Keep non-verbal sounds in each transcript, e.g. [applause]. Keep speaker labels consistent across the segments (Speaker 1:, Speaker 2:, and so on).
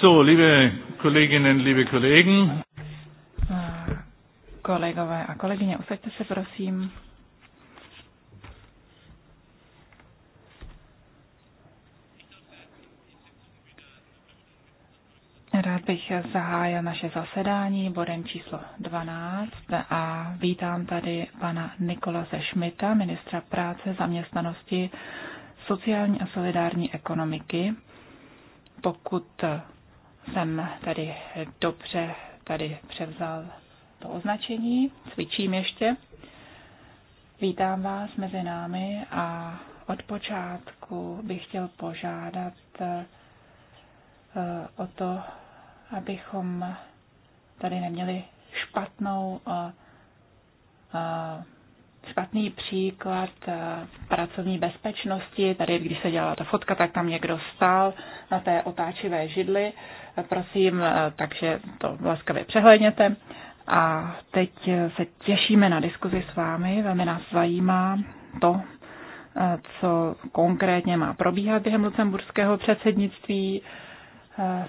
Speaker 1: So, liebe Kolleginnen, liebe Kollegen.
Speaker 2: Kolegové a kolegyně, usaďte se, prosím. Rád bych zahájil naše zasedání bodem číslo 12 a vítám tady pana Nikolase Šmita, ministra práce, zaměstnanosti, sociální a solidární ekonomiky. Pokud jsem tady dobře tady převzal to označení. Cvičím ještě. Vítám vás mezi námi a od počátku bych chtěl požádat eh, o to, abychom tady neměli špatnou eh, eh, špatný příklad eh, pracovní bezpečnosti. Tady, když se dělala ta fotka, tak tam někdo stál na té otáčivé židli. Eh, Prosím, eh, takže to laskavě přehledněte. A teď se těšíme na diskuzi s vámi. Velmi nás zajímá to, co konkrétně má probíhat během lucemburského předsednictví.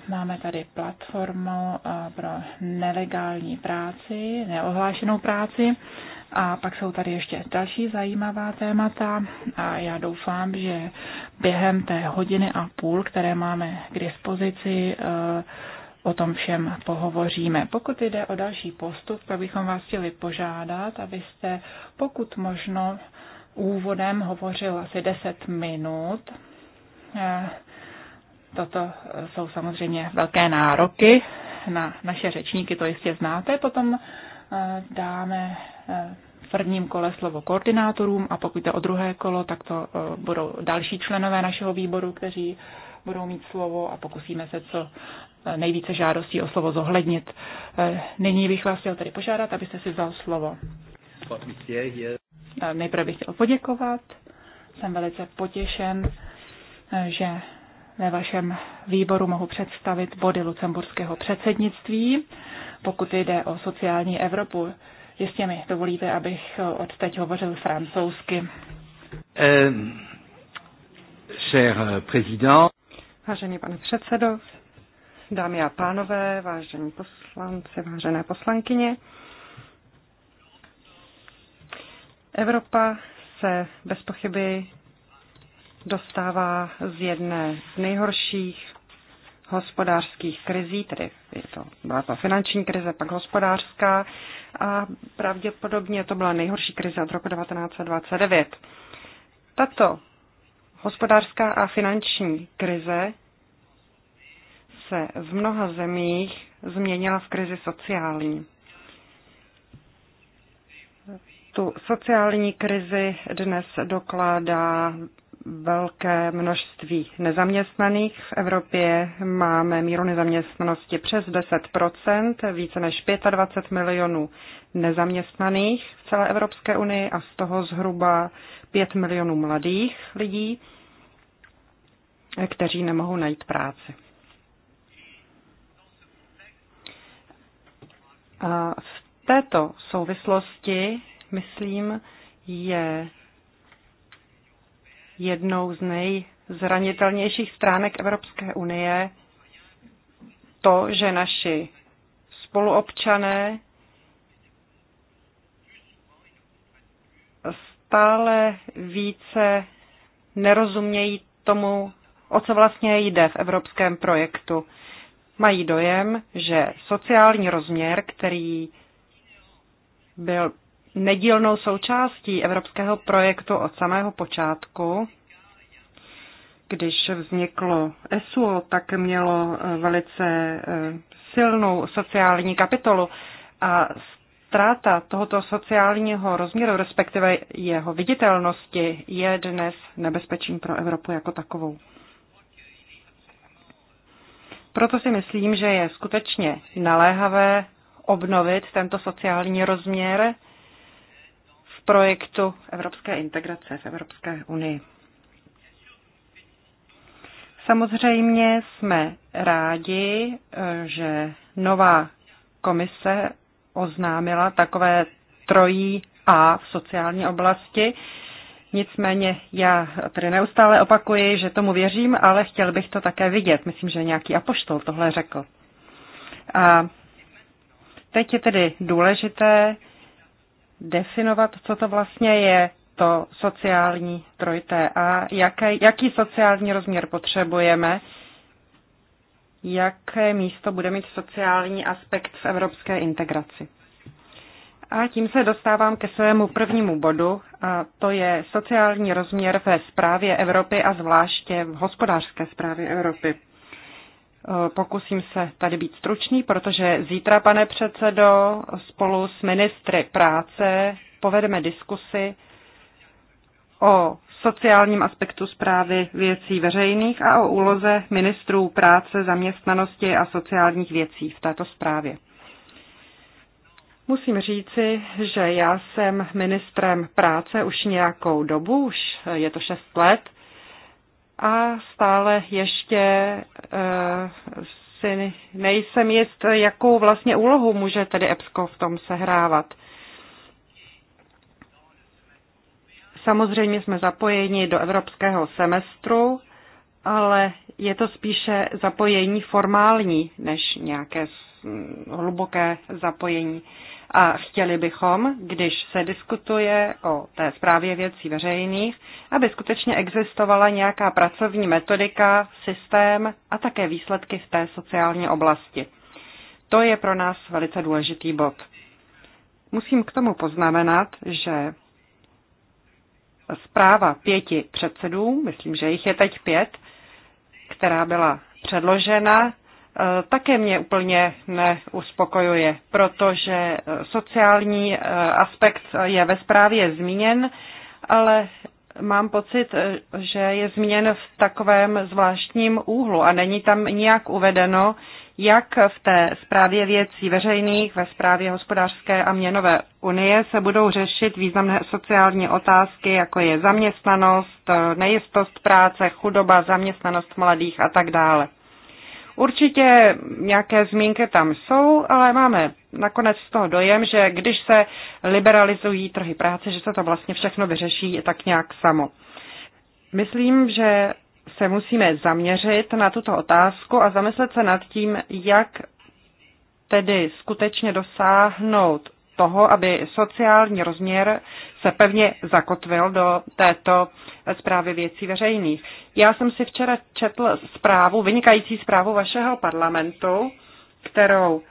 Speaker 2: Máme tady platformu pro nelegální práci, neohlášenou práci a pak jsou tady ještě další zajímavá témata a já doufám, že během té hodiny a půl, které máme k dispozici, eh, o tom všem pohovoříme. Pokud jde o další postup, tak bychom vás chtěli požádat, abyste pokud možno úvodem hovořil asi 10 minut. Eh, toto jsou samozřejmě velké nároky na naše řečníky, to jistě znáte. Potom eh, dáme v prvním kole slovo koordinátorům a pokud jde o druhé kolo, tak to eh, budou další členové našeho výboru, kteří budou mít slovo a pokusíme se co eh, nejvíce žádostí o slovo zohlednit. Eh, nyní bych vás chtěl tady požádat, abyste si vzal slovo. Nejprve bych chtěl poděkovat. Jsem velice potěšen, že ve vašem výboru mohu představit body lucemburského předsednictví, pokud jde o sociální Evropu. Jistě mi dovolíte, abych eh, od teď hovořil francouzsky.
Speaker 3: Um, cher eh, président.
Speaker 4: Vážený pane předsedo, dámy a pánové, vážení poslanci, vážené poslankyně. Evropa se bez pochyby dostává z jedné z nejhorších hospodářských krizí, tedy je to, byla to finanční krize, pak hospodářská a pravděpodobně to byla nejhorší krize od roku 1929. Tato hospodářská a finanční krize se v mnoha zemích změnila v krizi sociální. Tu sociální krizi dnes dokládá velké množství nezaměstnaných. V Evropě máme míru nezaměstnanosti přes 10 více než 25 milionů nezaměstnaných v celé Evropské unii a z toho zhruba 5 milionů mladých lidí, kteří nemohou najít práci. A v této souvislosti, myslím, je jednou z nejzranitelnějších stránek Evropské unie to, že naši spoluobčané stále více nerozumějí tomu, o co vlastně jde v evropském projektu. Mají dojem, že sociální rozměr, který byl nedílnou součástí evropského projektu od samého počátku. Když vzniklo ESU, tak mělo eh, velice eh, silnou sociální kapitolu a ztráta tohoto sociálního rozměru, respektive jeho viditelnosti, je dnes nebezpečím pro Evropu jako takovou. Proto si myslím, že je skutečně naléhavé obnovit tento sociální rozměr projektu evropské integrace v Evropské unii. Samozřejmě jsme rádi, že nová komise oznámila takové trojí A v sociální oblasti. Nicméně já tedy neustále opakuji, že tomu věřím, ale chtěl bych to také vidět. Myslím, že nějaký apoštol tohle řekl. A teď je tedy důležité, definovat, co to vlastně je to sociální trojité A, jaké, jaký sociální rozměr potřebujeme, jaké místo bude mít sociální aspekt v evropské integraci. A tím se dostávám ke svému prvnímu bodu, a to je sociální rozměr ve zprávě Evropy a zvláště v hospodářské zprávě Evropy. Eh, pokusím se tady být stručný, protože zítra, pane předsedo, spolu s ministry práce povedeme diskusi o sociálním aspektu zprávy věcí veřejných a o úloze ministrů práce, zaměstnanosti a sociálních věcí v této zprávě. Musím říci, že já jsem ministrem práce už nějakou dobu, už je to šest let, a stále ještě eh, si nejsem jist, jakou vlastně úlohu může tedy EBSCO v tom sehrávat. Samozřejmě jsme zapojeni do evropského semestru, ale je to spíše zapojení formální než nějaké hluboké zapojení. A chtěli bychom, když se diskutuje o té zprávě věcí veřejných, aby skutečně existovala nějaká pracovní metodika, systém a také výsledky v té sociální oblasti. To je pro nás velice důležitý bod. Musím k tomu poznamenat, že zpráva pěti předsedů, myslím, že jich je teď pět, která byla předložena, Eh, také mě úplně neuspokojuje, protože eh, sociální eh, aspekt je ve zprávě zmíněn, ale mám pocit, že je zmíněn v takovém zvláštním úhlu a není tam nijak uvedeno, jak v té zprávě věcí veřejných, ve zprávě hospodářské a měnové unie se budou řešit významné sociální otázky, jako je zaměstnanost, nejistost práce, chudoba, zaměstnanost mladých a tak dále. Určitě nějaké zmínky tam jsou, ale máme nakonec z toho dojem, že když se liberalizují trhy práce, že se to vlastně všechno vyřeší tak nějak samo. Myslím, že se musíme zaměřit na tuto otázku a zamyslet se nad tím, jak tedy skutečně dosáhnout toho, aby sociální rozměr se pevně zakotvil do této zprávy věcí veřejných. Já jsem si včera četl zprávu, vynikající zprávu vašeho parlamentu, kterou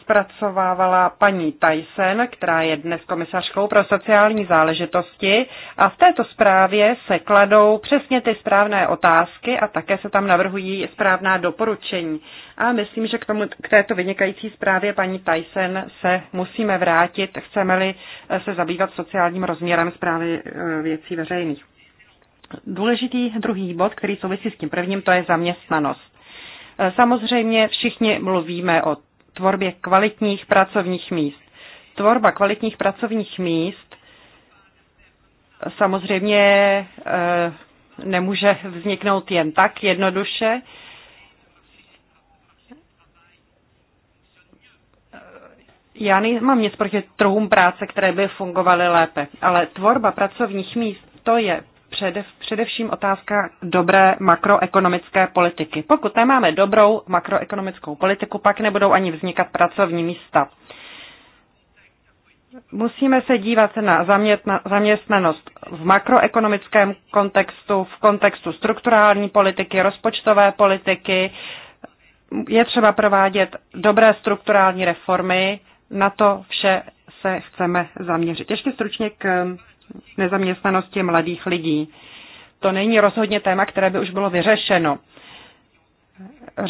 Speaker 4: zpracovávala paní Tyson, která je dnes komisařkou pro sociální záležitosti a v této zprávě se kladou přesně ty správné otázky a také se tam navrhují správná doporučení. A myslím, že k, tomu, k této vynikající zprávě paní Tyson se musíme vrátit, chceme-li se zabývat sociálním rozměrem zprávy eh, věcí veřejných. Důležitý druhý bod, který souvisí s tím prvním, to je zaměstnanost. Eh, samozřejmě všichni mluvíme o tvorbě kvalitních pracovních míst. Tvorba kvalitních pracovních míst samozřejmě eh, nemůže vzniknout jen tak jednoduše. Já nemám nic proti trhům práce, které by fungovaly lépe, ale tvorba pracovních míst, to je předev, především otázka dobré makroekonomické politiky. Pokud nemáme dobrou makroekonomickou politiku, pak nebudou ani vznikat pracovní místa. Musíme se dívat na zaměstnanost v makroekonomickém kontextu, v kontextu strukturální politiky, rozpočtové politiky. Je třeba provádět dobré strukturální reformy, na to vše se chceme zaměřit. Ještě stručně k nezaměstnanosti mladých lidí. To není rozhodně téma, které by už bylo vyřešeno.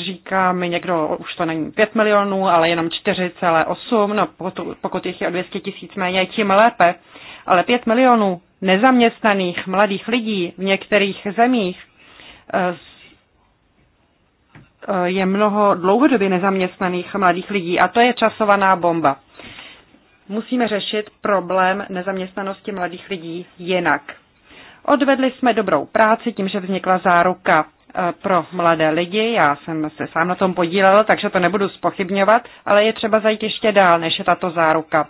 Speaker 4: Říká mi někdo, už to není 5 milionů, ale jenom 4,8, no pokud, jich je o 200 tisíc méně, tím lépe. Ale 5 milionů nezaměstnaných mladých lidí v některých zemích eh, eh, je mnoho dlouhodobě nezaměstnaných mladých lidí a to je časovaná bomba musíme řešit problém nezaměstnanosti mladých lidí jinak. Odvedli jsme dobrou práci tím, že vznikla záruka e, pro mladé lidi. Já jsem se sám na tom podílela, takže to nebudu spochybňovat, ale je třeba zajít ještě dál, než je tato záruka.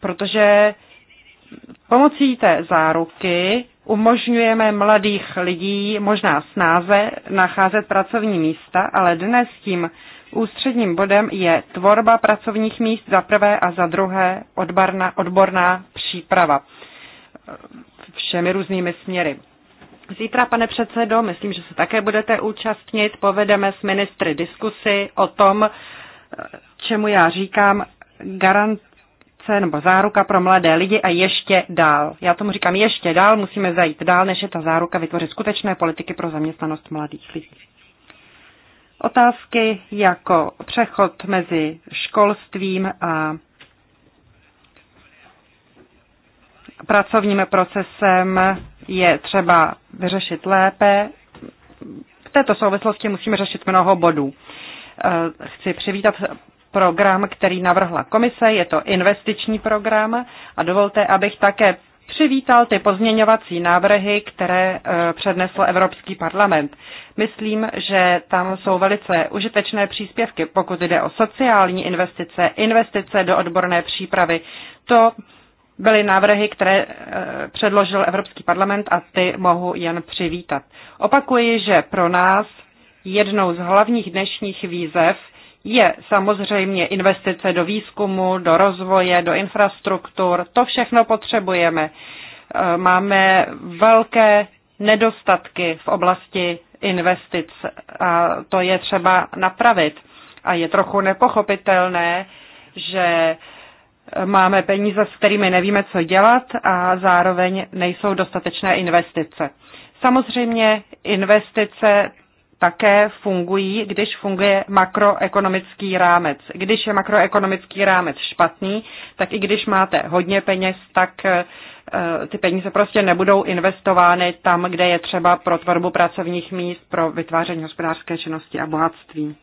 Speaker 4: Protože pomocí té záruky umožňujeme mladých lidí možná snáze nacházet pracovní místa, ale dnes tím Ústředním bodem je tvorba pracovních míst za prvé a za druhé odborná, odborná příprava všemi různými směry. Zítra, pane předsedo, myslím, že se také budete účastnit, povedeme s ministry diskusy o tom, čemu já říkám garance nebo záruka pro mladé lidi a ještě dál. Já tomu říkám ještě dál, musíme zajít dál, než je ta záruka vytvořit skutečné politiky pro zaměstnanost mladých lidí. Otázky jako přechod mezi školstvím a pracovním procesem je třeba vyřešit lépe. V této souvislosti musíme řešit mnoho bodů. Eh, chci přivítat program, který navrhla komise, je to investiční program a dovolte, abych také přivítal ty pozměňovací návrhy, které e, přednesl Evropský parlament. Myslím, že tam jsou velice užitečné příspěvky, pokud jde o sociální investice, investice do odborné přípravy. To byly návrhy, které e, předložil Evropský parlament a ty mohu jen přivítat. Opakuji, že pro nás jednou z hlavních dnešních výzev je samozřejmě investice do výzkumu, do rozvoje, do infrastruktur. To všechno potřebujeme. E, máme velké nedostatky v oblasti investic a to je třeba napravit. A je trochu nepochopitelné, že máme peníze, s kterými nevíme, co dělat a zároveň nejsou dostatečné investice. Samozřejmě investice také fungují, když funguje makroekonomický rámec. Když je makroekonomický rámec špatný, tak i když máte hodně peněz, tak eh, ty peníze prostě nebudou investovány tam, kde je třeba pro tvorbu pracovních míst, pro vytváření hospodářské činnosti a bohatství.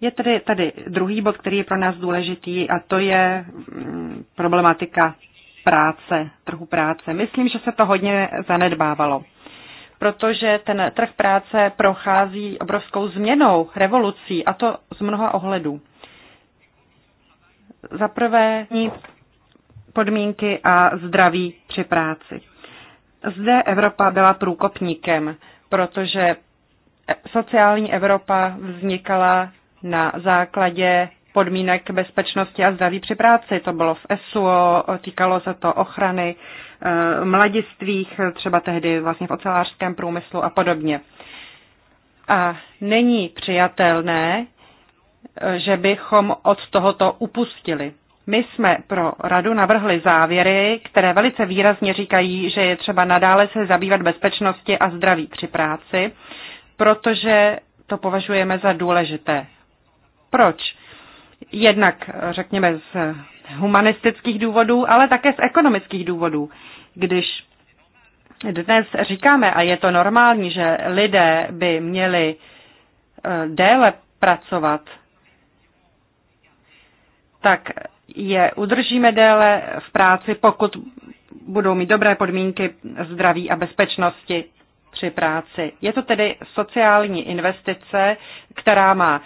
Speaker 4: Je tedy tady druhý bod, který je pro nás důležitý, a to je mm, problematika práce, trhu práce. Myslím, že se to hodně zanedbávalo, protože ten trh práce prochází obrovskou změnou, revolucí, a to z mnoha ohledů. Za prvé podmínky a zdraví při práci. Zde Evropa byla průkopníkem, protože sociální Evropa vznikala na základě podmínek bezpečnosti a zdraví při práci. To bylo v SUO, týkalo se to ochrany eh, mladistvých, třeba tehdy vlastně v ocelářském průmyslu a podobně. A není přijatelné, eh, že bychom od tohoto upustili. My jsme pro radu navrhli závěry, které velice výrazně říkají, že je třeba nadále se zabývat bezpečnosti a zdraví při práci, protože to považujeme za důležité. Proč? jednak, řekněme, z humanistických důvodů, ale také z ekonomických důvodů. Když dnes říkáme, a je to normální, že lidé by měli eh, déle pracovat, tak je udržíme déle v práci, pokud budou mít dobré podmínky zdraví a bezpečnosti při práci. Je to tedy sociální investice, která má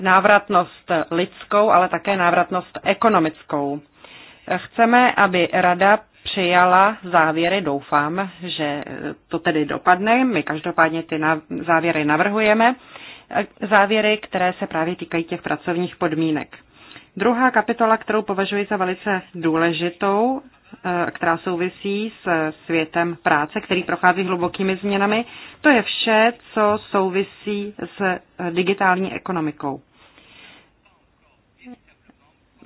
Speaker 4: návratnost lidskou, ale také návratnost ekonomickou. Chceme, aby Rada přijala závěry, doufám, že to tedy dopadne. My každopádně ty závěry navrhujeme, závěry, které se právě týkají těch pracovních podmínek. Druhá kapitola, kterou považuji za velice důležitou, E, která souvisí s světem práce, který prochází hlubokými změnami. To je vše, co souvisí s e, digitální ekonomikou.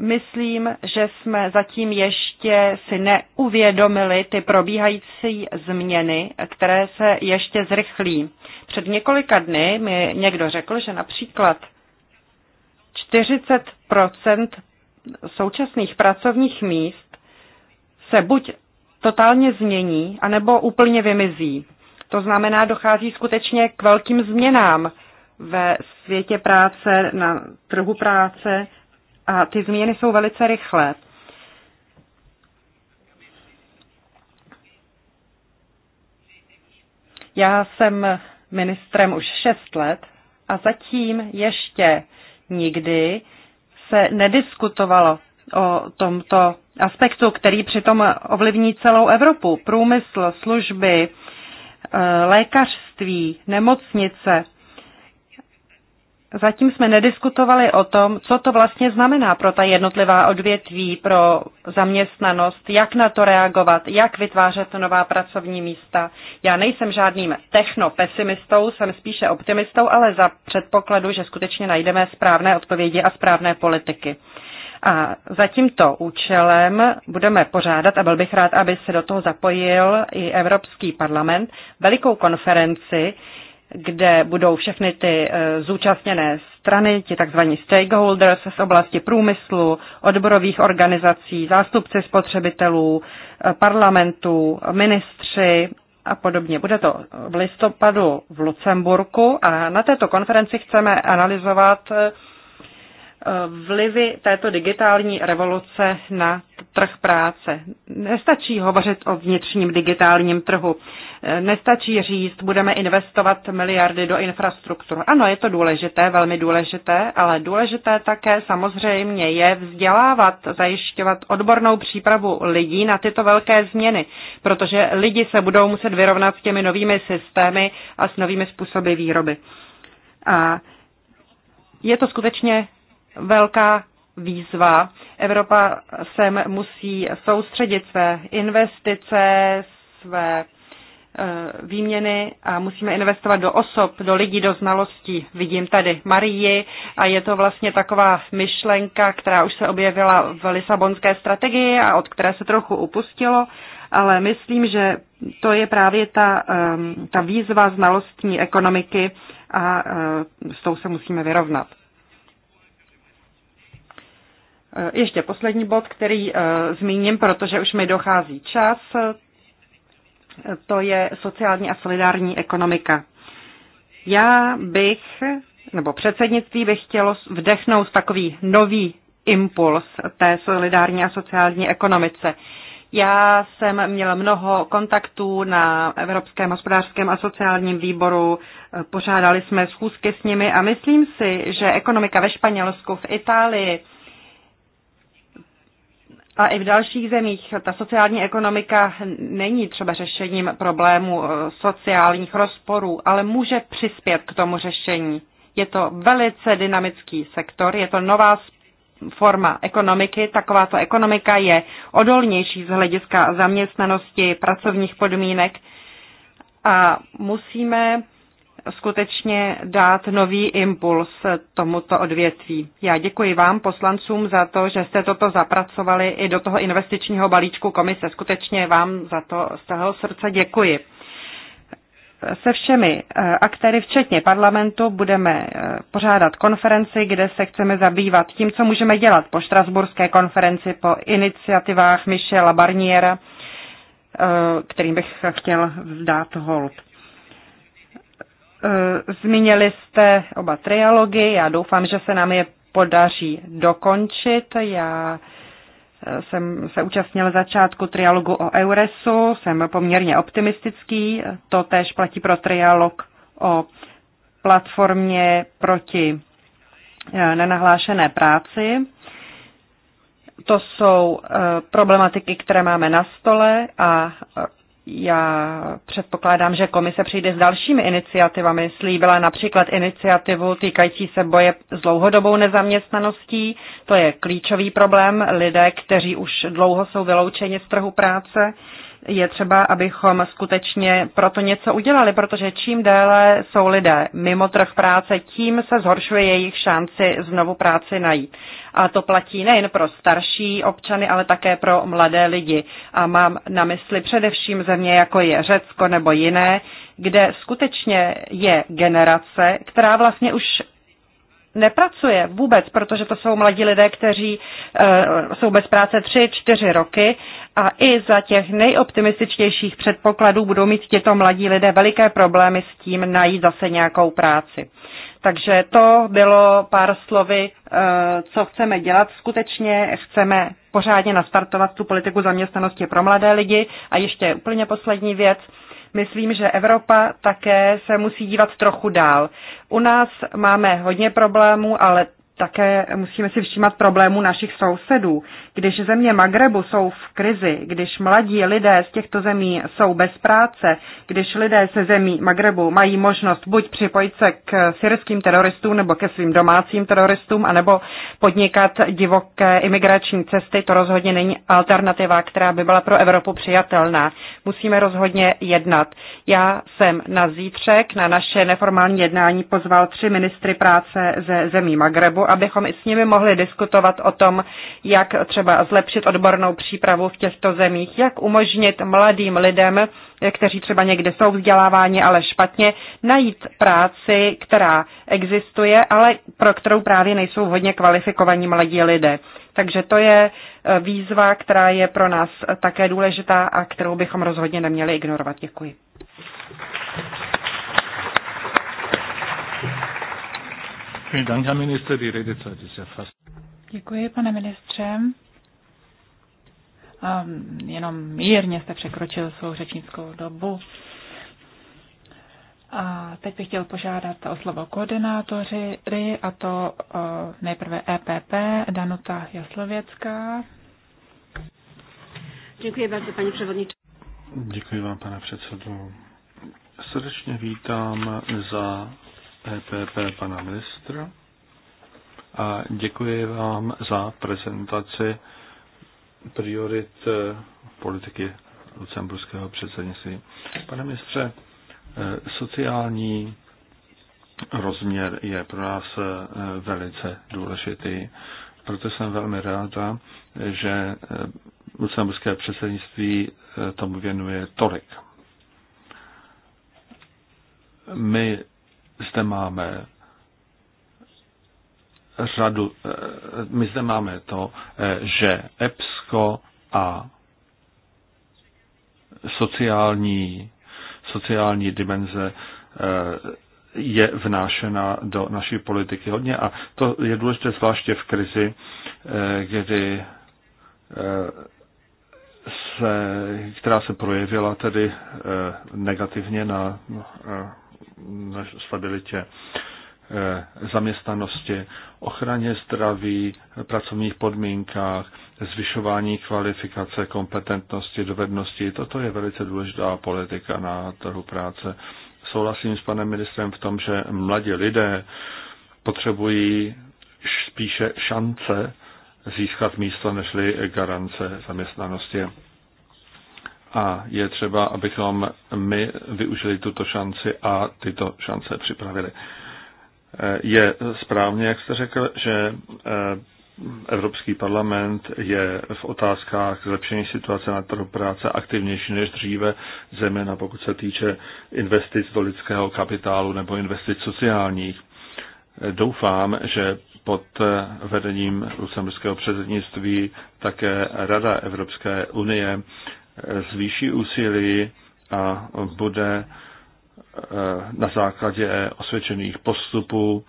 Speaker 4: Myslím, že jsme zatím ještě si neuvědomili ty probíhající změny, které se ještě zrychlí. Před několika dny mi někdo řekl, že například 40 současných pracovních míst se buď totálně změní, anebo úplně vymizí. To znamená, dochází skutečně k velkým změnám ve světě práce, na trhu práce a ty změny jsou velice rychlé. Já jsem ministrem už šest let a zatím ještě nikdy se nediskutovalo o tomto aspektu, který přitom ovlivní celou Evropu. Průmysl, služby, e, lékařství, nemocnice. Zatím jsme nediskutovali o tom, co to vlastně znamená pro ta jednotlivá odvětví, pro zaměstnanost, jak na to reagovat, jak vytvářet nová pracovní místa. Já nejsem žádným technopesimistou, jsem spíše optimistou, ale za předpokladu, že skutečně najdeme správné odpovědi a správné politiky. A za tímto účelem budeme pořádat, a byl bych rád, aby se do toho zapojil i Evropský parlament, velikou konferenci, kde budou všechny ty e, zúčastněné strany, ti tzv. stakeholders z oblasti průmyslu, odborových organizací, zástupci spotřebitelů, e, Parlamentu, ministři a podobně. Bude to v listopadu v Lucemburku a na této konferenci chceme analyzovat e, vlivy této digitální revoluce na trh práce. Nestačí hovořit o vnitřním digitálním trhu. Nestačí říct, budeme investovat miliardy do infrastruktur. Ano, je to důležité, velmi důležité, ale důležité také samozřejmě je vzdělávat, zajišťovat odbornou přípravu lidí na tyto velké změny, protože lidi se budou muset vyrovnat s těmi novými systémy a s novými způsoby výroby. A je to skutečně velká výzva. Evropa sem musí soustředit své investice, své eh, výměny a musíme investovat do osob, do lidí, do znalostí. Vidím tady Marii a je to vlastně taková myšlenka, která už se objevila v Lisabonské strategii a od které se trochu upustilo, ale myslím, že to je právě ta, ehm, ta výzva znalostní ekonomiky a eh, s tou se musíme vyrovnat. Eh, ještě poslední bod, který eh, zmíním, protože už mi dochází čas, eh, to je sociální a solidární ekonomika. Já bych, nebo předsednictví bych chtělo vdechnout takový nový impuls té solidární a sociální ekonomice. Já jsem měla mnoho kontaktů na Evropském hospodářském a sociálním výboru, pořádali jsme schůzky s nimi a myslím si, že ekonomika ve Španělsku, v Itálii, a i v dalších zemích ta sociální ekonomika není třeba řešením problému eh, sociálních rozporů, ale může přispět k tomu řešení. Je to velice dynamický sektor, je to nová forma ekonomiky. Takováto ekonomika je odolnější z hlediska zaměstnanosti, pracovních podmínek a musíme skutečně dát nový impuls tomuto odvětví. Já děkuji vám, poslancům, za to, že jste toto zapracovali i do toho investičního balíčku komise. Skutečně vám za to z toho srdce děkuji. Se všemi eh, aktéry, včetně parlamentu, budeme eh, pořádat konferenci, kde se chceme zabývat tím, co můžeme dělat po štrasburské konferenci, po iniciativách Michela Barniera, eh, kterým bych chtěl vzdát hold. Eh, zmínili jste oba trialogy, já doufám, že se nám je podaří dokončit. Já eh, jsem se účastnil začátku trialogu o Euresu, jsem poměrně optimistický, to též platí pro trialog o platformě proti eh, nenahlášené práci. To jsou problematiky, které máme na stole a já předpokládám, že komise přijde s dalšími iniciativami. Slíbila například iniciativu týkající se boje s dlouhodobou nezaměstnaností. To je klíčový problém lidé, kteří už dlouho jsou vyloučeni z trhu práce je třeba, abychom skutečně proto něco udělali, protože čím déle jsou lidé mimo trh práce, tím se zhoršuje jejich šanci znovu práci najít. A to platí nejen pro starší občany, ale také pro mladé lidi. A mám na mysli především země, jako je Řecko nebo jiné, kde skutečně je generace, která vlastně už nepracuje vůbec, protože to jsou mladí lidé, kteří e, jsou bez práce 3-4 roky a i za těch nejoptimističtějších předpokladů budou mít těto mladí lidé veliké problémy s tím najít zase nějakou práci. Takže to bylo pár slovy, eh, co chceme dělat. Skutečně chceme pořádně nastartovat tu politiku zaměstnanosti pro mladé lidi. A ještě úplně poslední věc myslím, že Evropa také se musí dívat trochu dál. U nás máme hodně problémů, ale také musíme si všímat problému našich sousedů. Když země Magrebu jsou v krizi, když mladí lidé z těchto zemí jsou bez práce, když lidé ze zemí Magrebu mají možnost buď připojit se k syrským teroristům nebo ke svým domácím teroristům, anebo podnikat divoké imigrační cesty, to rozhodně není alternativa, která by byla pro Evropu přijatelná. Musíme rozhodně jednat. Já jsem na zítřek na naše neformální jednání pozval tři ministry práce ze zemí Magrebu, abychom i s nimi mohli diskutovat o tom, jak třeba zlepšit odbornou přípravu v těchto zemích, jak umožnit mladým lidem, kteří třeba někde jsou vzděláváni, ale špatně, najít práci, která existuje, ale pro kterou právě nejsou hodně kvalifikovaní mladí lidé. Takže to je eh, výzva, která je pro nás také důležitá a kterou bychom rozhodně neměli ignorovat.
Speaker 1: Děkuji.
Speaker 2: Děkuji, pane ministře. Um, jenom mírně jste překročil svou řečnickou dobu. A teď bych chtěl požádat o slovo koordinátoři, a to uh, nejprve EPP, Danuta Jaslověcká.
Speaker 5: Děkuji vám, paní převodniče.
Speaker 1: Děkuji vám, pane předsedu. Srdečně vítám za PPP e pana ministra a děkuji vám za prezentaci priorit e, politiky lucemburského předsednictví. Pane ministře, e, sociální rozměr je pro nás velice důležitý. Proto jsem velmi ráda, že lucemburské předsednictví tomu věnuje tolik. My zde máme řadu, eh, my zde máme to, eh, že EPSCO a sociální, sociální dimenze eh, je vnášena do naší politiky hodně a to je důležité zvláště v krizi, kdy se, která se projevila tedy negativně na stabilitě eh, zaměstnanosti, ochraně zdraví, pracovních podmínkách, zvyšování kvalifikace, kompetentnosti, dovedností. Toto je velice důležitá politika na trhu práce. Souhlasím s panem ministrem v tom, že mladí lidé potřebují spíše šance získat místo nežli garance zaměstnanosti. A je třeba, abychom my využili tuto šanci a tyto šance připravili. Eh, je správně, jak jste řekl, že eh, Evropský parlament je v otázkách zlepšení situace na trhu práce aktivnější než dříve, zejména pokud se týče investic do lidského kapitálu nebo investic sociálních. Eh, doufám, že pod vedením lucemburského předsednictví také Rada Evropské unie zvýší úsilí a bude eh, na základě osvědčených postupů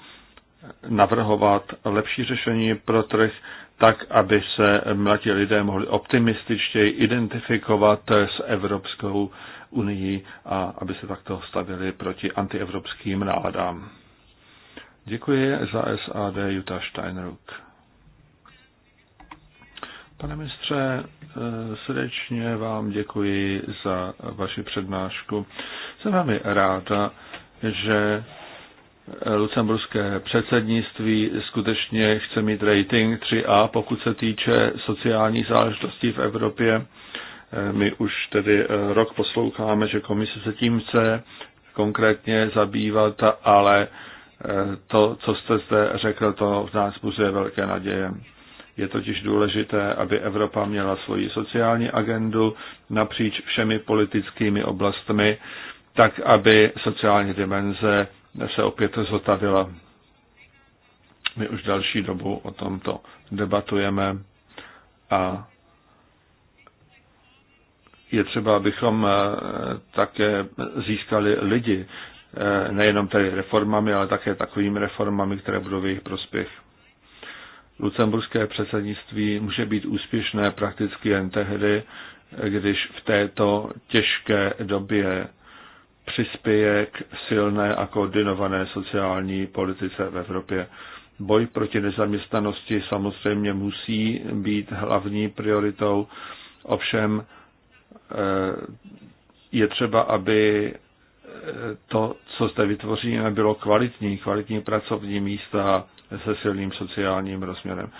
Speaker 1: navrhovat lepší řešení pro trh, tak, aby se mladí lidé mohli optimističtěji identifikovat s Evropskou unii a aby se takto stavili proti antievropským náladám. Děkuji za SAD Jutta Steinruck. Pane ministře, Eh, srdečně vám děkuji za vaši přednášku. Jsem velmi ráda, že lucemburské předsednictví skutečně chce mít rating 3A, pokud se týče sociální záležitostí v Evropě. Eh, my už tedy eh, rok posloucháme, že komise se tím chce konkrétně zabývat, ale to, co jste zde řekl, to v nás buzuje velké naděje. Je totiž důležité, aby Evropa měla svoji sociální agendu napříč všemi politickými oblastmi, tak aby sociální dimenze se opět zotavila. My už další dobu o tomto debatujeme a je třeba, abychom eh, také získali lidi, eh, nejenom tedy reformami, ale také takovými reformami, které budou v jejich prospěch lucemburské předsednictví může být úspěšné prakticky jen tehdy, když v této těžké době přispěje k silné a koordinované sociální politice v Evropě. Boj proti nezaměstnanosti samozřejmě musí být hlavní prioritou, ovšem eh, je třeba, aby to, co zde vytvoříme, bylo kvalitní, kvalitní pracovní místa se silným sociálním rozměrem.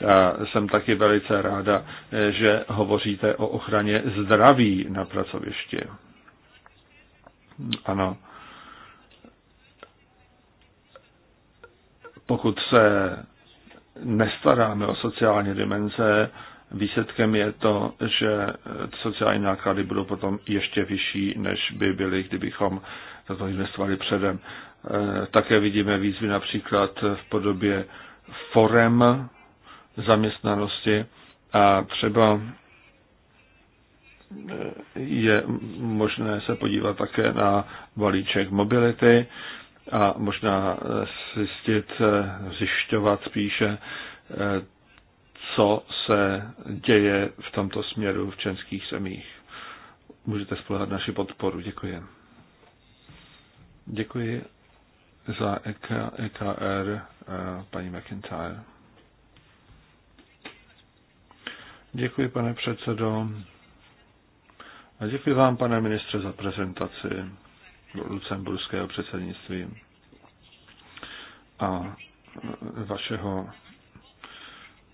Speaker 1: Já jsem taky velice ráda, že hovoříte o ochraně zdraví na pracovišti. Ano. Pokud se nestaráme o sociální dimenze, Výsledkem je to, že sociální náklady budou potom ještě vyšší, než by byly, kdybychom za to investovali předem. Eh, také vidíme výzvy například v podobě forem zaměstnanosti a třeba eh, je možné se podívat také na balíček mobility a možná eh, zjistit, zjišťovat spíše, co se děje v tomto směru v českých zemích. Můžete spolehat naši podporu. Děkuji. Děkuji za EK, EKR eh, paní McIntyre. Děkuji, pane předsedo. A děkuji vám, pane ministře, za prezentaci lucemburského předsednictví a vašeho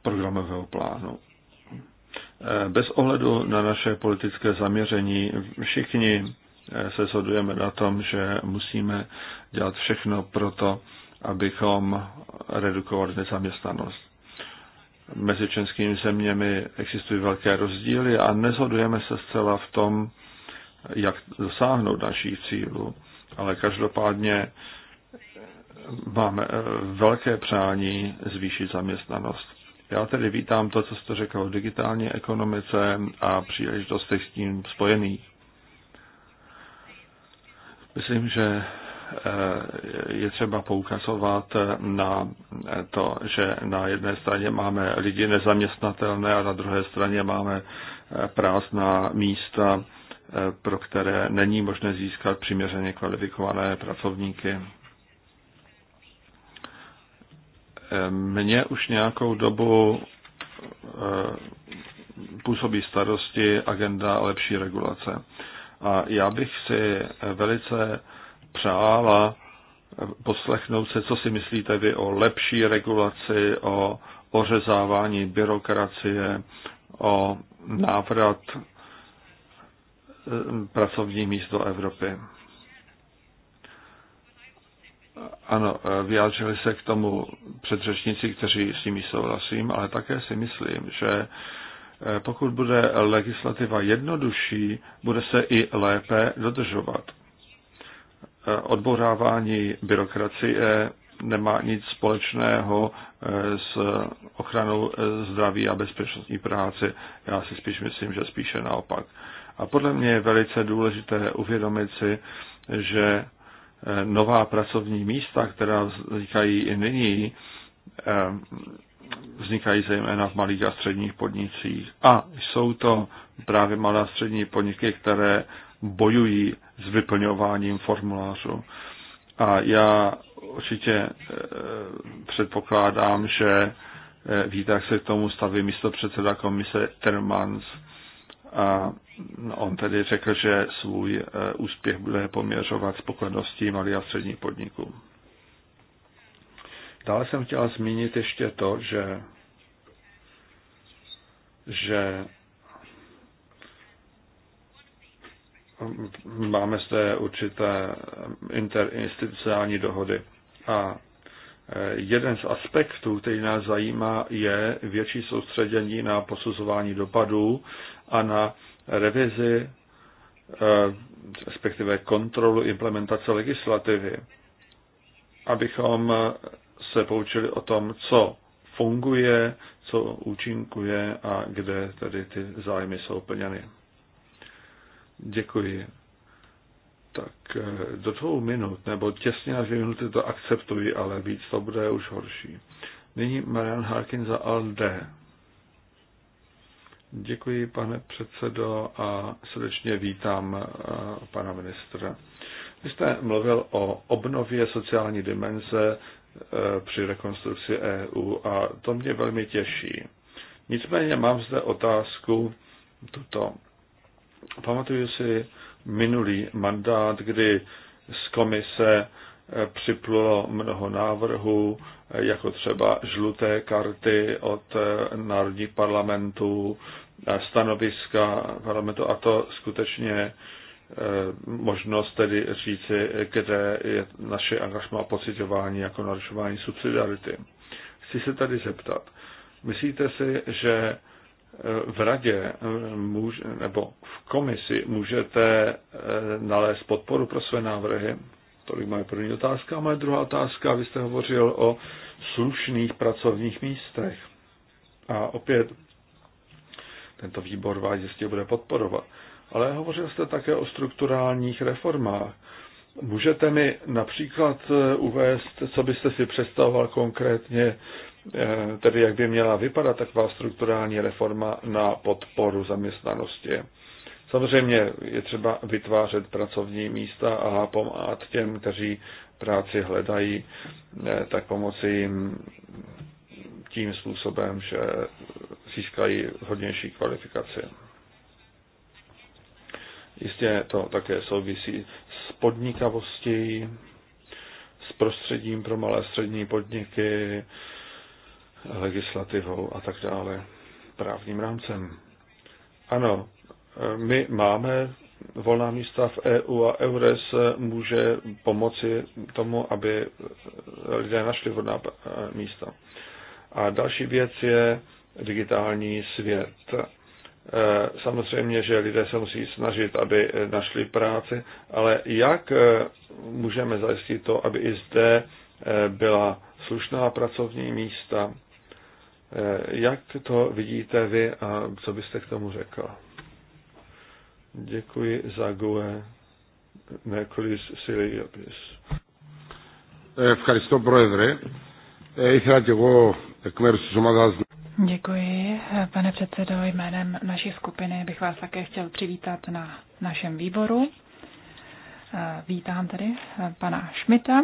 Speaker 1: programového plánu. Eh, bez ohledu na naše politické zaměření všichni eh, se shodujeme na tom, že musíme dělat všechno pro to, abychom redukovali nezaměstnanost. Mezi českými zeměmi existují velké rozdíly a nezhodujeme se zcela v tom, jak dosáhnout našich cílů. Ale každopádně eh, máme velké přání zvýšit zaměstnanost. Já tedy vítám to, co jste řekl o digitální ekonomice a příležitostech s tím spojených. Myslím, že eh, je třeba poukazovat na to, že na jedné straně máme lidi nezaměstnatelné a na druhé straně máme eh, prázdná místa, eh, pro které není možné získat přiměřeně kvalifikované pracovníky. Mně už nějakou dobu eh, působí starosti agenda lepší regulace. A já bych si velice přála poslechnout se, co si myslíte vy o lepší regulaci, o ořezávání byrokracie, o návrat eh, pracovní místo Evropy. Ano, eh, vyjádřili se k tomu předřečníci, kteří s nimi souhlasím, ale také si myslím, že eh, pokud bude legislativa jednodušší, bude se i lépe dodržovat. Eh, odbourávání byrokracie nemá nic společného s ochranou zdraví a bezpečnostní práce. Já si spíš myslím, že spíše naopak. A podle mě je velice důležité uvědomit si, že Eh, nová pracovní místa, která vznikají i nyní, eh, vznikají zejména v malých a středních podnicích. A jsou to právě malé a střední podniky, které bojují s vyplňováním formulářů. A já určitě eh, předpokládám, že víte, jak se k tomu staví místo předseda komise Termans a on tedy řekl, že svůj eh, úspěch bude poměřovat spokojeností malých a středních podniků. Dále jsem chtěl zmínit ještě to, že, že máme zde určité interinstitucionální dohody. A eh, jeden z aspektů, který nás zajímá, je větší soustředění na posuzování dopadů a na revizi, eh, respektive kontrolu implementace legislativy, abychom se poučili o tom, co funguje, co účinkuje a kde tedy ty zájmy jsou plněny. Děkuji. Tak eh, do dvou minut, nebo těsně na dvě minuty to akceptuji, ale víc to bude už horší. Nyní Marian Harkin za ALDE. Děkuji, pane předsedo, a srdečně vítám eh, pana ministra. Vy jste mluvil o obnově sociální dimenze eh, při rekonstrukci EU a to mě velmi těší. Nicméně mám zde otázku tuto. Pamatuju si minulý mandát, kdy z komise eh, připlulo mnoho návrhů, jako třeba žluté karty od národních parlamentů, stanoviska parlamentu a to skutečně eh, možnost tedy říci, kde je naše angažma pocitování jako narušování subsidiarity. Chci se tady zeptat. Myslíte si, že eh, v radě eh, může, nebo v komisi můžete nalézt podporu pro své návrhy? Tolik moje první otázka. A moje druhá otázka, vy jste hovořil o slušných pracovních místech. A opět tento výbor vás jistě bude podporovat. Ale hovořil jste také o strukturálních reformách. Můžete mi například eh, uvést, co byste si představoval konkrétně, eh, tedy jak by měla vypadat taková strukturální reforma na podporu zaměstnanosti? Samozřejmě je třeba vytvářet pracovní místa a pomáhat těm, kteří práci hledají, eh, tak pomoci jim tím způsobem, že získají hodnější kvalifikace. Jistě to také souvisí s podnikavostí, s prostředím pro malé střední podniky, legislativou a tak dále, právním rámcem. Ano, my máme volná místa v EU a EURES může pomoci tomu, aby lidé našli volná místa. A další věc je digitální svět. E, samozřejmě, že lidé se musí snažit, aby našli práci, ale jak e, můžeme zajistit to, aby i zde e, byla slušná pracovní místa? Jak to vidíte vy a co byste k tomu řekl? Děkuji za GUE. Νέκολης Σιλίγιοπης. Ευχαριστώ Πρόεδρε. ήθελα και εγώ εκ μέρους της ομάδας
Speaker 2: Děkuji, pane předsedo. Jménem naší skupiny bych vás také chtěl přivítat na našem výboru. Vítám tedy pana Šmita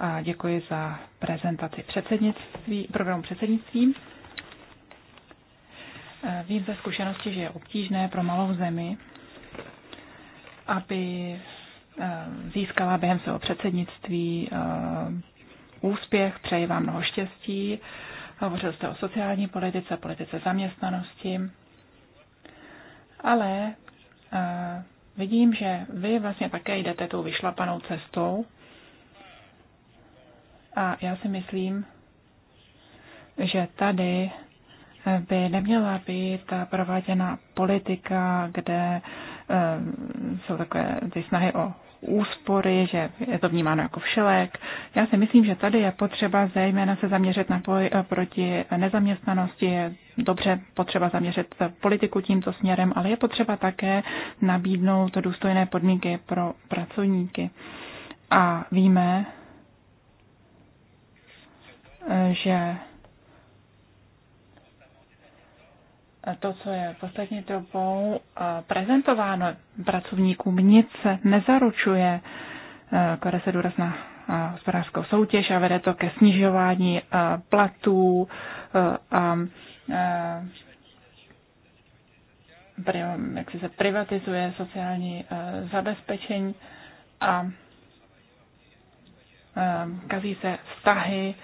Speaker 2: a děkuji za prezentaci předsednictví, programu předsednictví. Vím ze zkušenosti, že je obtížné pro malou zemi, aby eh, získala během svého předsednictví eh, úspěch. Přeji vám mnoho štěstí. Hovořil jste o sociální politice, politice zaměstnanosti, ale eh, vidím, že vy vlastně také jdete tou vyšlapanou cestou a já si myslím, že tady eh, by neměla být prováděna politika, kde eh, jsou takové ty snahy o úspory, že je to vnímáno jako všelek. Já si myslím, že tady je potřeba zejména se zaměřit na boj eh, proti nezaměstnanosti, je dobře potřeba zaměřit politiku tímto směrem, ale je potřeba také nabídnout důstojné podmínky pro pracovníky. A víme, eh, že to, co je poslední dobou prezentováno pracovníkům, nic se nezaručuje. Klade se důraz na hospodářskou soutěž a vede to ke snižování platů a jak se privatizuje sociální zabezpečení a kazí se vztahy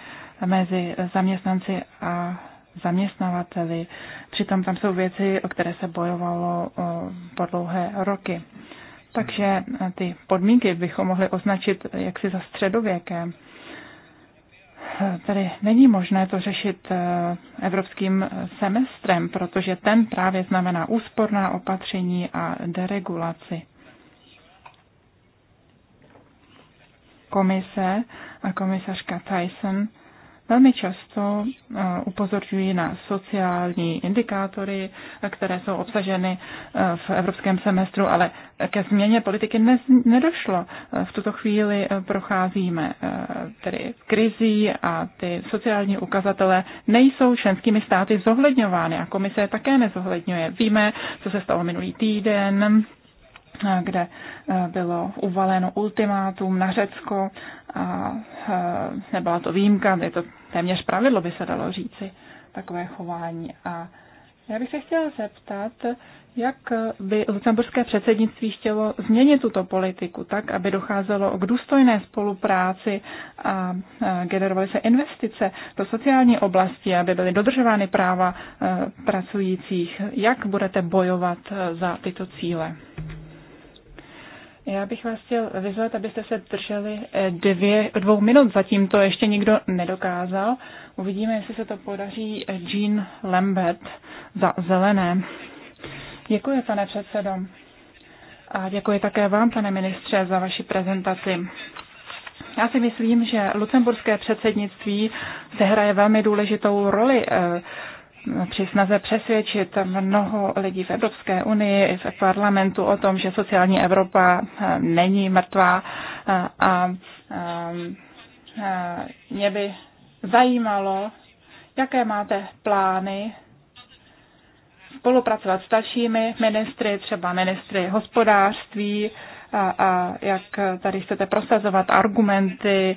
Speaker 2: mezi zaměstnanci a zaměstnavateli. Přitom tam jsou věci, o které se bojovalo po dlouhé roky. Takže eh, ty podmínky bychom mohli označit eh, jaksi za středověké. Eh, tady není možné to řešit evropským semestrem, protože ten právě znamená úsporná opatření a deregulaci. Komise a komisařka Tyson velmi často eh, upozorňují na sociální indikátory, které jsou obsaženy eh, v evropském semestru, ale ke změně politiky nedošlo. Eh, v tuto chvíli procházíme tedy krizí a ty sociální ukazatele nejsou členskými státy zohledňovány a komise je také nezohledňuje. Víme, co se stalo minulý týden, kde eh, bylo uvaleno ultimátum na Řecko a eh, nebyla to výjimka, je to téměř pravidlo, by se dalo říci, takové chování. A já bych se chtěla zeptat, jak by lucemburské předsednictví chtělo změnit tuto politiku tak, aby docházelo k důstojné spolupráci a eh, generovaly se investice do sociální oblasti, aby byly dodržovány práva pracujících. Jak budete bojovat za tyto cíle? Já bych vás chtěl vyzvat, abyste se drželi eh, dvě, dvou minut. Zatím to ještě nikdo nedokázal. Uvidíme, jestli se to podaří eh, Jean Lambert za zelené. Děkuji, pane předsedo. A děkuji také vám, pane ministře, za vaši prezentaci. Já si myslím, že lucemburské předsednictví sehraje velmi důležitou roli eh, při snaze přesvědčit mnoho lidí v Evropské unii i v parlamentu o tom, že sociální Evropa eh, není mrtvá eh, a, a, eh, a mě by zajímalo, jaké máte plány spolupracovat s dalšími ministry, třeba ministry hospodářství, a, a jak tady chcete prosazovat argumenty e,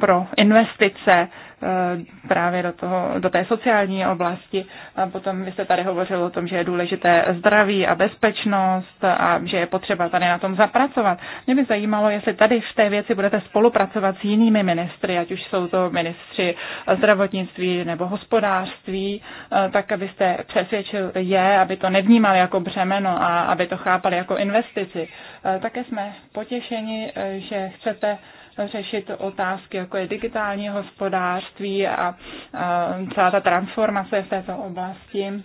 Speaker 2: pro investice Eh, právě do, toho, do té sociální oblasti. A potom vy jste tady hovořil o tom, že je důležité zdraví a bezpečnost a že je potřeba tady na tom zapracovat. Mě by zajímalo, jestli tady v té věci budete spolupracovat s jinými ministry, ať už jsou to ministři zdravotnictví nebo hospodářství, eh, tak abyste přesvědčil je, aby to nevnímali jako břemeno a aby to chápali jako investici. Eh, také jsme potěšeni, že chcete řešit otázky, jako je digitální hospodářství a, a celá ta transformace v této oblasti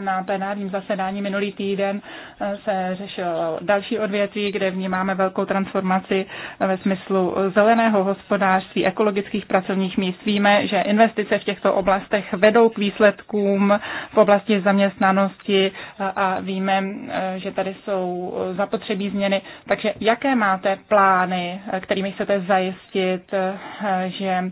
Speaker 2: na plenárním zasedání minulý týden eh, se řešilo další odvětví, kde vnímáme velkou transformaci ve smyslu zeleného hospodářství, ekologických pracovních míst. Víme, že investice v těchto oblastech vedou k výsledkům v oblasti zaměstnanosti eh, a víme, eh, že tady jsou zapotřebí změny. Takže jaké máte plány, kterými chcete zajistit, že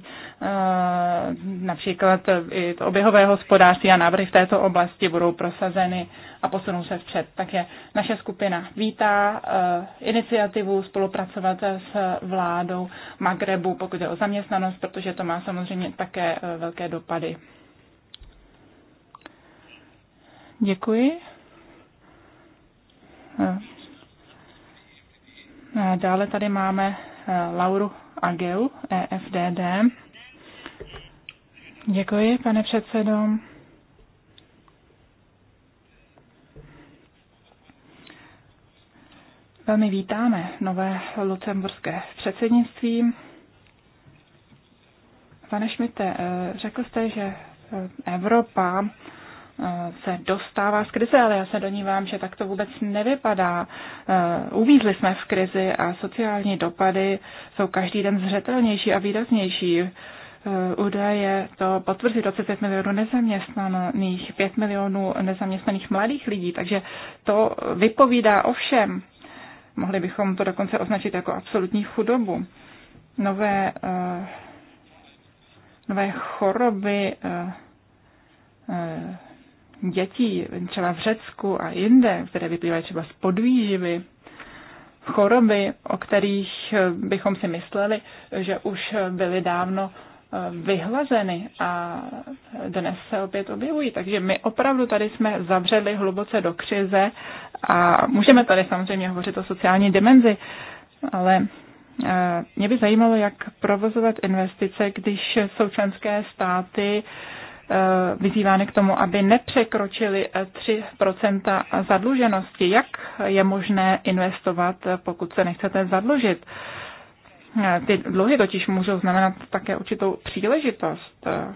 Speaker 2: Eh, například i oběhové hospodářství a návrhy v této oblasti budou prosazeny a posunou se vpřed. Takže naše skupina vítá eh, iniciativu spolupracovat s vládou Magrebu, pokud je o zaměstnanost, protože to má samozřejmě také eh, velké dopady. Děkuji. Dále tady máme Lauru Ageu, EFDD. Děkuji, pane předsedo. Velmi vítáme nové lucemburské předsednictví. Pane Šmite, eh, řekl jste, že eh, Evropa eh, se dostává z krize, ale já se donívám, že tak to vůbec nevypadá. Uvízli jsme v krizi a sociální dopady jsou každý den zřetelnější a výraznější. Eh, údaje to potvrzí 25 milionů nezaměstnaných, 5 milionů nezaměstnaných mladých lidí, takže to vypovídá o všem. Mohli bychom to dokonce označit jako absolutní chudobu. Nové, uh, nové choroby uh, uh, dětí, třeba v Řecku a jinde, které vyplývají třeba z podvýživy, choroby, o kterých bychom si mysleli, že už byly dávno vyhlazeny a dnes se opět objevují. Takže my opravdu tady jsme zavřeli hluboce do křize a můžeme tady samozřejmě hovořit o sociální dimenzi, ale eh, mě by zajímalo, jak provozovat investice, když jsou členské státy eh, vyzývány k tomu, aby nepřekročili 3 eh, zadluženosti. Jak je možné investovat, pokud se nechcete zadlužit? Eh, ty dluhy totiž můžou znamenat také určitou příležitost. Eh,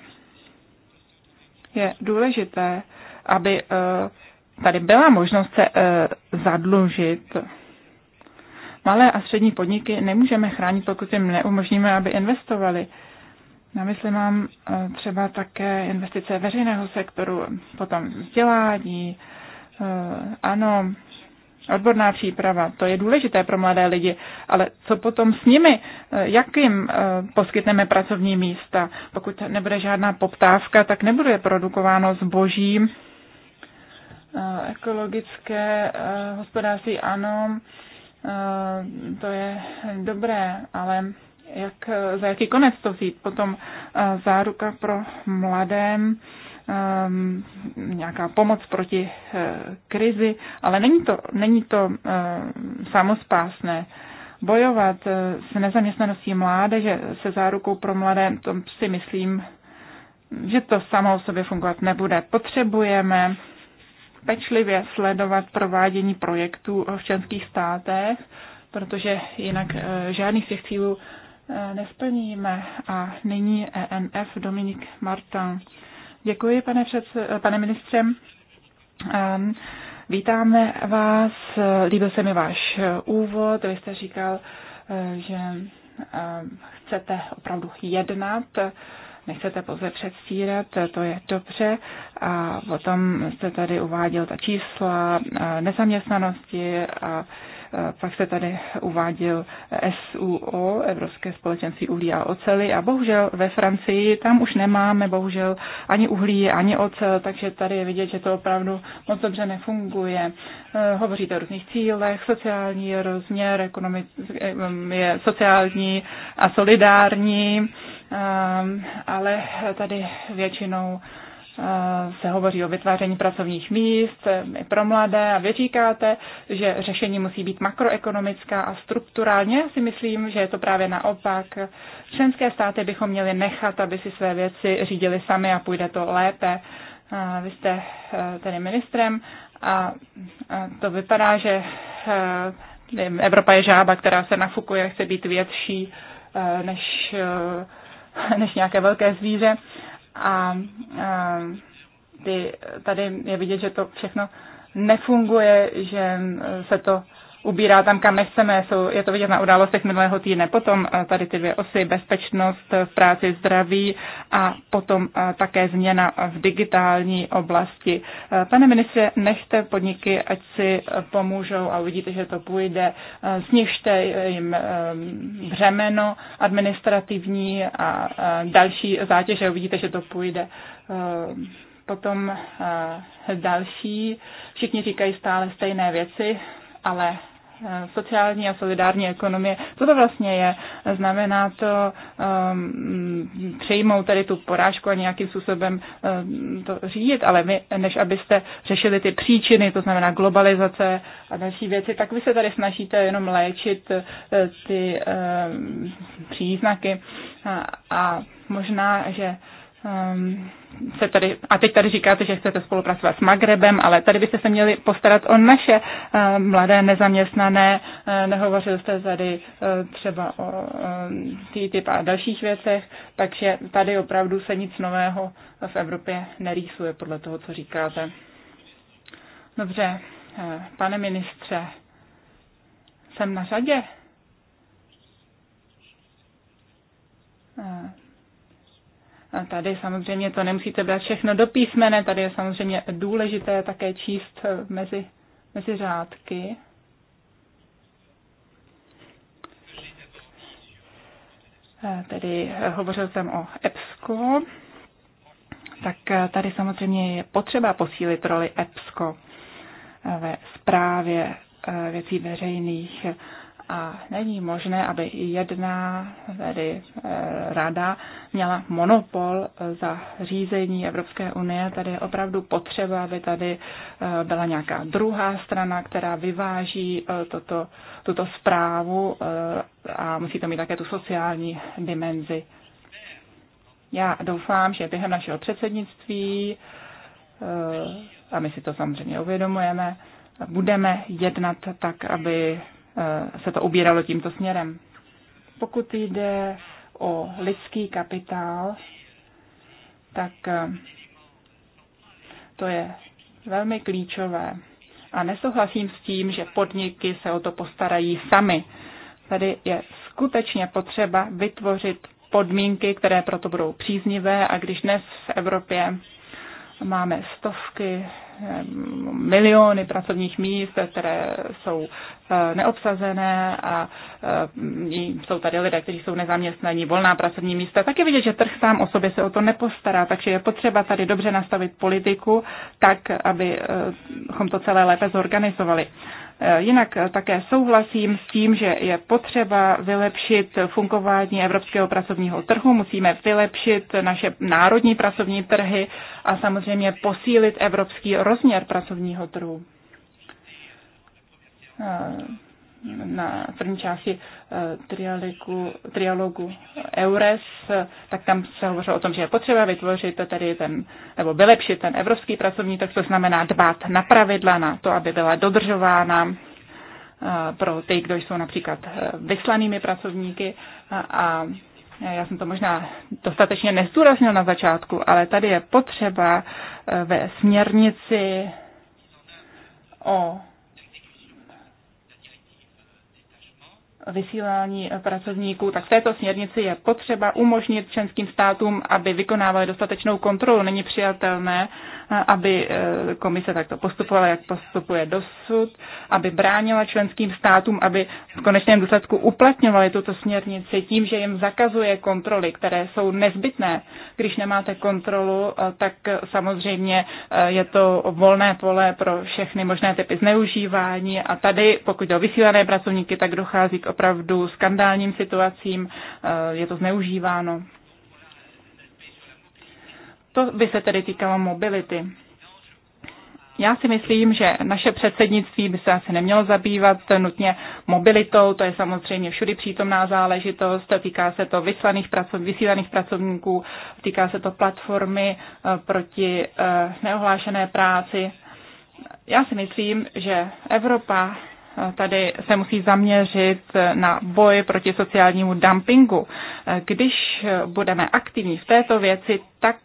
Speaker 2: je důležité, aby eh, tady byla možnost se zadlužit. Malé a střední podniky nemůžeme chránit, pokud jim neumožníme, aby investovali. Na mysli mám třeba také investice veřejného sektoru, potom vzdělání, ano, Odborná příprava, to je důležité pro mladé lidi, ale co potom s nimi? Eh, jak jim eh, poskytneme pracovní místa? Pokud nebude žádná poptávka, tak nebude produkováno zboží. Eh, ekologické hospodářství ano, to je dobré, ale jak, za jaký konec to vzít? Potom záruka pro mladém um, nějaká pomoc proti uh, krizi, ale není to, není to uh, Bojovat uh, s nezaměstnaností mládeže, se zárukou pro mladé, to si myslím, že to samo o sobě fungovat nebude. Potřebujeme pečlivě sledovat provádění projektů v členských státech, protože jinak žádný z těch cílů nesplníme. A nyní ENF Dominik Martin. Děkuji, pane, předse- pane ministře. Ehm, vítáme vás. Líbil se mi váš eh, úvod. Vy jste říkal, eh, že ehm, chcete opravdu jednat, nechcete pouze předstírat, to je dobře. A potom jste tady uváděl ta čísla eh, nezaměstnanosti a Eh, pak se tady uváděl SUO, Evropské společenství uhlí a ocely. A bohužel ve Francii tam už nemáme bohužel ani uhlí, ani ocel, takže tady je vidět, že to opravdu moc dobře nefunguje. Eh, hovoříte o různých cílech, sociální rozměr, eh, je sociální a solidární, ale tady většinou Eh, se hovoří o vytváření pracovních míst eh, i pro mladé a vy říkáte, že řešení musí být makroekonomická a strukturálně. Já si myslím, že je to právě naopak. Členské státy bychom měli nechat, aby si své věci řídili sami a půjde to lépe. Eh, vy jste tedy ministrem a to vypadá, že Evropa je žába, která se nafukuje, chce být větší než, než nějaké velké zvíře a ty, tady je vidět, že to všechno nefunguje, že se to ubírá tam, kam nechceme. Jsou, je to vidět na událostech minulého týdne. Potom eh, tady ty dvě osy, bezpečnost eh, v práci, zdraví a potom eh, také změna v digitální oblasti. Pane ministře, nechte podniky, ať si pomůžou a uvidíte, že to půjde. Snižte jim břemeno administrativní a další zátěže, uvidíte, že to půjde potom další. Všichni říkají stále stejné věci, ale sociální a solidární ekonomie. Co to vlastně je? Znamená to um, přejmout tady tu porážku a nějakým způsobem um, to řídit, ale vy, než abyste řešili ty příčiny, to znamená globalizace a další věci, tak vy se tady snažíte jenom léčit uh, ty um, příznaky a, a možná, že uh, Ehm, se tady, a teď tady říkáte, že chcete spolupracovat s Magrebem, ale tady byste se měli postarat o naše ehm, mladé nezaměstnané. Ehm, nehovořil jste tady třeba o TTIP a dalších věcech, takže tady opravdu se nic nového v Evropě nerýsuje podle toho, co říkáte. Dobře, pane ministře, jsem na řadě. Tady samozřejmě to nemusíte brát všechno do písmene, tady je samozřejmě důležité také číst eh, mezi, mezi řádky. Eh, Tedy eh, hovořil jsem o EPSCO, tak tady samozřejmě je potřeba posílit roli EPSCO ve zprávě věcí veřejných. A není možné, aby jedna tedy eh, rada měla monopol za řízení Evropské unie. Tady je opravdu potřeba, aby tady eh, byla nějaká druhá strana, která vyváží eh, toto, tuto zprávu a musí to mít také tu sociální dimenzi. Já doufám, že během našeho předsednictví, a my si to samozřejmě uvědomujeme, budeme jednat tak, aby Eh, se to ubíralo tímto směrem. Pokud jde o lidský kapitál, tak eh, to je velmi klíčové. A nesouhlasím s tím, že podniky se o to postarají sami. Tady je skutečně potřeba vytvořit podmínky, které proto budou příznivé a když dnes v Evropě máme stovky Ehm, miliony pracovních míst, které jsou eh, neobsazené a ehm, jsou tady lidé, kteří jsou nezaměstnaní, volná pracovní místa. Tak je vidět, že trh sám o sobě se o to nepostará, takže je potřeba tady dobře nastavit politiku tak, abychom eh, to celé lépe zorganizovali. Eh, jinak eh, také souhlasím s tím, že je potřeba vylepšit fungování evropského pracovního trhu, musíme vylepšit naše národní pracovní trhy a samozřejmě posílit evropský rozměr pracovního trhu. Eh, na první části uh, trialogu EURES, eh, tak tam se hovořilo o tom, že je potřeba vytvořit tedy ten, nebo vylepšit ten evropský pracovní tak to znamená dbát na pravidla, na to, aby byla dodržována eh, pro ty, kdo jsou například vyslanými pracovníky a já jsem to možná dostatečně nestůraznil na začátku, ale tady je potřeba ve směrnici o vysílání pracovníků, tak v této směrnici je potřeba umožnit členským státům, aby vykonávali dostatečnou kontrolu. Není přijatelné, aby eh, komise takto postupovala, jak postupuje dosud, aby bránila členským státům, aby v konečném důsledku uplatňovali tuto směrnici tím, že jim zakazuje kontroly, které jsou nezbytné. Když nemáte kontrolu, eh, tak samozřejmě eh, je to volné pole pro všechny možné typy zneužívání a tady, pokud jde o vysílané pracovníky, tak dochází k opravdu skandálním situacím, eh, je to zneužíváno. To by se tedy týkalo mobility. Já si myslím, že naše předsednictví by se asi nemělo zabývat nutně mobilitou, to je samozřejmě všudy přítomná záležitost, týká se to vyslaných pracov, vysílaných pracovníků, týká se to platformy eh, proti eh, neohlášené práci. Já si myslím, že Evropa tady se musí zaměřit na boj proti sociálnímu dumpingu. Když budeme aktivní v této věci, tak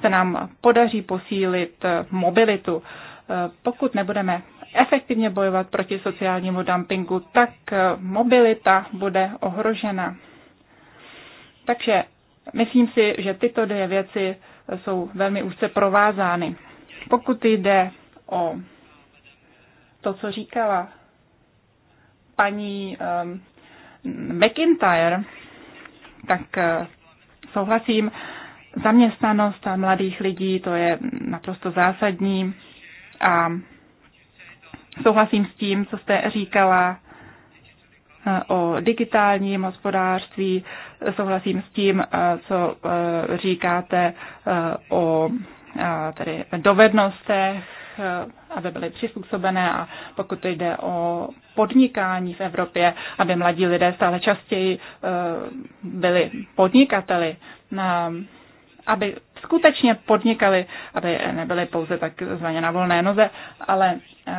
Speaker 2: se nám podaří posílit mobilitu. Pokud nebudeme efektivně bojovat proti sociálnímu dumpingu, tak mobilita bude ohrožena. Takže myslím si, že tyto dvě věci jsou velmi úzce provázány. Pokud jde o to, co říkala paní ehm, McIntyre, tak eh, souhlasím, zaměstnanost mladých lidí, to je naprosto zásadní a souhlasím s tím, co jste říkala eh, o digitálním hospodářství, souhlasím s tím, eh, co říkáte o tedy dovednostech Eh, aby byly přizpůsobené a pokud jde o podnikání v Evropě, aby mladí lidé stále častěji eh, byli podnikateli. Eh, aby skutečně podnikali, aby nebyly pouze takzvaně na volné noze, ale eh,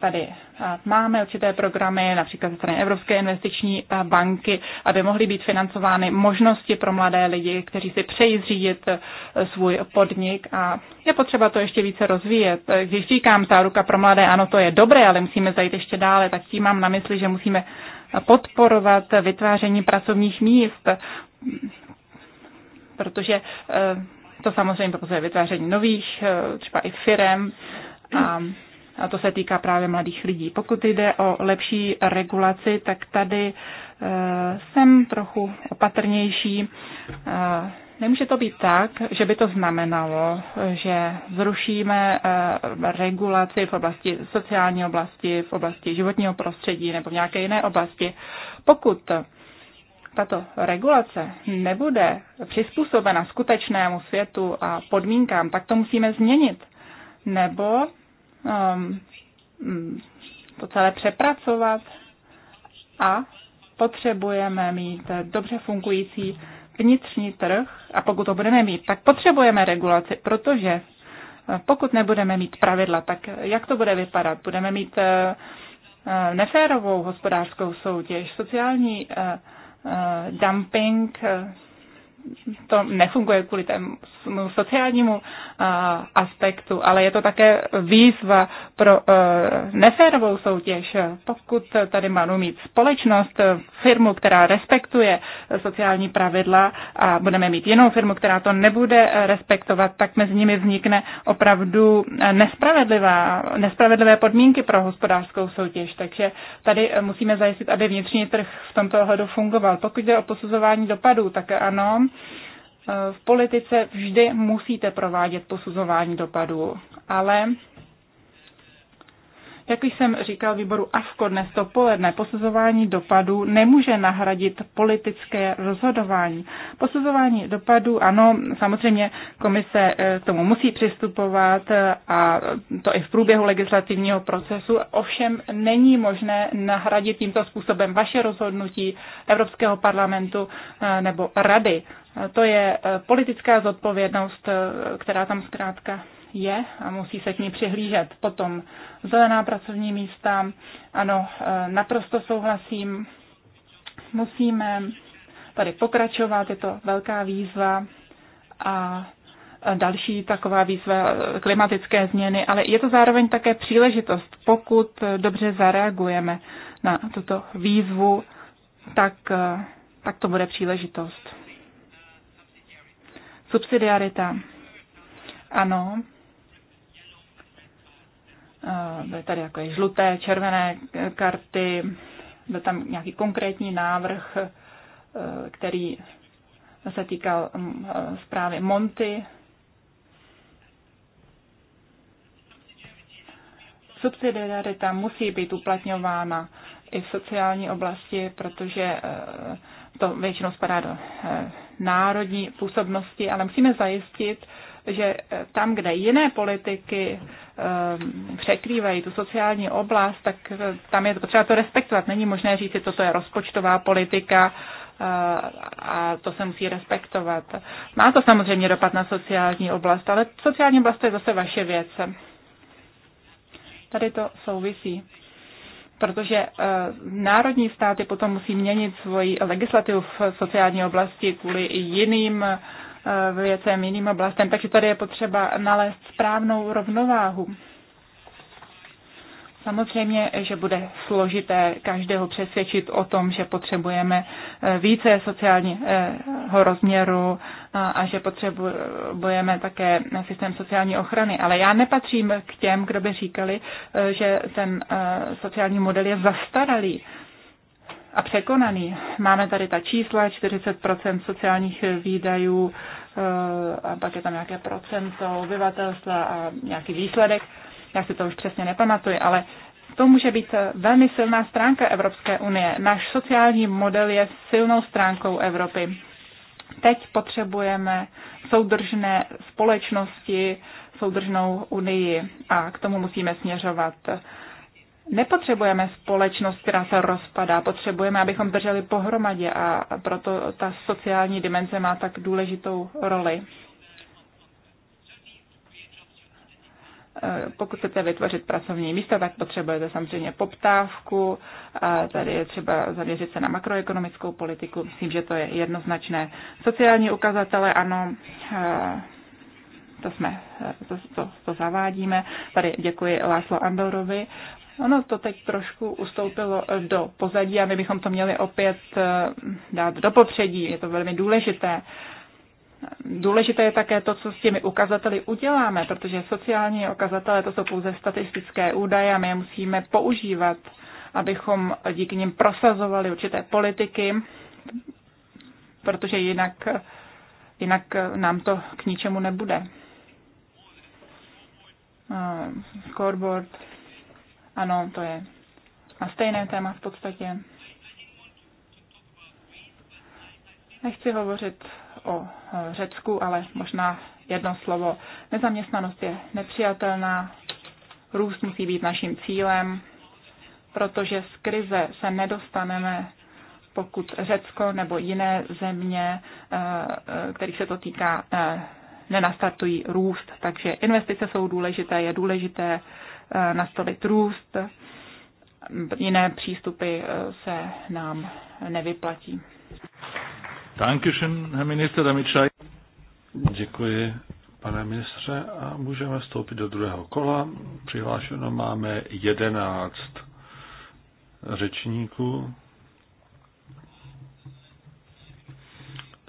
Speaker 2: tady eh, máme určité programy, například ze strany Evropské investiční eh, banky, aby mohly být financovány možnosti pro mladé lidi, kteří si přejí zřídit svůj podnik a je potřeba to ještě více rozvíjet. Když říkám ruka pro mladé, ano, to je dobré, ale musíme zajít ještě dále, tak tím mám na mysli, že musíme podporovat vytváření pracovních míst, protože eh, to samozřejmě pokazuje vytváření nových, eh, třeba i firem a a to se týká právě mladých lidí. Pokud jde o lepší regulaci, tak tady e, jsem trochu opatrnější. E, nemůže to být tak, že by to znamenalo, že zrušíme e, regulaci v oblasti sociální oblasti, v oblasti životního prostředí nebo v nějaké jiné oblasti. Pokud tato regulace nebude přizpůsobena skutečnému světu a podmínkám, tak to musíme změnit. Nebo um, to celé přepracovat a potřebujeme mít dobře fungující vnitřní trh a pokud to budeme mít, tak potřebujeme regulaci, protože eh, pokud nebudeme mít pravidla, tak jak to bude vypadat? Budeme mít eh, eh, neférovou hospodářskou soutěž, sociální Eh, dumping eh, to nefunguje kvůli tému sociálnímu eh, aspektu, ale je to také výzva pro eh, neférovou soutěž. Pokud tady máme mít společnost, eh, firmu, která respektuje sociální pravidla a budeme mít jinou firmu, která to nebude respektovat, tak mezi nimi vznikne opravdu nespravedlivá, nespravedlivé podmínky pro hospodářskou soutěž. Takže tady musíme zajistit, aby vnitřní trh v tomto ohledu fungoval. Pokud jde o posuzování dopadů, tak ano, v politice vždy musíte provádět posuzování dopadů, ale jak už jsem říkal výboru AFKO dnes dopoledne, posuzování dopadů nemůže nahradit politické rozhodování. Posuzování dopadů, ano, samozřejmě komise eh, k tomu musí přistupovat eh, a to i v průběhu legislativního procesu, ovšem není možné nahradit tímto způsobem vaše rozhodnutí Evropského parlamentu eh, nebo rady. To je politická zodpovědnost, která tam zkrátka je a musí se k ní přihlížet. Potom zelená pracovní místa, ano, e, naprosto souhlasím, musíme tady pokračovat, je to velká výzva a e, další taková výzva e, klimatické změny, ale je to zároveň také příležitost, pokud dobře zareagujeme na tuto výzvu, tak, tak to bude příležitost. Subsidiarita. Ano, Eh, byly tady jako žluté, červené karty, byl tam nějaký konkrétní návrh, eh, který se týkal mm, eh, zprávy Monty. Subsidiarita musí být uplatňována i v sociální oblasti, protože to většinou spadá do národní působnosti, ale musíme zajistit, že eh, tam, kde jiné politiky eh, překrývají tu sociální oblast, tak eh, tam je potřeba to respektovat. Není možné říct, že toto je rozpočtová politika a to se musí respektovat. Má to samozřejmě dopad na sociální oblast, ale sociální oblast to je zase vaše věc. Tady to souvisí protože národní státy potom musí měnit svoji legislativu v sociální oblasti kvůli jiným věcem, jiným oblastem. Takže tady je potřeba nalézt správnou rovnováhu. Samozřejmě, že bude složité každého přesvědčit o tom, že potřebujeme eh, více sociálního rozměru eh, a že potřebujeme také systém sociální ochrany. Ale já nepatřím k těm, kdo by říkali, eh, že ten sociální model je zastaralý a překonaný. Máme tady ta čísla, 40% sociálních výdajů, eh, a pak je tam nějaké procento obyvatelstva a nějaký výsledek. Já si to už přesně nepamatuji, ale to může být velmi silná stránka Evropské unie. Náš sociální model je silnou stránkou Evropy. Teď potřebujeme soudržné společnosti, soudržnou unii a k tomu musíme směřovat nepotřebujeme společnost, která se rozpadá, potřebujeme, abychom drželi pohromadě a proto ta sociální dimenze má tak důležitou roli. Eh, pokud chcete vytvořit pracovní místa, tak potřebujete samozřejmě poptávku. A tady je třeba zaměřit se na makroekonomickou politiku. Myslím, že to je jednoznačné. Sociální ukazatele, ano, eh, to, jsme, eh, to, to, to zavádíme. Tady děkuji Láslo Andorovi Ono to teď trošku ustoupilo do pozadí a my bychom to měli opět eh, dát do popředí. Je to velmi důležité. Důležité je také to, co s těmi ukazateli uděláme, protože sociální ukazatele to jsou pouze statistické údaje a my je musíme používat, abychom díky nim prosazovali určité politiky, protože jinak, jinak nám to k ničemu nebude. Eh, scoreboard ano, to je na stejné téma v podstatě. Nechci hovořit o Řecku, ale možná jedno slovo. Nezaměstnanost je nepřijatelná, růst musí být naším cílem, protože z krize se nedostaneme, pokud Řecko nebo jiné země, eh, eh, kterých se to týká, eh, nenastartují růst. Takže investice jsou důležité, je důležité Eh, nastavit růst. Jiné přístupy eh, se nám nevyplatí.
Speaker 1: Dankeschön, Herr Minister, damit Děkuji, pane ministře, a můžeme vstoupit do druhého kola. Přihlášeno máme 11 řečníků.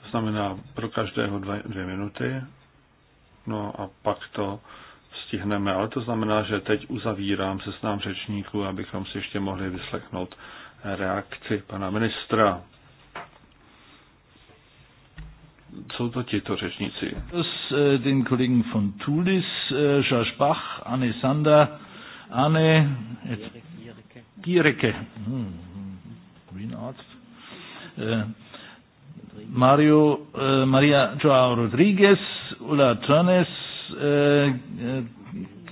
Speaker 1: To znamená pro každého dvě, dvě minuty. No a pak to stihneme, ale to znamená, že teď uzavírám se s nám řečníků, abychom si ještě mohli vyslechnout reakci pana ministra. Jsou to tito řečníci. Eh, den Kollegen von Tulis, eh, Georges Bach, Anne Sander, Anne Gierke.
Speaker 3: hmm. Hm, äh, Mario, äh, Maria Joao Rodriguez, Ulla Trönes, äh,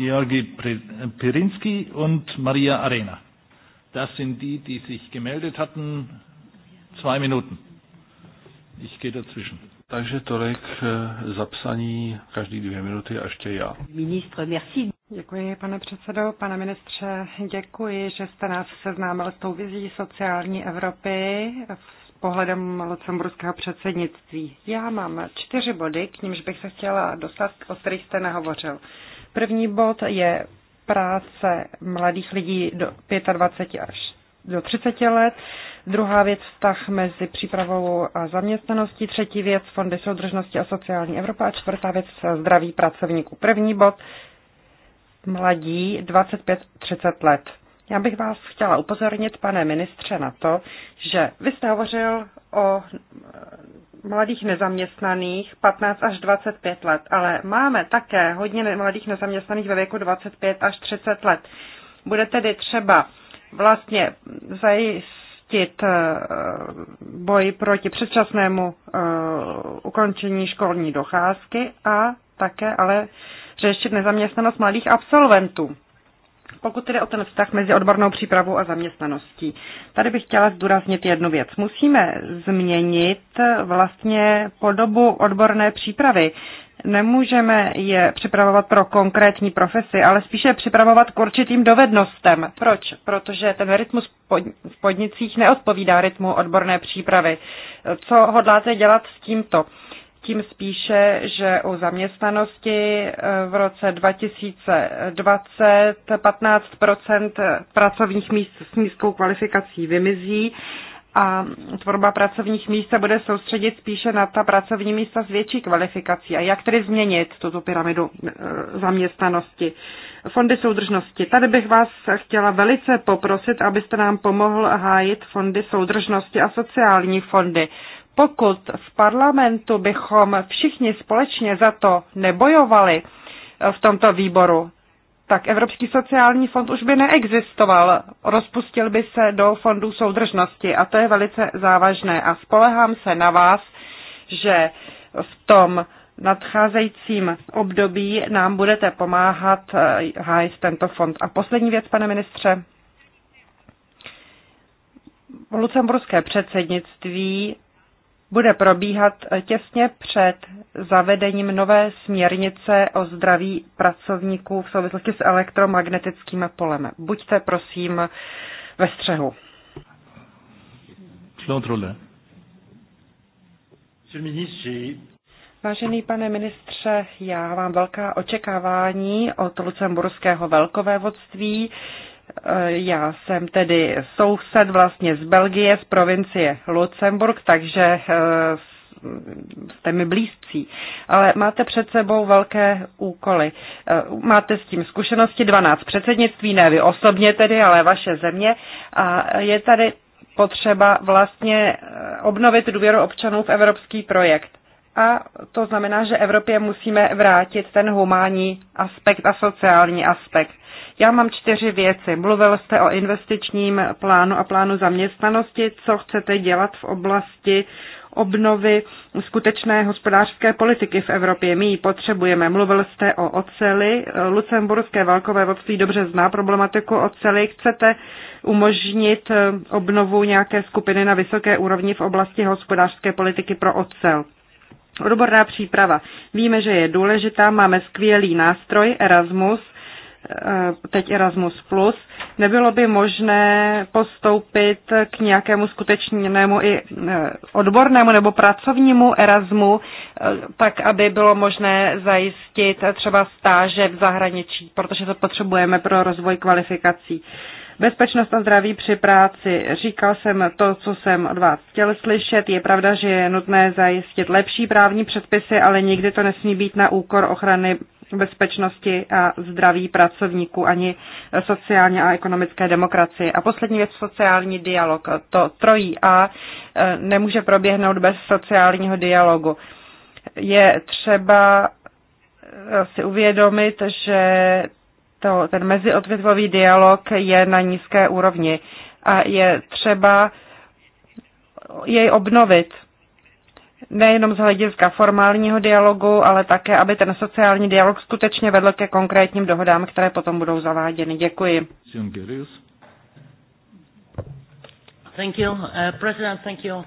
Speaker 1: Georgi äh, Pirinski und Maria Arena. Das sind die, die sich gemeldet hatten. Zwei Minuten. Ich gehe dazwischen. Takže tolik äh, zapsaní každý dvě minuty a ještě já. Ministr,
Speaker 4: merci. Děkuji, pane předsedo. Pane ministře, děkuji, že jste nás seznámil s tou vizí sociální Evropy s pohledem lucemburského předsednictví. Já mám čtyři body, k nímž bych se chtěla dostat, o kterých jste nehovořil. První bod je práce mladých lidí do 25 až do 30 let. Druhá věc vztah mezi přípravou a zaměstnaností. Třetí věc fondy soudržnosti a sociální Evropa. A čtvrtá věc zdraví pracovníků. První bod mladí 25-30 let. Já bych vás chtěla upozornit, pane ministře, na to, že vy jste hovořil o mladých nezaměstnaných 15 až 25 let, ale máme také hodně mladých nezaměstnaných ve věku 25 až 30 let. Bude tedy třeba vlastně zajistit eh, boj proti předčasnému eh, ukončení školní docházky a také ale řešit nezaměstnanost mladých absolventů. Pokud tedy o ten vztah mezi odbornou přípravou a zaměstnaností, tady bych chtěla zdůraznit jednu věc. Musíme změnit vlastně podobu odborné přípravy. Nemůžeme je připravovat pro konkrétní profesi, ale spíše připravovat k určitým dovednostem. Proč? Protože ten rytmus v podnicích neodpovídá rytmu odborné přípravy. Co hodláte dělat s tímto? tím spíše, že u zaměstnanosti eh, v roce 2020 15 pracovních míst s nízkou kvalifikací vymizí a tvorba pracovních míst se bude soustředit spíše na ta pracovní místa s větší kvalifikací. A jak tedy změnit tuto pyramidu eh, zaměstnanosti? Fondy soudržnosti. Tady bych vás chtěla velice poprosit, abyste nám pomohl hájit fondy soudržnosti a sociální fondy. Pokud v parlamentu bychom všichni společně za to nebojovali v tomto výboru, tak Evropský sociální fond už by neexistoval. Rozpustil by se do fondů soudržnosti a to je velice závažné. A spolehám se na vás, že v tom nadcházejícím období nám budete pomáhat eh, hájit tento fond. A poslední věc, pane ministře. Lucemburské předsednictví bude probíhat těsně před zavedením nové směrnice o zdraví pracovníků v souvislosti s elektromagnetickým polem. Buďte prosím ve střehu. Vážený pane ministře, já mám velká očekávání od lucemburského velkovévodství. Já jsem tedy soused vlastně z Belgie, z provincie Lucemburg, takže eh, jste mi blízcí, ale máte před sebou velké úkoly. Eh, máte s tím zkušenosti 12 předsednictví, ne vy osobně tedy, ale vaše země. A je tady potřeba vlastně eh, obnovit důvěru občanů v evropský projekt. A to znamená, že Evropě musíme vrátit ten humánní aspekt a sociální aspekt. Já mám čtyři věci. Mluvil jste o investičním plánu a plánu zaměstnanosti, co chcete dělat v oblasti obnovy skutečné hospodářské politiky v Evropě. My ji potřebujeme. Mluvil jste o oceli. Lucemburské válkové vodství dobře zná problematiku oceli. Chcete umožnit obnovu nějaké skupiny na vysoké úrovni v oblasti hospodářské politiky pro ocel. Odborná příprava. Víme, že je důležitá, máme skvělý nástroj Erasmus, Eh, teď Erasmus+, plus, nebylo by možné postoupit k nějakému skutečnému i eh, odbornému nebo pracovnímu Erasmu, eh, tak aby bylo možné zajistit třeba stáže v zahraničí, protože to potřebujeme pro rozvoj kvalifikací. Bezpečnost a zdraví při práci. Říkal jsem to, co jsem od vás chtěl slyšet. Je pravda, že je nutné zajistit lepší právní předpisy, ale nikdy to nesmí být na úkor ochrany bezpečnosti a zdraví pracovníků, ani sociálně a ekonomické demokracie. A poslední věc, sociální dialog. To trojí A e, nemůže proběhnout bez sociálního dialogu. Je třeba e, si uvědomit, že to, ten meziodvětvový dialog je na nízké úrovni a je třeba jej obnovit nejenom z hlediska formálního dialogu, ale také, aby ten sociální dialog skutečně vedl ke konkrétním dohodám, které potom budou zaváděny. Děkuji.
Speaker 5: Thank you, uh, President, thank you.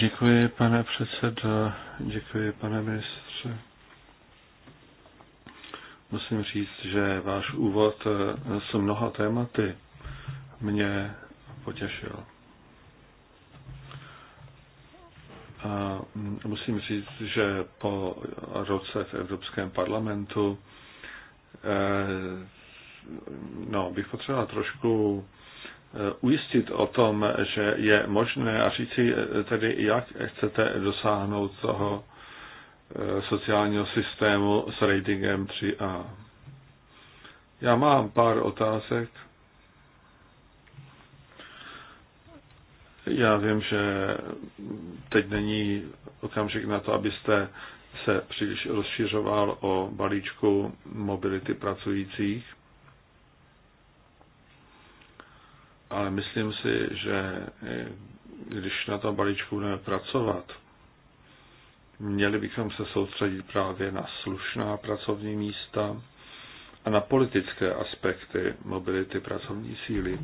Speaker 1: Děkuji, pane předsedo, děkuji, pane ministře. Musím říct, že váš úvod eh, s mnoha tématy mě potěšil. Mm, musím říct, že po roce v Evropském parlamentu eh, no, bych potřeboval trošku eh, ujistit o tom, že je možné a říci eh, tedy, jak chcete dosáhnout toho sociálního systému s ratingem 3A. Já mám pár otázek. Já vím, že teď není okamžik na to, abyste se příliš rozšiřoval o balíčku mobility pracujících, ale myslím si, že když na tom balíčku budeme pracovat, měli bychom se soustředit právě na slušná pracovní místa a na politické aspekty mobility pracovní síly.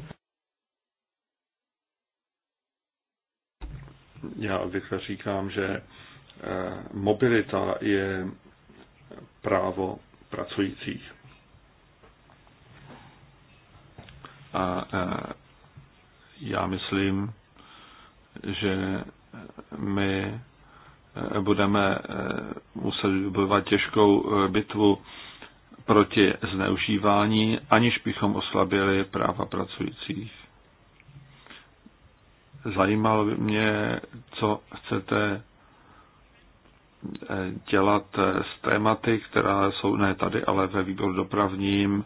Speaker 1: já obvykle říkám, že eh, mobilita je právo pracujících. A eh, já myslím, že my eh, budeme muset bojovat těžkou bitvu proti zneužívání, aniž bychom oslabili práva pracujících zajímalo by mě, co chcete eh, dělat eh, s tématy, která jsou ne tady, ale ve výboru dopravním,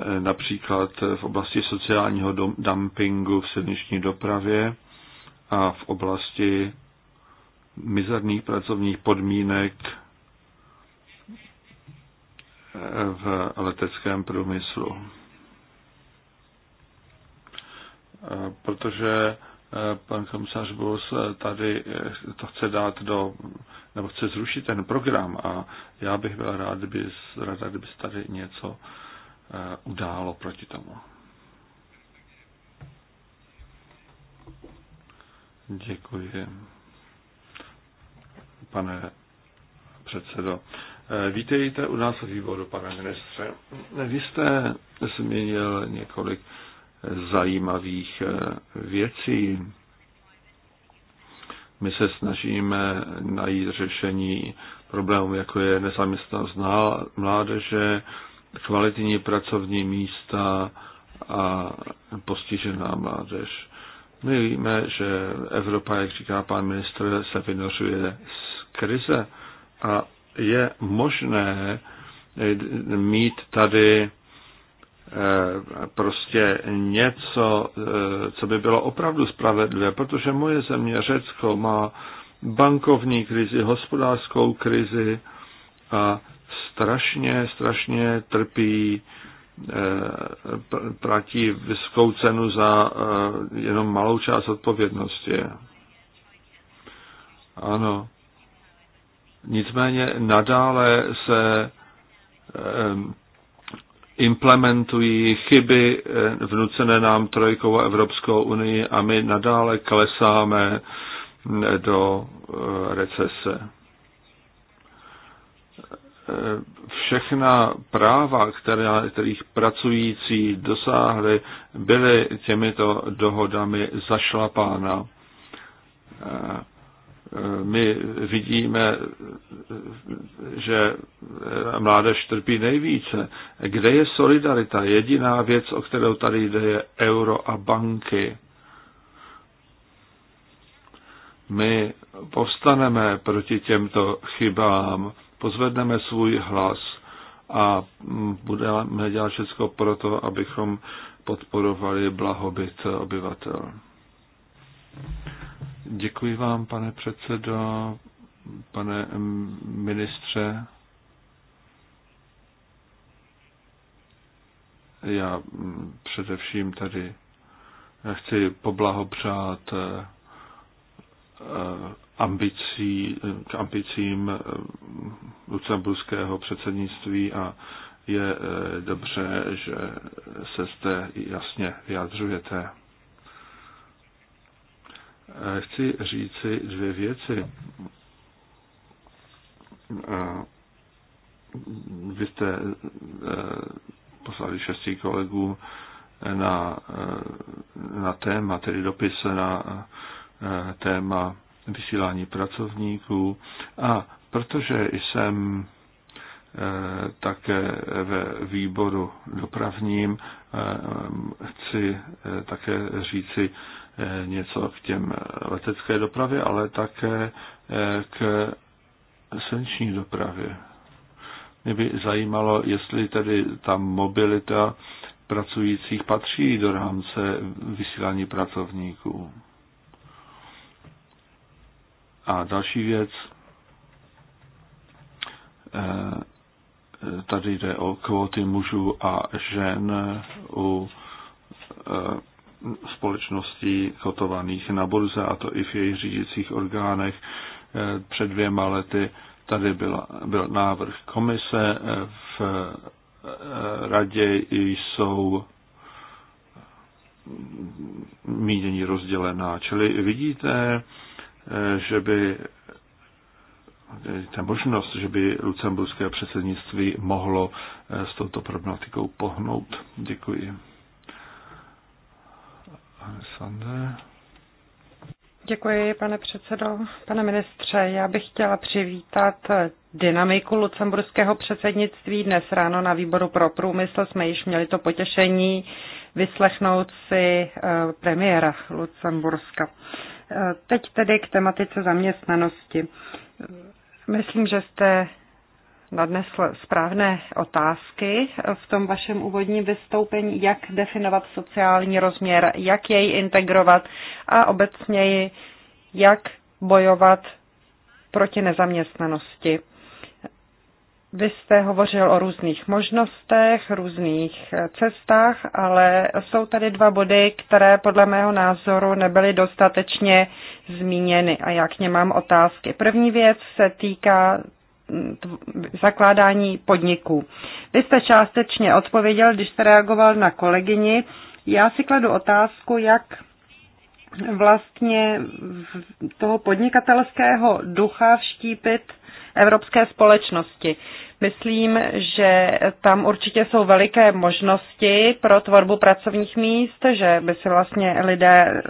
Speaker 1: eh, například v oblasti sociálního dumpingu v silniční dopravě a v oblasti mizerných pracovních podmínek v leteckém průmyslu. Protože pan komisař Bus tady eh, to chce dát do, nebo chce zrušit ten program a já bych byl rád, kdyby, rád, kdyby se tady něco eh, událo proti tomu. Děkuji. Pane předsedo, eh, vítejte u nás v výboru, pane ministře. Vy jste zmínil několik zajímavých eh, věcí. My se snažíme najít řešení problémů, jako je nezaměstnanost mládeže, kvalitní pracovní místa a postižená mládež. My víme, že Evropa, jak říká pan ministr, se vynořuje z krize a je možné mít tady Eh, prostě něco, eh, co by bylo opravdu spravedlivé, protože moje země Řecko má bankovní krizi, hospodářskou krizi a strašně, strašně trpí eh, platí vysokou cenu za jenom malou část odpovědnosti. Ano. Nicméně nadále se implementují chyby eh, vnucené nám Trojkou a Evropskou unii a my nadále klesáme eh, do eh, recese. Všechna práva, která, kterých pracující dosáhli, byly těmito dohodami zašlapána my vidíme, že mládež trpí nejvíce. Kde je solidarita? Jediná věc, o kterou tady jde, je euro a banky. My povstaneme proti těmto chybám, pozvedneme svůj hlas a budeme dělat všechno proto, abychom podporovali blahobyt obyvatel. Děkuji vám, pane předsedo, pane ministře. Já především tady chci poblahopřát e, e, ambicí, k ambicím e, lucemburského předsednictví a je dobře, že se zde jasně vyjadřujete chci říci dvě věci. Vy jste e, poslali šestí kolegů na, e, na téma, tedy dopis na e, téma vysílání pracovníků. A protože jsem také ve výboru dopravním, chci také říci, Eh, něco k těm letecké dopravě, ale také eh, k silniční dopravě. Mě by zajímalo, jestli tedy ta mobilita pracujících patří do rámce vysílání pracovníků. A další věc, eh, tady jde o kvóty mužů a žen u společností kotovaných na burze, a to i v jejich řídicích orgánech. Eh, před dvěma lety tady byla, byl návrh komise, eh, v eh, radě jsou mínění rozdělená. Čili vidíte, že by ta možnost, že by lucemburské předsednictví mohlo s touto problematikou pohnout. Děkuji. Pane Sande.
Speaker 4: Děkuji, pane předsedo. Pane ministře, já bych chtěla přivítat dynamiku lucemburského předsednictví. Dnes ráno na výboru pro průmysl jsme již měli to potěšení vyslechnout si eh, premiéra Lucemburska. Eh, teď tedy k tematice zaměstnanosti. Myslím, že jste nadnesl správné otázky v tom vašem úvodním vystoupení, jak definovat sociální rozměr, jak jej integrovat a obecněji, jak bojovat proti nezaměstnanosti. Vy jste hovořil o různých možnostech, různých cestách, ale jsou tady dva body, které podle mého názoru nebyly dostatečně zmíněny a jak k mám otázky. První věc se týká zakládání podniků. Vy jste částečně odpověděl, když jste reagoval na kolegyni. Já si kladu otázku, jak vlastně toho podnikatelského ducha vštípit evropské společnosti. Myslím, že tam určitě jsou veliké možnosti pro tvorbu pracovních míst, že by si vlastně lidé eh,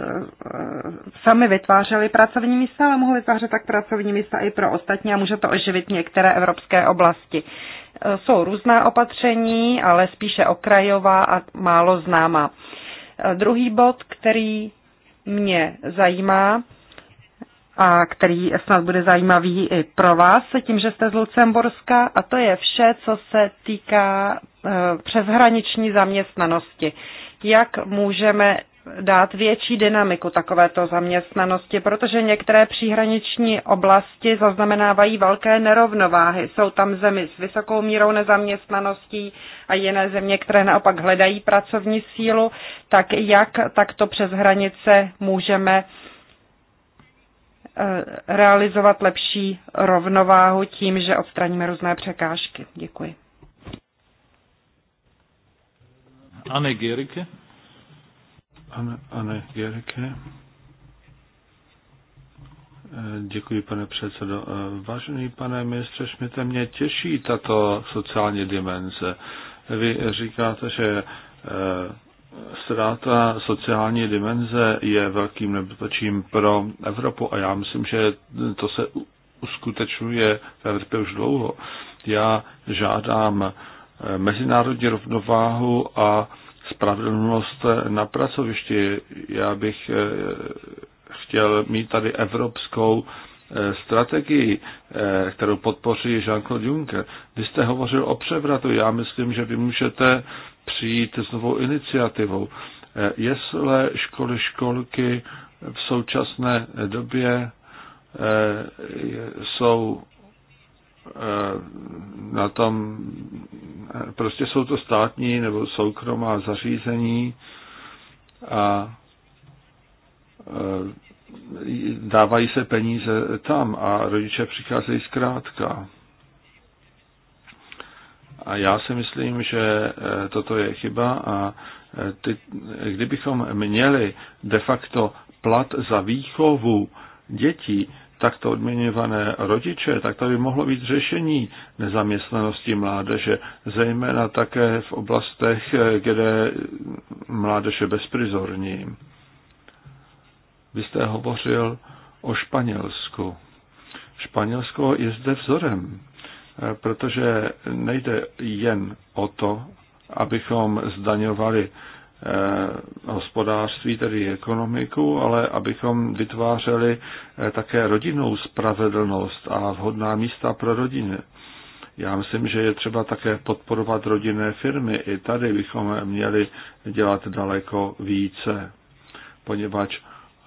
Speaker 4: sami vytvářeli pracovní místa, ale mohou vytvářet tak pracovní místa i pro ostatní a může to oživit některé evropské oblasti. Eh, jsou různá opatření, ale spíše okrajová a málo známá. Eh, druhý bod, který mě zajímá, a který snad bude zajímavý i pro vás, tím, že jste z Lucemburska. A to je vše, co se týká eh, přeshraniční zaměstnanosti. Jak můžeme dát větší dynamiku takovéto zaměstnanosti, protože některé příhraniční oblasti zaznamenávají velké nerovnováhy. Jsou tam zemi s vysokou mírou nezaměstnaností a jiné země, které naopak hledají pracovní sílu, tak jak takto přes hranice můžeme uh, Eh, realizovat lepší rovnováhu tím, že odstraníme různé překážky. Děkuji.
Speaker 1: Anne Gericke. Anne, Anne Gericke. Eh, děkuji, pane předsedo. Eh, vážený pane ministře Šmite, mě těší tato sociální dimenze. Vy říkáte, že ztráta sociální dimenze je velkým nebezpečím pro Evropu a já myslím, že to se uskutečňuje v Evropě už dlouho. Já žádám eh, mezinárodní rovnováhu a spravedlnost na pracovišti. Já bych eh, chtěl mít tady evropskou eh, strategii, kterou podpoří Jean-Claude Juncker. Vy jste hovořil o převratu. Já myslím, že vy můžete přijít s novou iniciativou. Eh, Jestli školy, školky v současné době eh, jsou eh, na tom, prostě jsou to státní nebo soukromá zařízení a dávají se peníze tam a rodiče přicházejí zkrátka. A já si myslím, že eh, toto je chyba a eh, ty, eh, kdybychom měli de facto plat za výchovu dětí, takto odměňované rodiče, tak to by mohlo být řešení nezaměstnanosti mládeže, zejména také v oblastech, kde mládež je bezprizorní. Vy jste hovořil o Španělsku. Španělsko je zde vzorem. Eh, protože nejde jen o to, abychom zdaňovali eh, hospodářství, tedy ekonomiku, ale abychom vytvářeli eh, také rodinnou spravedlnost a vhodná místa pro rodiny. Já myslím, že je třeba také podporovat rodinné firmy. I tady bychom měli dělat daleko více, poněvadž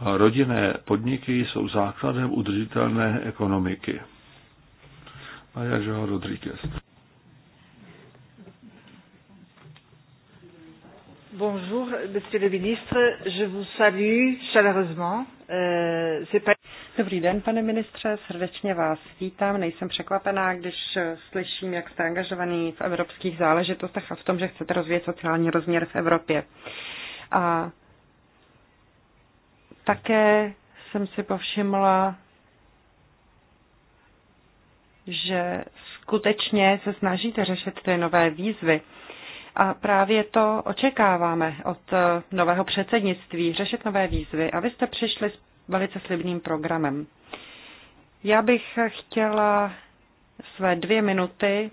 Speaker 1: rodinné podniky jsou základem udržitelné ekonomiky a je João Rodrigues.
Speaker 3: Bonjour, monsieur le ministre, je vous
Speaker 4: salue chaleureusement. Euh, Dobrý den, pane ministře, srdečně vás vítám. Nejsem překvapená, když slyším, jak jste angažovaný v evropských záležitostech a v tom, že chcete rozvíjet sociální rozměr v Evropě. A také jsem si povšimla že skutečně se snažíte řešit ty nové výzvy. A právě to očekáváme od eh, nového předsednictví, řešit nové výzvy. A vy jste přišli s velice slibným programem. Já bych chtěla své dvě minuty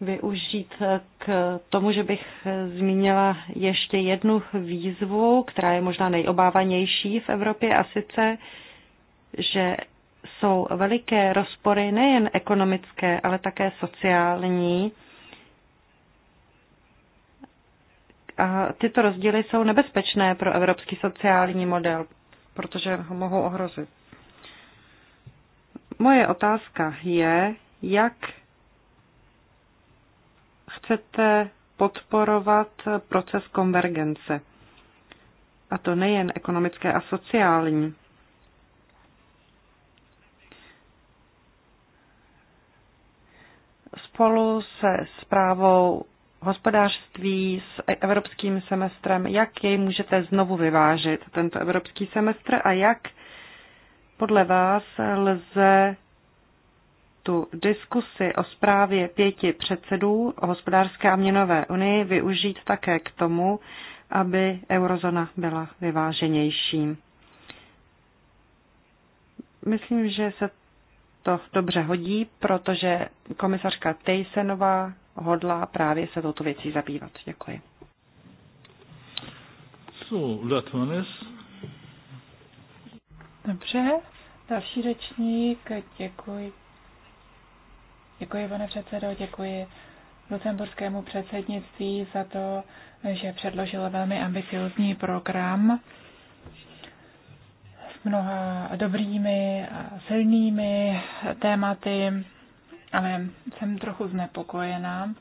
Speaker 4: využít k tomu, že bych zmínila ještě jednu výzvu, která je možná nejobávanější v Evropě a sice, že jsou veliké rozpory nejen ekonomické, ale také sociální. A tyto rozdíly jsou nebezpečné pro evropský sociální model, protože ho mohou ohrozit. Moje otázka je, jak chcete podporovat proces konvergence. A to nejen ekonomické a sociální. spolu se zprávou hospodářství s evropským semestrem, jak jej můžete znovu vyvážit, tento evropský semestr, a jak podle vás lze tu diskusi o zprávě pěti předsedů o hospodářské a měnové unii využít také k tomu, aby eurozona byla vyváženější. Myslím, že se to dobře hodí, protože komisařka Tejsenová hodlá právě se touto věcí zabývat. Děkuji.
Speaker 3: So, Latvanes.
Speaker 2: Dobře, další řečník, děkuji. Děkuji, pane předsedo, děkuji lucemburskému předsednictví za to, že předložilo velmi ambiciozní program mnoha dobrými a silnými tématy, ale jsem trochu znepokojená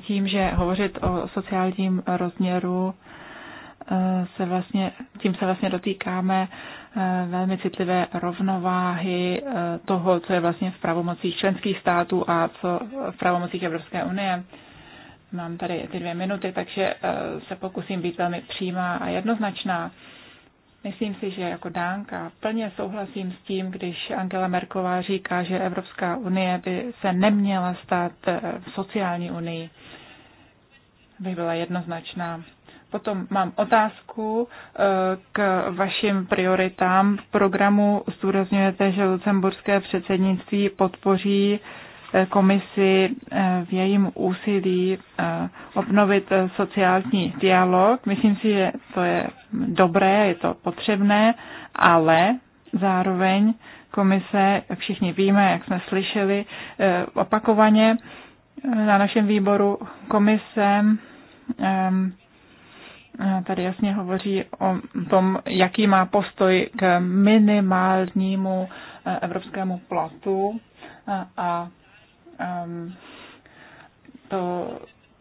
Speaker 2: tím, že hovořit o sociálním rozměru eh, se vlastně, tím se vlastně dotýkáme eh, velmi citlivé rovnováhy eh, toho, co je vlastně v pravomocích členských států a co v pravomocích Evropské unie. Mám tady ty dvě minuty, takže se pokusím být velmi přímá a jednoznačná. Myslím si, že jako Dánka plně souhlasím s tím, když Angela Merklová říká, že Evropská unie by se neměla stát eh, sociální unii. By byla jednoznačná. Potom mám otázku eh, k vašim prioritám. V programu zdůrazňujete, že lucemburské předsednictví podpoří Eh, komisi eh, v jejím úsilí eh, obnovit sociální dialog. Myslím si, že to je dobré, je to potřebné, ale zároveň komise, jak všichni víme, jak jsme slyšeli opakovaně na našem výboru komise, tady jasně hovoří o tom, jaký má postoj k minimálnímu evropskému platu a Ehm, to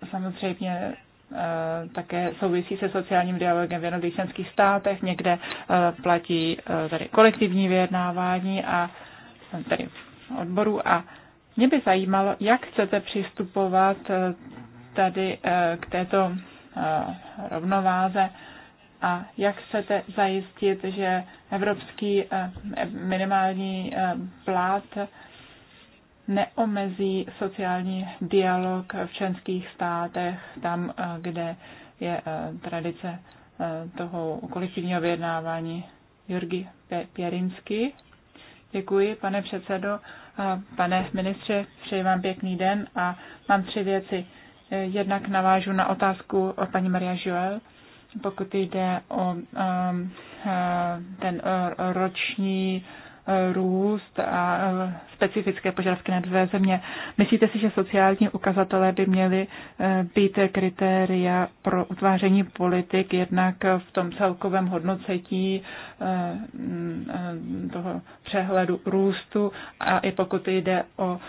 Speaker 2: samozřejmě eh, také souvisí se sociálním dialogem v jednotlivých členských státech. Někde eh, platí eh, tady kolektivní vyjednávání a tady odboru a mě by zajímalo, jak chcete přistupovat tady k této rovnováze a jak chcete zajistit, že evropský minimální plát neomezí sociální dialog v členských státech, tam, eh, kde je eh, tradice eh, toho kolektivního vyjednávání. Jurgi Pěrinsky. Děkuji, pane předsedo. Pane ministře, přeji vám pěkný den a mám tři věci. Jednak navážu na otázku o paní Maria Joel, pokud jde o ten roční růst a eh, specifické požadavky na dvě země. Myslíte si, že sociální ukazatele by měly eh, být kritéria pro utváření politik jednak v tom celkovém hodnocení eh, mm, toho přehledu růstu a i pokud jde o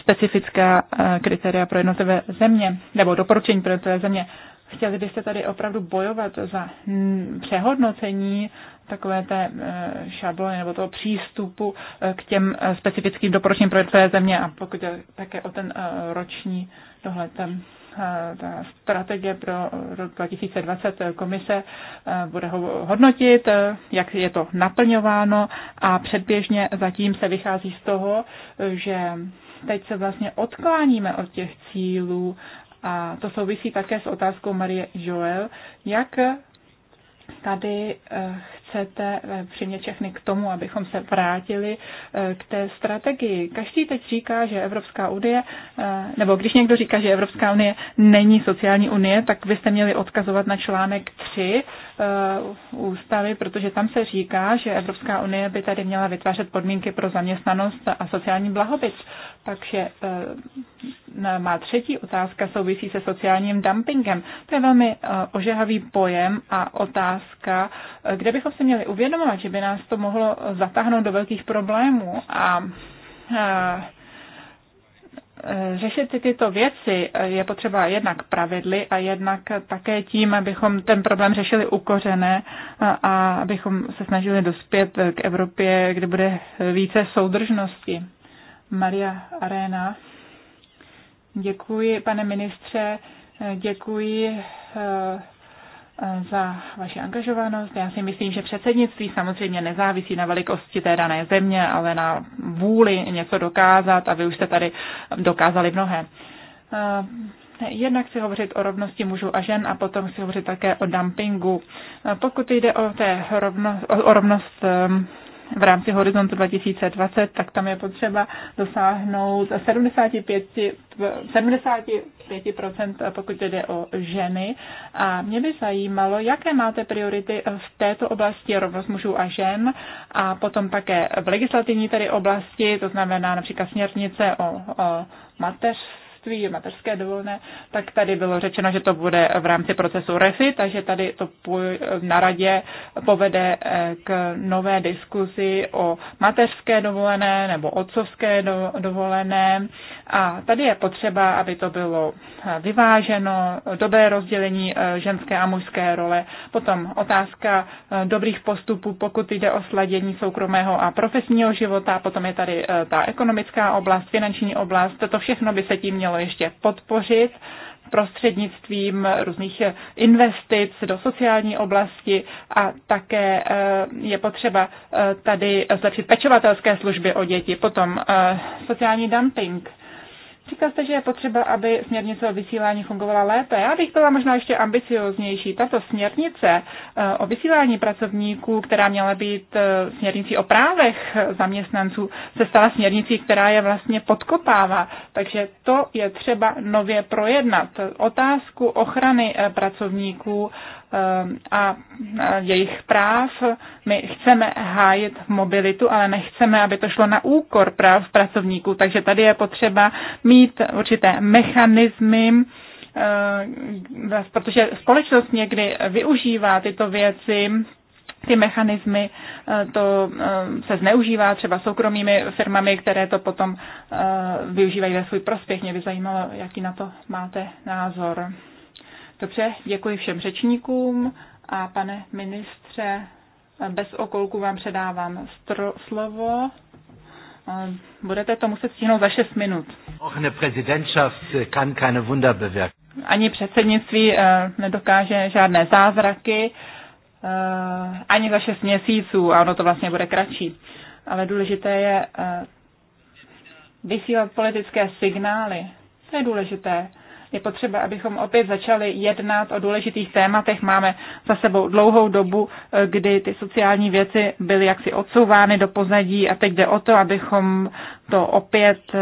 Speaker 2: specifická kritéria pro jednotlivé země nebo doporučení pro jednotlivé země, Chtěli byste tady opravdu bojovat za mm, přehodnocení takové té eh, šablony nebo toho přístupu eh, k těm eh, specifickým doporučením pro tvé země a pokud je také o ten roční tohle ten ta strategie pro rok 2020 komise bude ho hodnotit, jak je to naplňováno a předběžně zatím se vychází z toho, že teď se vlastně odkláníme od těch cílů a to souvisí také s otázkou Marie Joel, jak tady chcete eh, přimět všechny k tomu, abychom se vrátili eh, k té strategii. Každý teď říká, že Evropská unie, eh, nebo když někdo říká, že Evropská unie není sociální unie, tak byste měli odkazovat na článek 3 ústavy, protože tam se říká, že Evropská unie by tady měla vytvářet podmínky pro zaměstnanost a sociální blahobyt. Takže má třetí otázka souvisí se sociálním dumpingem. To je velmi ožehavý pojem a otázka, kde bychom se si měli uvědomovat, že by nás to mohlo zatáhnout do velkých problémů a řešit si tyto věci je potřeba jednak pravidly a jednak také tím, abychom ten problém řešili ukořené a abychom se snažili dospět k Evropě, kde bude více soudržnosti. Maria Arena. Děkuji, pane ministře, děkuji eh, Eh, za vaši angažovanost. Já si myslím, že předsednictví samozřejmě nezávisí na velikosti té dané země, ale na vůli něco dokázat a vy už jste tady dokázali mnohé. Eh, jednak chci hovořit o rovnosti mužů a žen a potom chci hovořit také o dumpingu. Eh, pokud jde o, té rovnost, o rovnost v rámci horizontu 2020, tak tam je potřeba dosáhnout 75, 75% pokud jde o ženy. A mě by zajímalo, jaké máte priority v této oblasti rovnost mužů a žen a potom také v legislativní tedy oblasti, to znamená například směrnice o, o mateřství mateřství, mateřské dovolené, tak tady bylo řečeno, že to bude v rámci procesu REFI, takže tady to na radě povede eh, k nové diskuzi o mateřské dovolené nebo otcovské dovolené. A tady je potřeba, aby to bylo eh, vyváženo, dobré rozdělení eh, ženské a mužské role, potom otázka dobrých postupů, pokud jde o sladění soukromého a profesního života, potom je tady ta ekonomická oblast, finanční oblast, to všechno by se tím mělo mělo ještě podpořit prostřednictvím různých investic do sociální oblasti a také eh, je potřeba eh, tady zlepšit pečovatelské služby o děti, potom eh, sociální dumping. Říkal jste, že je potřeba, aby směrnice o vysílání fungovala lépe. Já bych byla možná ještě ambicioznější. Tato směrnice eh, o vysílání pracovníků, která měla být eh, směrnicí o právech zaměstnanců, se stala směrnicí, která je vlastně podkopává. Takže to je třeba nově projednat. Otázku ochrany eh, pracovníků Ehm, a jejich práv. My chceme hájit mobilitu, ale nechceme, aby to šlo na úkor práv pracovníků. Takže tady je potřeba mít určité mechanismy, ehm, protože společnost někdy využívá tyto věci ty mechanismy, eh, to eh, se zneužívá třeba soukromými firmami, které to potom eh, využívají ve svůj prospěch. Mě by zajímalo, jaký na to máte názor. Dobře, děkuji všem řečníkům a pane ministře, bez okolku vám předávám slovo. Budete to muset stihnout za 6 minut. Ani předsednictví eh, nedokáže žádné zázraky, eh, ani za 6 měsíců, a ono to vlastně bude kratší. Ale důležité je eh, vysílat politické signály. To je důležité je potřeba, abychom opět začali jednat o důležitých tématech. Máme za sebou dlouhou dobu, eh, kdy ty sociální věci byly jaksi odsouvány do pozadí a teď jde o to, abychom to opět eh,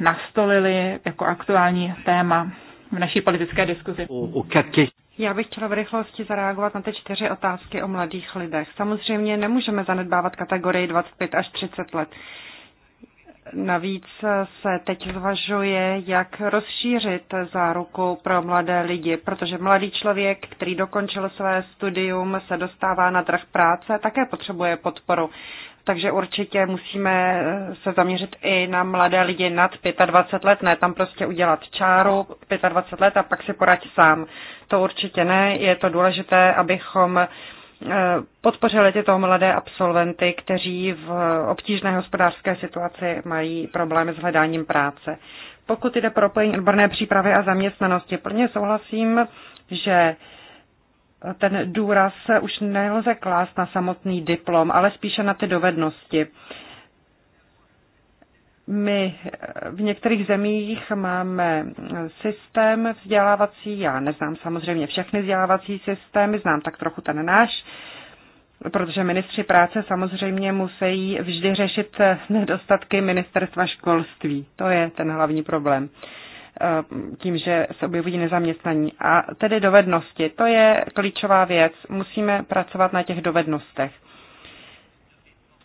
Speaker 2: nastolili jako aktuální téma v naší
Speaker 4: politické diskuzi. Já bych chtěla v rychlosti zareagovat na ty čtyři otázky o mladých lidech. Samozřejmě nemůžeme zanedbávat kategorii 25 až 30 let. Navíc se teď zvažuje, jak rozšířit záruku pro mladé lidi, protože mladý člověk, který dokončil své studium, se dostává na trh práce, také potřebuje podporu. Takže určitě musíme eh, se zaměřit i na mladé lidi nad 25 let, ne tam prostě udělat čáru 25 let a pak si poradit sám. To určitě ne, je to důležité, abychom podpořili tyto mladé absolventy, kteří v obtížné hospodářské situaci mají problémy s hledáním práce. Pokud jde propojení odborné přípravy a zaměstnanosti, plně souhlasím, že ten důraz už nelze klást na samotný diplom, ale spíše na ty dovednosti. My v některých zemích máme systém vzdělávací, já neznám samozřejmě všechny vzdělávací systémy, znám tak trochu ten náš, protože ministři práce samozřejmě musí vždy řešit nedostatky ministerstva školství. To je ten hlavní problém eh, tím, že se objevují nezaměstnaní. A tedy dovednosti, to je klíčová věc. Musíme pracovat na těch dovednostech.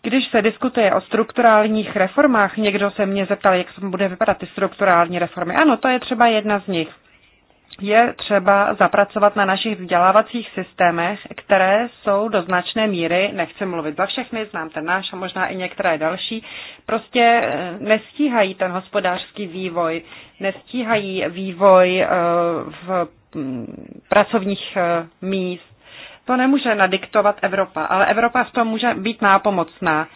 Speaker 4: Když se diskutuje o strukturálních reformách, někdo se mě zeptal, jak bude vypadat ty strukturální reformy. Ano, to je třeba jedna z nich. Je třeba zapracovat na našich vzdělávacích systémech, které jsou do značné míry, nechci mluvit za všechny, znám ten náš a možná i některé další, prostě eh, nestíhají ten hospodářský vývoj, nestíhají vývoj eh, v mm, pracovních eh, míst, to nemůže nadiktovat Evropa, ale Evropa v tom může být nápomocná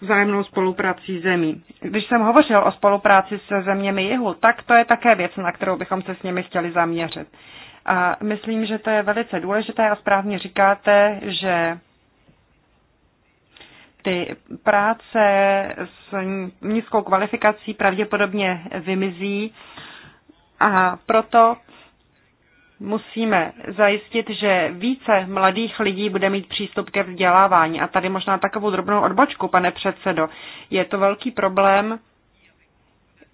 Speaker 4: vzájemnou spoluprací zemí. Když jsem hovořil o spolupráci se zeměmi jihu, tak to je také věc, na kterou bychom se s nimi chtěli zaměřit. A myslím, že to je velice důležité a správně říkáte, že ty práce s nízkou kvalifikací pravděpodobně vymizí a proto musíme zajistit, že více mladých lidí bude mít přístup ke vzdělávání. A tady možná takovou drobnou odbočku, pane předsedo. Je to velký problém.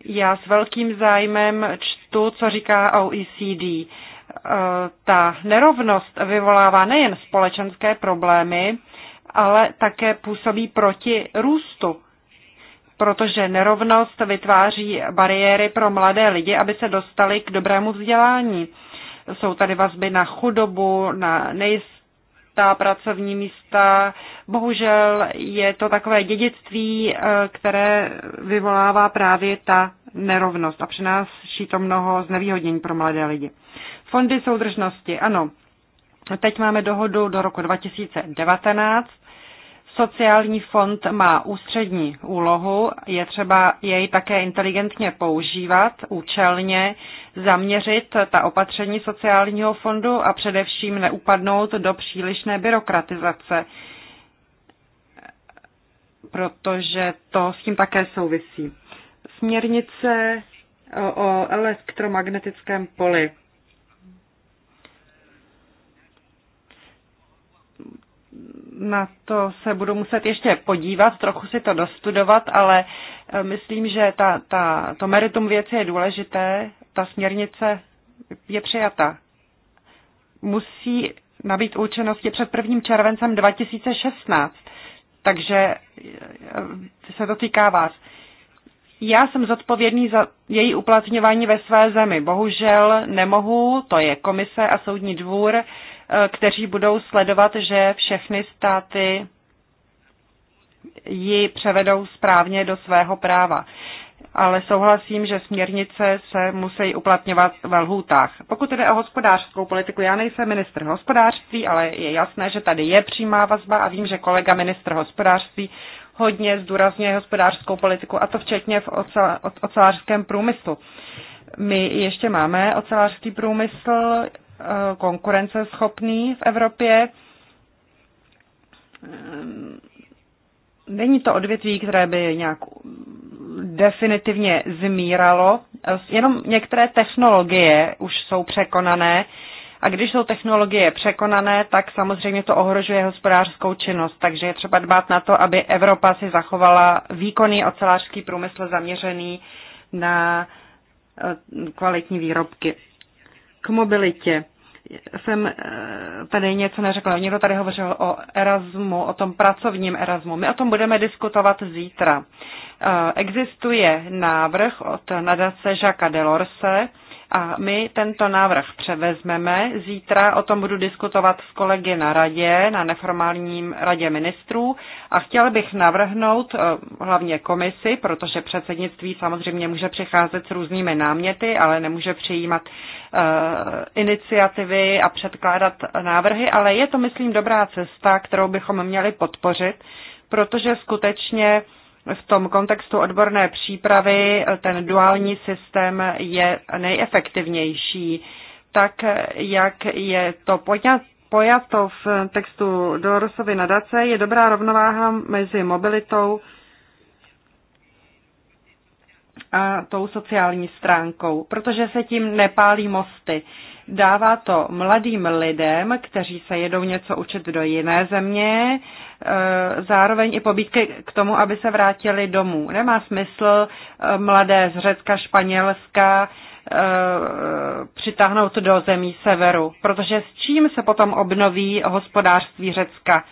Speaker 4: Já s velkým zájmem čtu, co říká OECD. E, ta nerovnost vyvolává nejen společenské problémy, ale také působí proti růstu protože nerovnost vytváří bariéry pro mladé lidi, aby se dostali k dobrému vzdělání. Jsou tady vazby na chudobu, na nejistá pracovní místa. Bohužel je to takové dědictví, eh, které vyvolává právě ta nerovnost a přináší to mnoho znevýhodnění pro mladé lidi. Fondy soudržnosti, ano. Teď máme dohodu do roku 2019 Sociální fond má ústřední úlohu, je třeba jej také inteligentně používat, účelně zaměřit ta opatření sociálního fondu a především neupadnout do přílišné byrokratizace, protože to s tím také souvisí. Směrnice o elektromagnetickém poli. na to se budu muset ještě podívat, trochu si to dostudovat, ale eh, myslím, že ta, ta, to meritum věci je důležité, ta směrnice je přijata. Musí nabít účinnosti před 1. červencem 2016, takže eh, se to týká vás. Já jsem zodpovědný za její uplatňování ve své zemi. Bohužel nemohu, to je komise a soudní dvůr, kteří budou sledovat, že všechny státy ji převedou správně do svého práva. Ale souhlasím, že směrnice se musí uplatňovat ve lhůtách. Pokud jde o hospodářskou politiku, já nejsem ministr hospodářství, ale je jasné, že tady je přímá vazba a vím, že kolega ministr hospodářství hodně zdůrazňuje hospodářskou politiku, a to včetně v ocelářském průmyslu. My ještě máme ocelářský průmysl, konkurenceschopný v Evropě. Ehm, není to odvětví, které by nějak definitivně zmíralo. Jenom některé technologie už jsou překonané. A když jsou technologie překonané, tak samozřejmě to ohrožuje hospodářskou činnost. Takže je třeba dbát na to, aby Evropa si zachovala výkonný ocelářský průmysl zaměřený na eh, kvalitní výrobky k mobilitě jsem eh, tady něco neřekla. Někdo tady hovořil o Erasmu, o tom pracovním Erasmu. My o tom budeme diskutovat zítra. Eh, existuje návrh od nadace Jacques Delorse, a my tento návrh převezmeme. Zítra o tom budu diskutovat s kolegy na radě, na neformálním radě ministrů. A chtěl bych navrhnout eh, hlavně komisi, protože předsednictví samozřejmě může přicházet s různými náměty, ale nemůže přijímat eh, iniciativy a předkládat návrhy, ale je to, myslím, dobrá cesta, kterou bychom měli podpořit, protože skutečně v tom kontextu odborné přípravy ten duální systém je nejefektivnější. Tak, jak je to podňat, pojato v textu Dorosovy nadace, je dobrá rovnováha mezi mobilitou a tou sociální stránkou, protože se tím nepálí mosty. Dává to mladým lidem, kteří se jedou něco učit do jiné země, Eh, zároveň i pobídky k tomu, aby se vrátili domů. Nemá smysl eh, mladé z Řecka, Španělska eh, přitáhnout do zemí severu, protože s čím se potom obnoví hospodářství Řecka?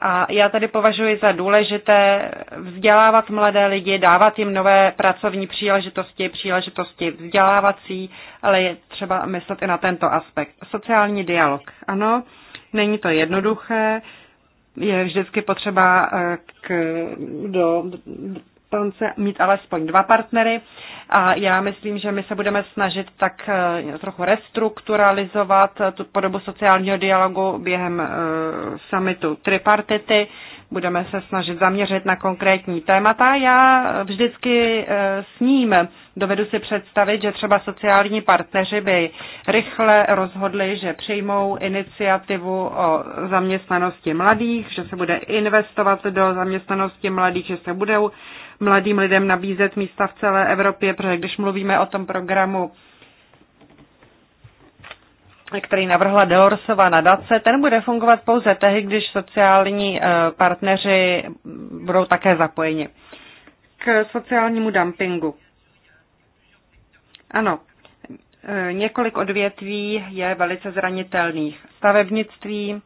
Speaker 4: A já tady považuji za důležité vzdělávat mladé lidi, dávat jim nové pracovní příležitosti, příležitosti vzdělávací, ale je třeba myslet i na tento aspekt. Sociální dialog. Ano, není to jednoduché, je vždycky potřeba eh, k, do tance mít alespoň dva partnery a já myslím, že my se budeme snažit tak eh, trochu restrukturalizovat tu podobu sociálního dialogu během eh, summitu tripartity budeme se snažit zaměřit na konkrétní témata. Já vždycky e, s ním dovedu si představit, že třeba sociální partneři by rychle rozhodli, že přijmou iniciativu o zaměstnanosti mladých, že se bude investovat do zaměstnanosti mladých, že se budou mladým lidem nabízet místa v celé Evropě, protože když mluvíme o tom programu který navrhla Delorsova nadace, ten bude fungovat pouze tehdy, když sociální eh, partneři budou také zapojeni. K sociálnímu dumpingu. Ano, eh, několik odvětví je velice zranitelných. Stavebnictví,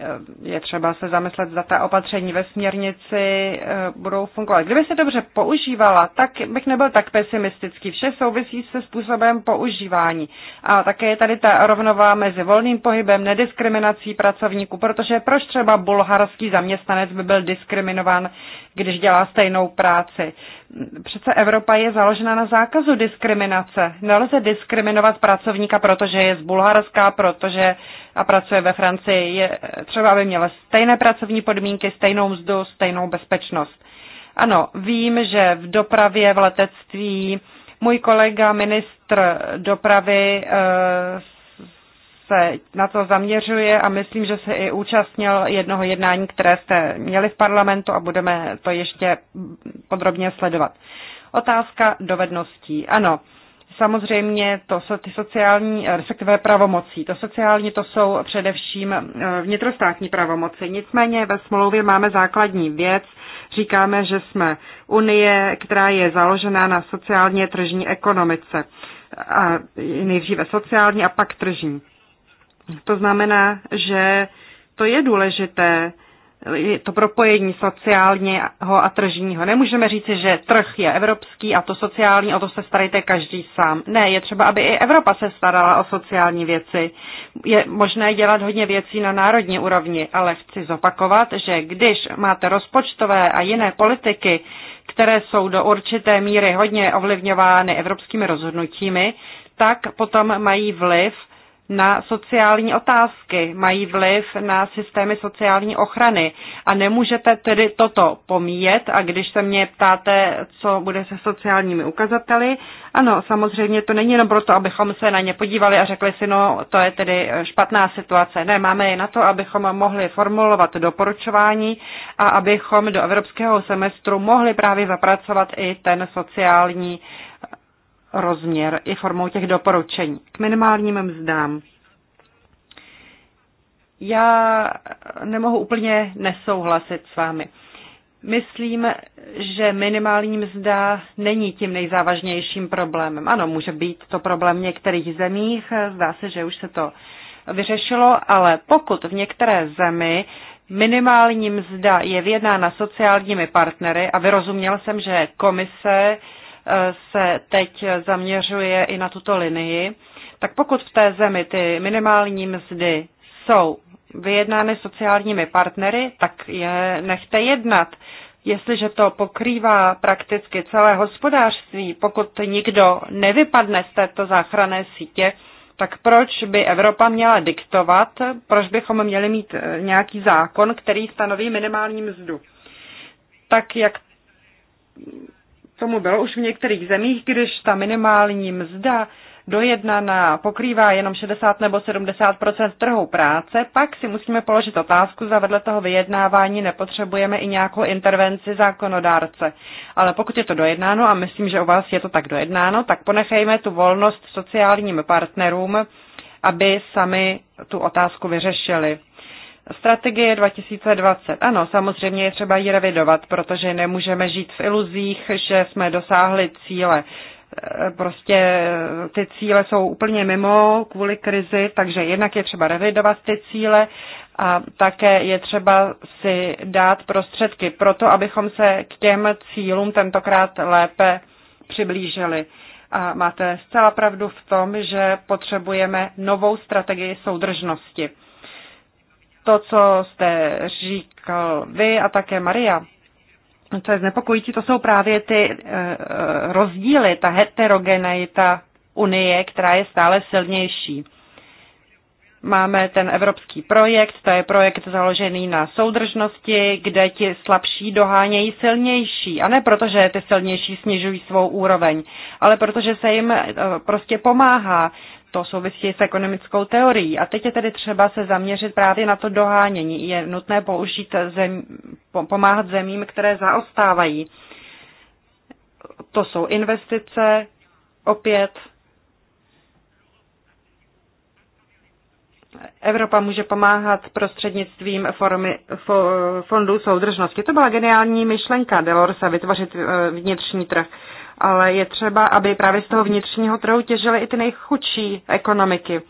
Speaker 4: Eh, je třeba se zamyslet, zda ta opatření ve směrnici eh, budou fungovat. Kdyby se dobře používala, tak bych nebyl tak pesimistický. Vše souvisí se způsobem používání. A také je tady ta rovnová mezi volným pohybem, nediskriminací pracovníků, protože proč třeba bulharský zaměstnanec by byl diskriminován když dělá stejnou práci. Přece Evropa je založena na zákazu diskriminace. Nelze diskriminovat pracovníka, protože je z Bulharska, protože a pracuje ve Francii. Je třeba, aby měla stejné pracovní podmínky, stejnou mzdu, stejnou bezpečnost. Ano, vím, že v dopravě, v letectví, můj kolega ministr dopravy eh, se na to zaměřuje a myslím, že se i účastnil jednoho jednání, které jste měli v parlamentu a budeme to ještě podrobně sledovat. Otázka dovedností. Ano, samozřejmě to jsou ty sociální, respektive pravomocí. To sociální to jsou především eh, vnitrostátní pravomoci. Nicméně ve smlouvě máme základní věc. Říkáme, že jsme Unie, která je založená na sociálně tržní ekonomice. A nejdříve sociální a pak tržní. To znamená, že to je důležité, to propojení sociálního a tržního. Nemůžeme říci, že trh je evropský a to sociální, o to se starajte každý sám. Ne, je třeba, aby i Evropa se starala o sociální věci. Je možné dělat hodně věcí na národní úrovni, ale chci zopakovat, že když máte rozpočtové a jiné politiky, které jsou do určité míry hodně ovlivňovány evropskými rozhodnutími, tak potom mají vliv na sociální otázky, mají vliv na systémy sociální ochrany a nemůžete tedy toto pomíjet a když se mě ptáte, co bude se sociálními ukazateli, ano, samozřejmě to není jenom proto, abychom se na ně podívali a řekli si, no to je tedy špatná situace. Ne, máme je na to, abychom mohli formulovat doporučování a abychom do evropského semestru mohli právě zapracovat i ten sociální rozměr i formou těch doporučení. K minimálním mzdám. Já nemohu úplně nesouhlasit s vámi. Myslím, že minimální mzda není tím nejzávažnějším problémem. Ano, může být to problém v některých zemích, zdá se, že už se to vyřešilo, ale pokud v některé zemi minimální mzda je vyjednána sociálními partnery, a vyrozuměl jsem, že komise se teď zaměřuje i na tuto linii, tak pokud v té zemi ty minimální mzdy jsou vyjednány sociálními partnery, tak je nechte jednat. Jestliže to pokrývá prakticky celé hospodářství, pokud nikdo nevypadne z této záchranné sítě, tak proč by Evropa měla diktovat, proč bychom měli mít eh, nějaký zákon, který stanoví minimální mzdu? Tak jak tomu bylo už v některých zemích, když ta minimální mzda dojednaná pokrývá jenom 60 nebo 70 trhu práce, pak si musíme položit otázku, za vedle toho vyjednávání nepotřebujeme i nějakou intervenci zákonodárce. Ale pokud je to dojednáno, a myslím, že u vás je to tak dojednáno, tak ponechejme tu volnost sociálním partnerům, aby sami tu otázku vyřešili. Strategie 2020. Ano, samozřejmě je třeba ji revidovat, protože nemůžeme žít v iluzích, že jsme dosáhli cíle. E, prostě ty cíle jsou úplně mimo kvůli krizi, takže jednak je třeba revidovat ty cíle a také je třeba si dát prostředky pro to, abychom se k těm cílům tentokrát lépe přiblížili. A máte zcela pravdu v tom, že potřebujeme novou strategii soudržnosti to, co jste říkal vy a také Maria, co je znepokojící, to jsou právě ty eh, rozdíly, ta heterogeneita Unie, která je stále silnější. Máme ten evropský projekt, to je projekt založený na soudržnosti, kde ti slabší dohánějí silnější. A ne proto, že ty silnější snižují svou úroveň, ale protože se jim eh, prostě pomáhá to souvisí s ekonomickou teorií. A teď je tedy třeba se zaměřit právě na to dohánění. Je nutné použít zem, pomáhat zemím, které zaostávají. To jsou investice, opět Evropa může pomáhat prostřednictvím formy, fondů soudržnosti. To byla geniální myšlenka Delorsa vytvořit eh, vnitřní trh ale je třeba, aby právě z toho vnitřního trhu těžily i ty nejchudší ekonomiky.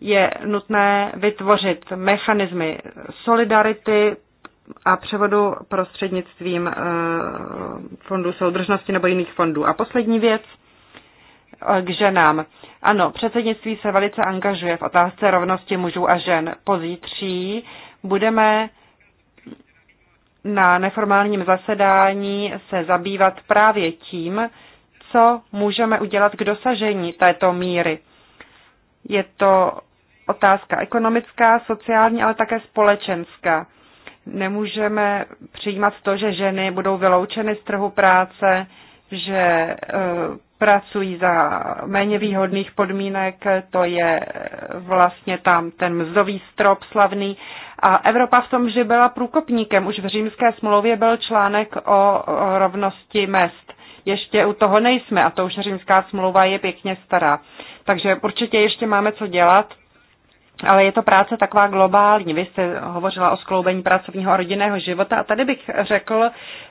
Speaker 4: Je nutné vytvořit mechanismy solidarity a převodu prostřednictvím eh, fondů soudržnosti nebo jiných fondů. A poslední věc eh, k ženám. Ano, předsednictví se velice angažuje v otázce rovnosti mužů a žen. Pozítří budeme na neformálním zasedání se zabývat právě tím, co můžeme udělat k dosažení této míry. Je to otázka ekonomická, sociální, ale také společenská. Nemůžeme přijímat to, že ženy budou vyloučeny z trhu práce, že eh, pracují za méně výhodných podmínek, to je vlastně tam ten mzdový strop slavný. A Evropa v tom, že byla průkopníkem, už v římské smlouvě byl článek o rovnosti mest. Ještě u toho nejsme a to už římská smlouva je pěkně stará. Takže určitě ještě máme co dělat ale je to práce taková globální. Vy jste hovořila o skloubení pracovního a rodinného života a tady bych řekl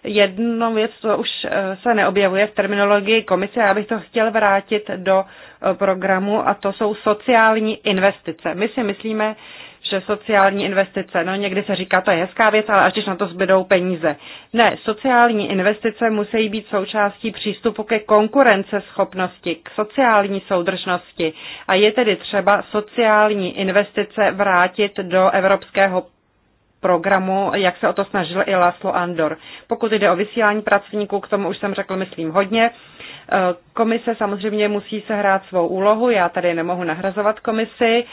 Speaker 4: jednu věc, co už eh, se neobjevuje v terminologii komise, já bych to chtěl vrátit do eh, programu a to jsou sociální investice. My si myslíme, že sociální investice, no někdy se říká, to je hezká věc, ale až když na to zbydou peníze. Ne, sociální investice musí být součástí přístupu ke konkurenceschopnosti, k sociální soudržnosti a je tedy třeba sociální investice vrátit do evropského programu, jak se o to snažil i Laslo Andor. Pokud jde o vysílání pracovníků, k tomu už jsem řekl, myslím, hodně. Komise samozřejmě musí sehrát svou úlohu, já tady nemohu nahrazovat komisi.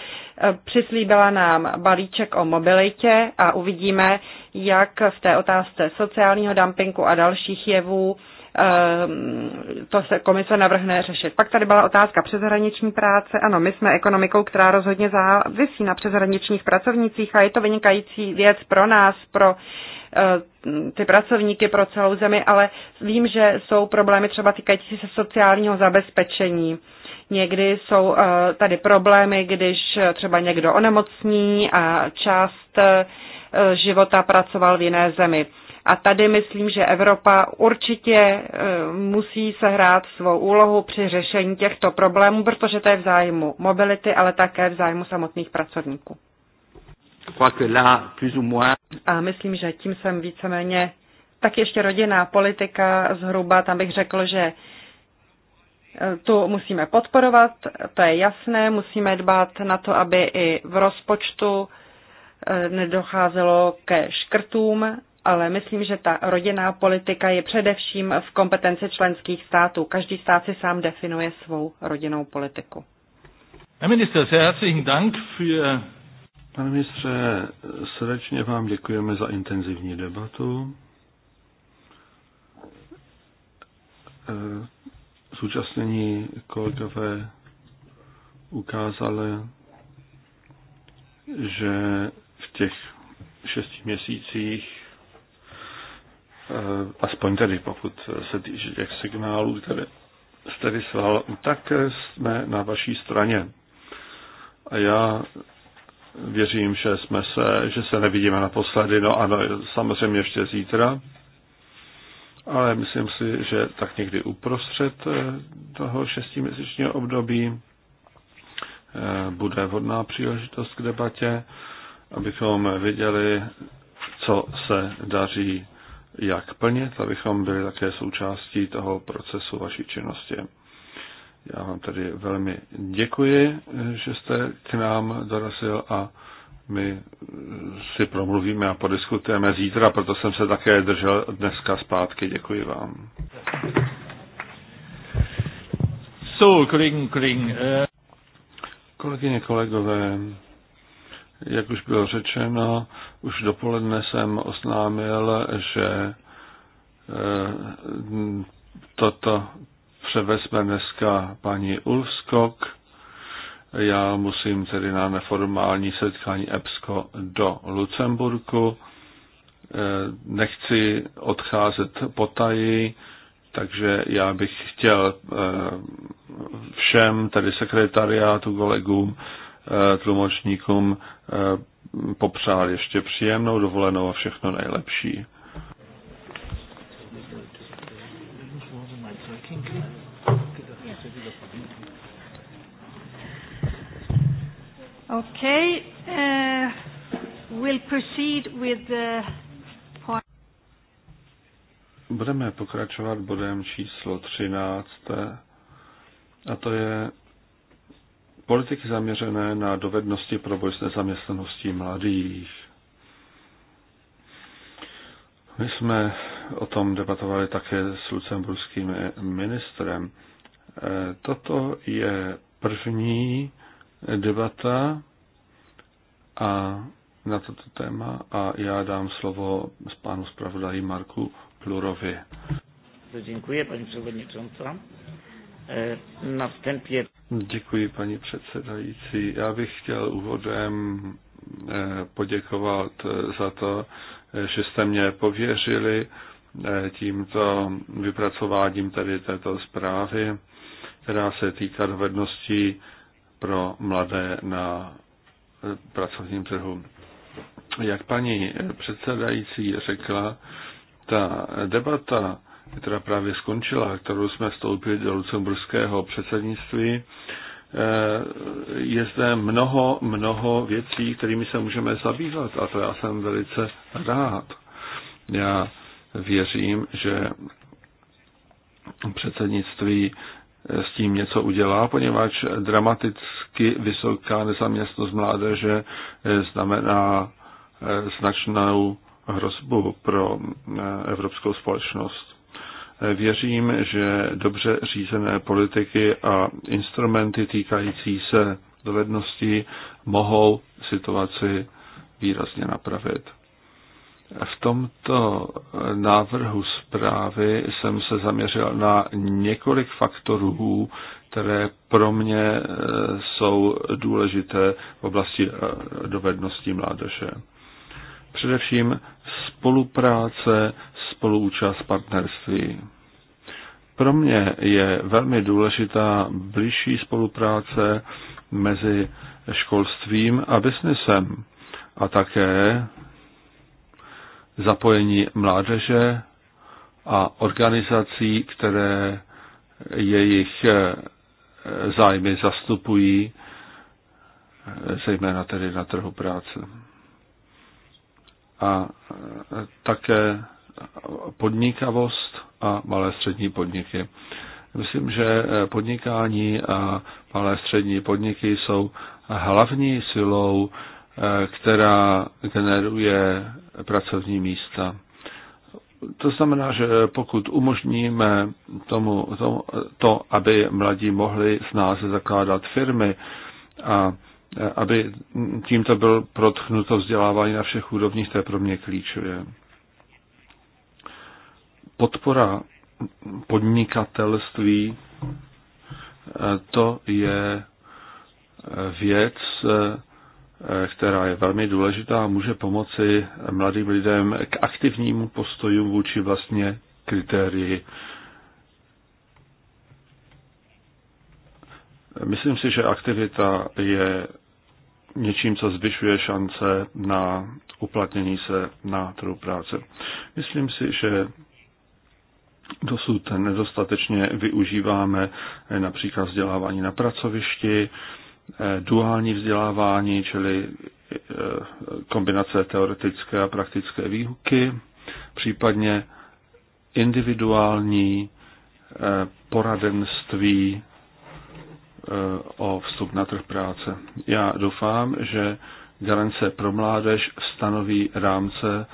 Speaker 4: Přislíbila nám balíček o mobilitě a uvidíme, jak v té otázce sociálního dumpingu a dalších jevů ehm, to se komise navrhne řešit. Pak tady byla otázka přeshraniční práce. Ano, my jsme ekonomikou, která rozhodně závisí na přeshraničních pracovnicích a je to vynikající věc pro nás, pro uh, Eh, ty pracovníky pro celou zemi, ale vím, že jsou problémy třeba týkající se sociálního zabezpečení. Někdy jsou eh, tady problémy, když eh, třeba někdo onemocní a část života pracoval v jiné zemi. A tady myslím, že Evropa určitě musí sehrát svou úlohu při řešení těchto problémů, protože to je v zájmu mobility, ale také v zájmu samotných pracovníků. A myslím, že tím jsem víceméně tak ještě rodinná politika zhruba, tam bych řekl, že e, tu musíme podporovat, to je jasné, musíme dbát na to, aby i v rozpočtu e, nedocházelo ke škrtům, ale myslím, že ta rodinná politika je především v kompetenci členských států. Každý stát si sám definuje svou rodinnou politiku.
Speaker 1: Herr Minister, sehr herzlichen Dank für Pane ministře, srdečně vám děkujeme za intenzivní debatu. Eh, zúčastnění kolegové ukázali, že v těch šesti měsících, eh, aspoň tedy pokud se týče těch signálů, které jste vyslal, tak jsme na vaší straně. A já věřím, že jsme se, že se nevidíme naposledy, no ano, samozřejmě ještě zítra, ale myslím si, že tak někdy uprostřed eh, toho šestiměsíčního období eh, bude vhodná příležitost k debatě, abychom viděli, co se daří jak plnit, abychom byli také součástí toho procesu vaší činnosti. Já vám tedy velmi děkuji, že jste k nám dorazil a my si promluvíme a podiskutujeme zítra, proto jsem se také držel dneska zpátky. Děkuji vám. So, kolegen, kolegen, uh... Äh, Kolegyně, kolegové, jak už bylo řečeno, už dopoledne jsem oznámil, že eh, toto převezme dneska paní Ulfskok. Já musím tedy na neformální setkání EPSCO do Lucemburku. Eh, nechci odcházet potají, takže já bych chtěl eh, všem, tedy sekretariátu, kolegům, eh, tlumočníkům popřál ještě příjemnou dovolenou a všechno nejlepší.
Speaker 5: Okay. Uh, we'll proceed with the point.
Speaker 1: Budeme pokračovat bodem číslo 13, a to je politiky zaměřené na dovednosti pro boj s nezaměstnaností mladých. My jsme o tom debatovali také s lucemburským ministrem. Eh, toto je první debata a na toto téma a já dám slovo s pánu zpravodají Marku Plurovi.
Speaker 3: Děkuji, paní předsedající. Eh, na vstępie...
Speaker 1: Děkuji, paní předsedající. Já bych chtěl úvodem eh, poděkovat eh, za to, že jste mě pověřili tímto vypracováním tady této zprávy, která se týká dovedností pro mladé na eh, pracovním trhu. Jak paní předsedající řekla, ta debata, která právě skončila, kterou jsme vstoupili do lucemburského předsednictví, eh, je zde mnoho, mnoho věcí, kterými se můžeme zabývat a to já jsem velice rád. Já věřím, že předsednictví s tím něco udělá, poněvadž dramaticky vysoká nezaměstnost mládeže eh, znamená eh, značnou hrozbu pro eh, evropskou společnost. Věřím, že dobře řízené politiky a instrumenty týkající se dovedností mohou situaci výrazně napravit. V tomto návrhu zprávy jsem se zaměřil na několik faktorů, které pro mě e, jsou důležité v oblasti e, dovedností mládeže. Především spolupráce, spoluúčast, partnerství. Pro mě je velmi důležitá blížší spolupráce mezi školstvím a biznesem a také zapojení mládeže a organizací, které jejich eh, zájmy zastupují, eh, zejména tedy na trhu práce. A eh, také podnikavost a malé střední podniky. Myslím, že podnikání a malé střední podniky jsou hlavní silou Eh, která generuje pracovní místa. To znamená, že pokud umožníme tomu, to, to, aby mladí mohli snáze zakládat firmy a eh, aby tímto bylo protchnuto vzdělávání na všech úrovních, to je pro mě klíčové. Podpora podnikatelství, eh, to je věc, Eh, která je velmi důležitá a může pomoci mladým lidem k aktivnímu postoju vůči vlastně kritérii. Myslím si, že aktivita je něčím, co zvyšuje šance na uplatnění se na trhu práce. Myslím si, že dosud nedostatečně využíváme například vzdělávání na pracovišti, Eh, duální vzdělávání, čili eh, kombinace teoretické a praktické výuky, případně individuální eh, poradenství o vstup na trh práce. Já doufám, že garance pro mládež stanoví rámce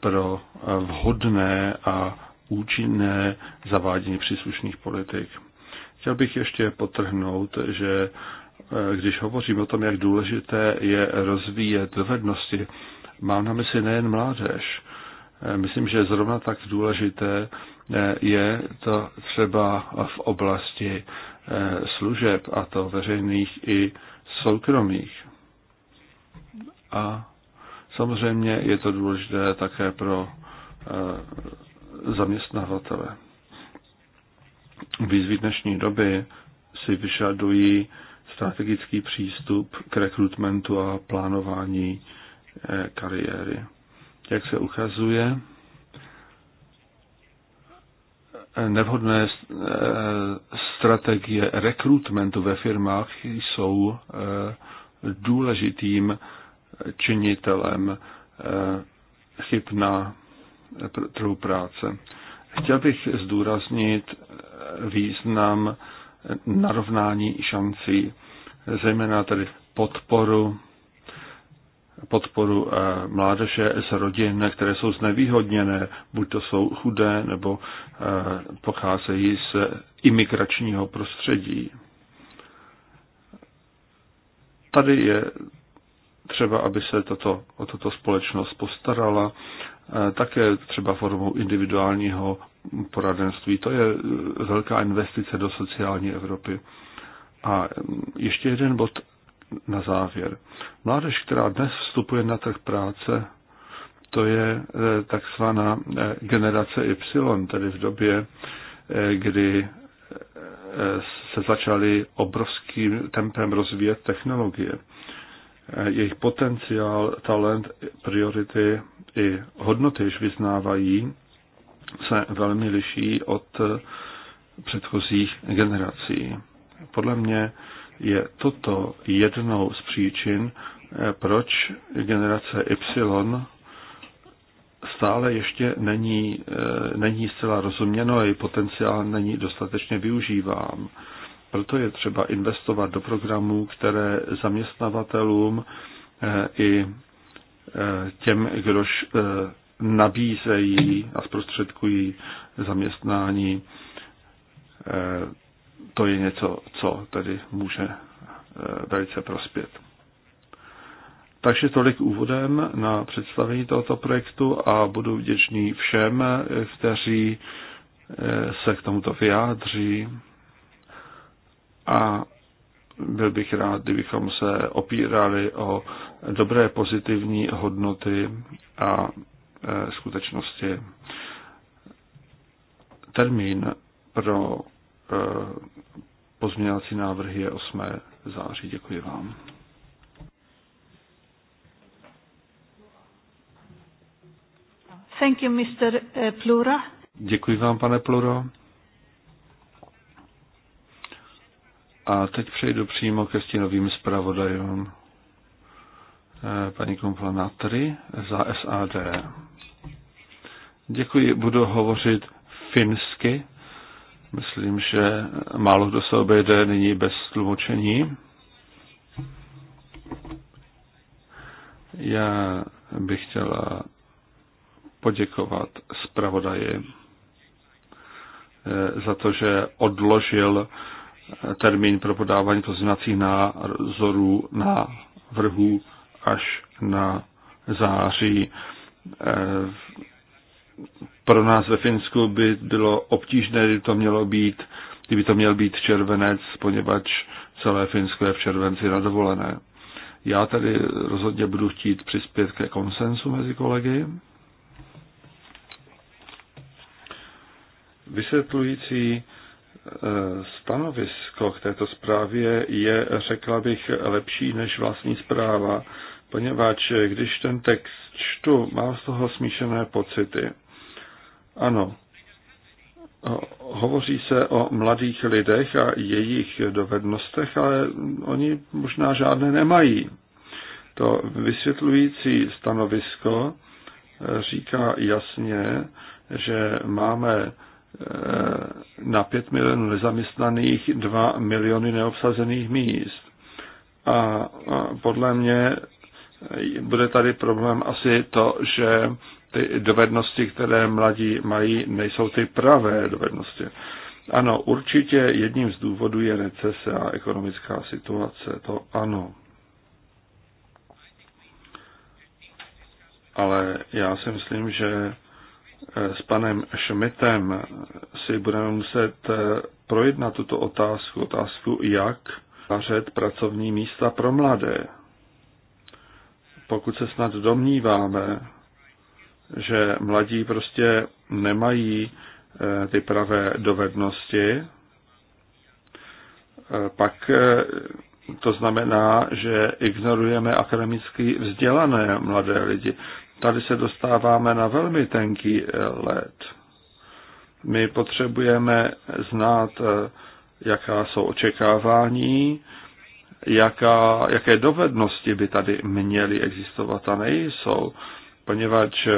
Speaker 1: pro vhodné a účinné zavádění příslušných politik. Chtěl bych ještě potrhnout, že Eh, když hovořím o tom, jak důležité je rozvíjet dovednosti, mám na mysli nejen mládež. Eh, myslím, že zrovna tak důležité eh, je to třeba v oblasti služeb, a to veřejných i soukromých. A samozřejmě je to důležité také pro zaměstnavatele. Výzvy dnešní doby si vyžadují strategický přístup k rekrutmentu a plánování eh, kariéry. Jak se ukazuje, eh, nevhodné eh, strategie rekrutmentu ve firmách jsou důležitým činitelem chyb na trhu práce. Chtěl bych zdůraznit význam narovnání šancí zejména tedy podporu podporu eh, mládeže z rodin, které jsou znevýhodněné, buď to jsou chudé, nebo eh, pocházejí z imigračního prostředí. Tady je třeba, aby se toto, o toto společnost postarala, eh, také třeba formou individuálního poradenství. To je velká investice do sociální Evropy. A mm, ještě jeden bod na závěr. Mládež, která dnes vstupuje na trh práce, to je e, takzvaná e, generace Y, tedy v době, e, kdy se začaly obrovským tempem rozvíjet technologie. Jejich potenciál, talent, priority i hodnoty, jež vyznávají, se velmi liší od předchozích generací podle mě je toto jednou z příčin, eh, proč generace Y stále ještě není, eh, není zcela rozuměno a její potenciál není dostatečně využíván. Proto je třeba investovat do programů, které zaměstnavatelům eh, i těm, kdož nabízejí a zprostředkují zaměstnání, to je něco, co tedy může eh, velice prospět. Takže tolik úvodem na představení tohoto projektu a budu vděčný všem, eh, kteří eh, se k tomuto vyjádří a byl bych rád, kdybychom se opírali o dobré pozitivní hodnoty a skutečnosti. Termín pro Eh, pozměňovací návrhy je 8. září. Děkuji vám.
Speaker 5: Thank you, Mr. Eh, Plura.
Speaker 1: Děkuji vám, pane Pluro. A teď přejdu přímo ke stínovým zpravodajům. Eh, paní Komplanatry za SAD. Děkuji, budu hovořit finsky, Myslím, že málo kdo se obejde nyní bez tlumočení. Já bych chtěla poděkovat zpravodaji eh, za to, že odložil eh, termín pro podávání pozměňovacích názorů na vrhu až na září. Eh, pro nás ve Finsku by bylo obtížné, kdyby to mělo být, kdyby to měl být červenec, poněvadž celé Finsko je v červenci na dovolené. Já tady rozhodně budu chtít přispět ke konsensu mezi kolegy. Vysvětlující eh, stanovisko k této zprávě je, řekla bych, lepší než vlastní zpráva, poněvadž eh, když ten text čtu, mám z toho smíšené pocity. Ano, hovoří se o mladých lidech a jejich dovednostech, ale oni možná žádné nemají. To vysvětlující stanovisko eh, říká jasně, že máme eh, na 5 milionů nezaměstnaných 2 miliony neobsazených míst. A podle mě eh, bude tady problém asi to, že ty dovednosti, které mladí mají, nejsou ty pravé dovednosti. Ano, určitě jedním z důvodů je recese a ekonomická situace, to ano. Ale já si myslím, že eh, s panem Schmidtem si budeme muset eh, projednat tuto otázku, otázku, jak vařet pracovní místa pro mladé. Pokud se snad domníváme, že mladí prostě nemají eh, ty pravé dovednosti, eh, pak eh, to znamená, že ignorujeme akademicky vzdělané mladé lidi. Tady se dostáváme na velmi tenký led. My potřebujeme znát, jaká jsou očekávání, jaká, jaké dovednosti by tady měly existovat a nejsou, poněvadž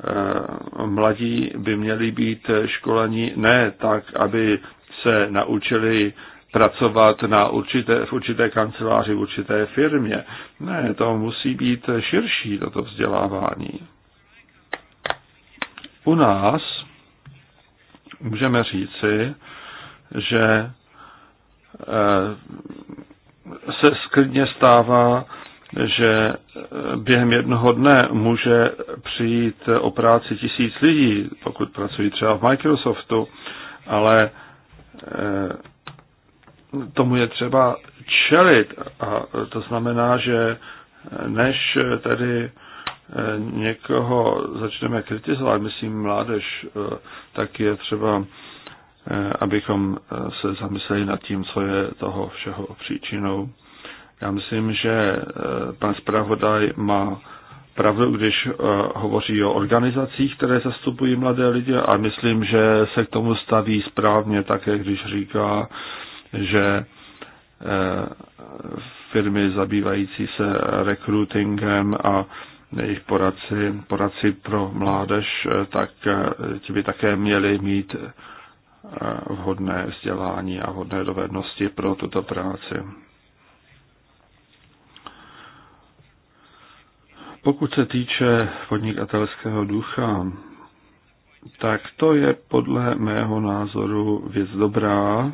Speaker 1: Eh, mladí by měli být školeni ne tak, aby se naučili pracovat na určité, v určité kanceláři, v určité firmě. Ne, to musí být širší, toto vzdělávání. U nás můžeme říci, že eh, se sklidně stává že během jednoho dne může přijít o práci tisíc lidí, pokud pracují třeba v Microsoftu, ale eh, tomu je třeba čelit a to znamená, že než tedy eh, někoho začneme kritizovat, myslím mládež, eh, tak je třeba, abychom se zamysleli nad tím, co je toho všeho příčinou. Já myslím, že eh, pan zpravodaj má pravdu, když eh, hovoří o organizacích, které zastupují mladé lidi a myslím, že se k tomu staví správně také, když říká, že eh, firmy zabývající se rekrutingem a jejich poradci, poradci pro mládež, tak ti by také měli mít vhodné vzdělání a vhodné dovednosti pro tuto práci. Pokud se týče podnikatelského ducha, tak to je podle mého názoru věc dobrá,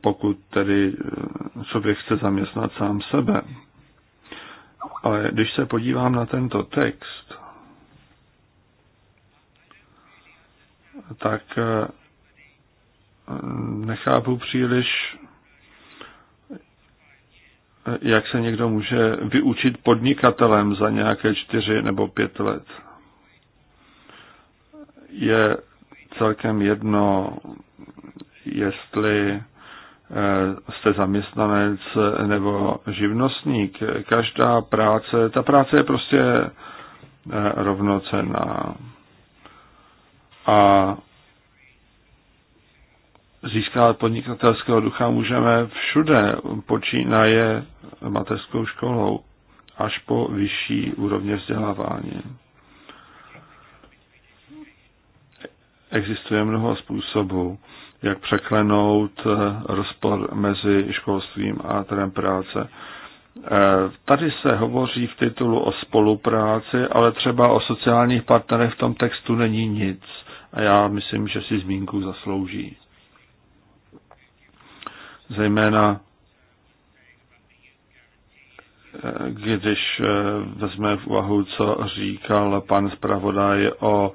Speaker 1: pokud tedy člověk chce zaměstnat sám sebe. Ale když se podívám na tento text, tak nechápu příliš, jak se někdo může vyučit podnikatelem za nějaké čtyři nebo pět let. Je celkem jedno, jestli eh, jste zaměstnanec nebo živnostník. Každá práce, ta práce je prostě eh, rovnocená. A získávat podnikatelského ducha můžeme všude, počínaje mateřskou školou až po vyšší úrovně vzdělávání. Existuje mnoho způsobů, jak překlenout eh, rozpor mezi školstvím a trhem práce. Eh, tady se hovoří v titulu o spolupráci, ale třeba o sociálních partnerech v tom textu není nic. A já myslím, že si zmínku zaslouží zejména eh, když eh, vezme v úvahu, co říkal pan zpravodaj o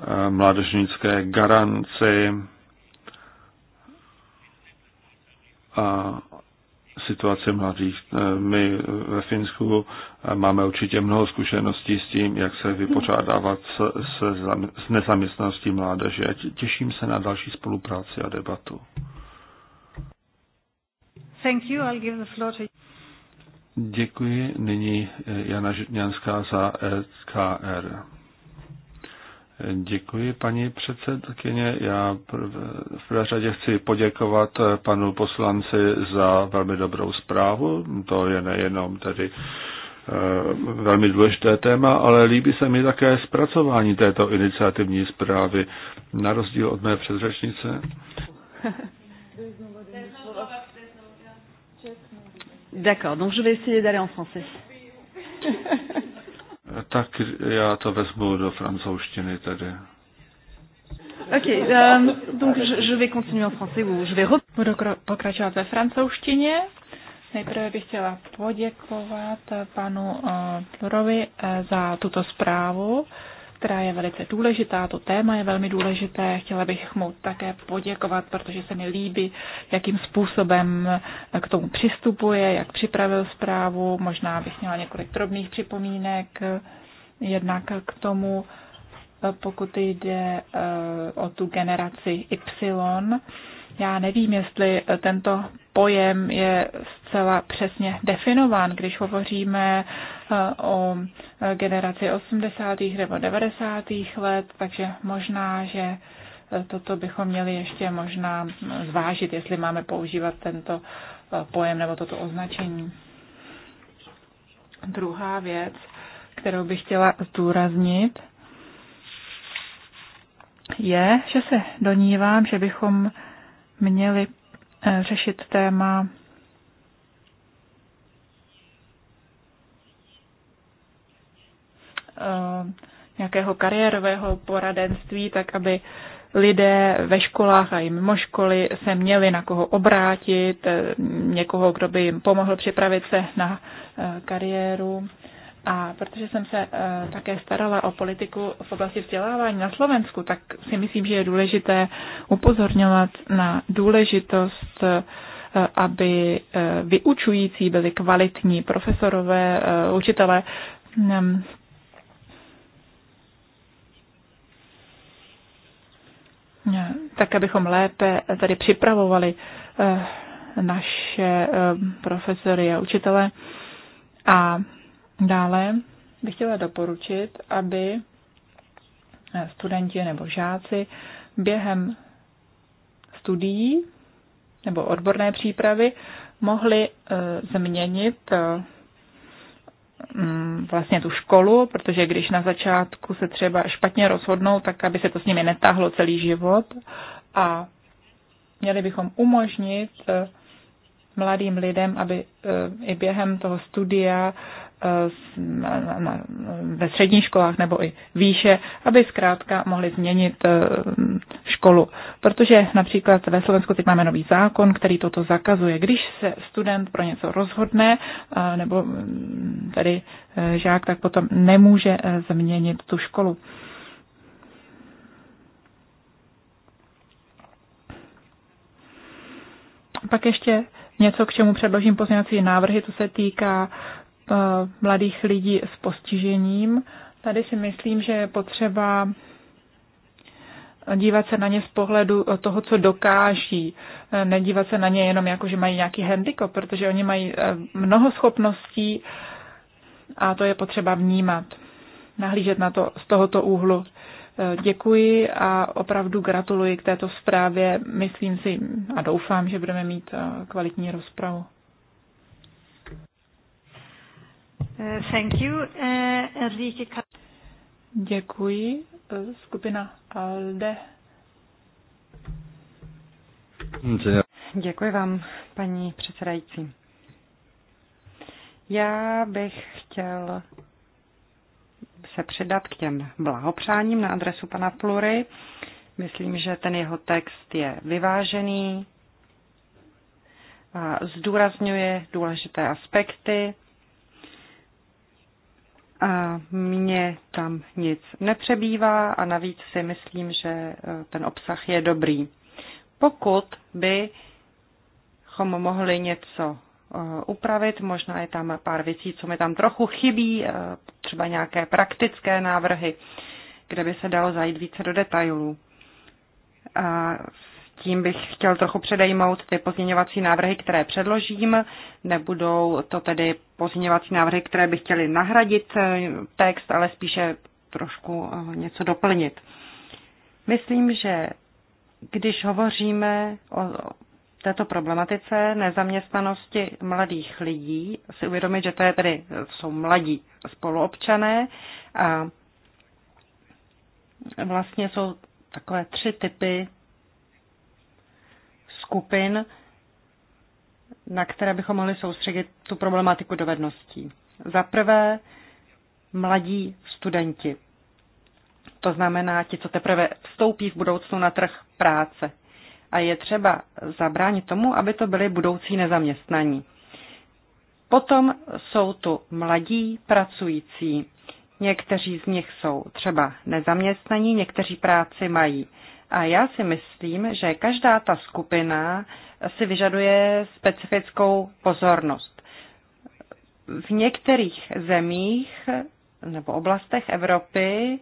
Speaker 1: eh, mládežnické garanci a situaci mladých. My ve Finsku máme určitě mnoho zkušeností s tím, jak se vypořádávat s, s, s nezaměstnaností mládeže. Těším se na další spolupráci a debatu.
Speaker 5: Thank you. I'll give the floor to...
Speaker 1: Děkuji. Nyní eh, Jana Žitňanská za e SKR. Děkuji, paní předsedkyně. Já v prvé řadě chci poděkovat eh, panu poslanci za velmi dobrou zprávu. To je nejenom tedy eh, velmi důležité téma, ale líbí se mi také zpracování této iniciativní zprávy, na rozdíl od mé předřečnice. [laughs]
Speaker 3: D'accord, donc je vais essayer d'aller en français.
Speaker 1: [laughs] tak já to vezmu do francouzštiny tady.
Speaker 2: Ok, um, donc je, je vais continuer en français ou je vais rep... Budu pokračovat ve francouzštině. Nejprve bych chtěla poděkovat panu uh, Plurovi uh, za tuto zprávu. Uh, která je velice důležitá. To téma je velmi důležité. Chtěla bych mu také poděkovat, protože se mi líbí, jakým způsobem k tomu přistupuje, jak připravil zprávu. Možná bych měla několik drobných připomínek jednak k tomu, pokud jde eh, o tu generaci Y. Já nevím, jestli tento pojem je zcela přesně definován, když hovoříme Eh, o eh, generaci 80. nebo 90. let, takže možná, že eh, toto bychom měli ještě možná hm, zvážit, jestli máme používat tento pojem nebo toto označení. Druhá věc, kterou bych chtěla zdůraznit, je, že se donívám, že bychom měli řešit téma Eh, nějakého kariérového poradenství, tak aby lidé ve školách a i mimo školy se měli na koho obrátit, eh, někoho, kdo by jim pomohl připravit se na eh, kariéru. A protože jsem se také starala o politiku v oblasti vzdělávání na Slovensku, tak si myslím, že je důležité upozorňovat na důležitost, aby vyučující byli kvalitní profesorové, učitele ehm, Eh, tak abychom lépe tady připravovali eh, naše eh, profesory a učitele. A dále bych chtěla doporučit, aby studenti nebo žáci během studií nebo odborné přípravy mohli změnit Mm, vlastně tu školu, protože když na začátku se třeba špatně rozhodnou, tak aby se to s nimi netáhlo celý život a měli bychom umožnit eh, mladým lidem, aby eh, i během toho studia ve středních školách nebo i výše, aby zkrátka mohli změnit eh, školu. Protože například ve Slovensku teď máme nový zákon, který toto zakazuje. Když se student pro něco rozhodne, eh, nebo mm, tedy eh, žák, tak potom nemůže změnit tu školu. Pak ještě něco, k čemu předložím pozměňovací návrhy, to se týká Eh, mladých lidí s postižením. Tady si myslím, že je potřeba dívat se na ně z pohledu toho, co dokáží, eh, nedívat se na ně jenom jako, že mají nějaký handicap, protože oni mají eh, mnoho schopností a to je potřeba vnímat, nahlížet na to z tohoto úhlu. Děkuji a opravdu gratuluji k této zprávě. Myslím si a doufám, že budeme mít kvalitní rozpravu.
Speaker 5: Eh, thank you,
Speaker 2: eh, Enrique. Děkuji. Eh, skupina ALDE.
Speaker 4: Děkuji vám, paní předsedající. Já bych chtěl se přidat k těm blahopřáním na adresu pana Plury. Myslím, že ten jeho text je vyvážený a zdůrazňuje důležité aspekty a mně tam nic nepřebývá a navíc si myslím, že e, ten obsah je dobrý. Pokud bychom mohli něco e, upravit, možná je tam pár věcí, co mi tam trochu chybí, e, třeba nějaké praktické návrhy, kde by se dalo zajít více do detailů. A tím bych chtěl trochu předejmout ty pozměňovací návrhy, které předložím. Nebudou to tedy pozměňovací návrhy, které by chtěly nahradit eh, text, ale spíše trošku eh, něco doplnit. Myslím, že když hovoříme o této problematice nezaměstnanosti mladých lidí, si uvědomit, že to je tedy, jsou mladí spoluobčané a vlastně jsou takové tři typy skupin, na které bychom mohli soustředit tu problematiku dovedností. Za prvé, mladí studenti. To znamená ti, co teprve vstoupí v budoucnu na trh práce. A je třeba zabránit tomu, aby to byli budoucí nezaměstnaní. Potom jsou tu mladí pracující. Někteří z nich jsou třeba nezaměstnaní, někteří práci mají. A já si myslím, že každá ta skupina si vyžaduje specifickou pozornost. V některých zemích nebo oblastech Evropy,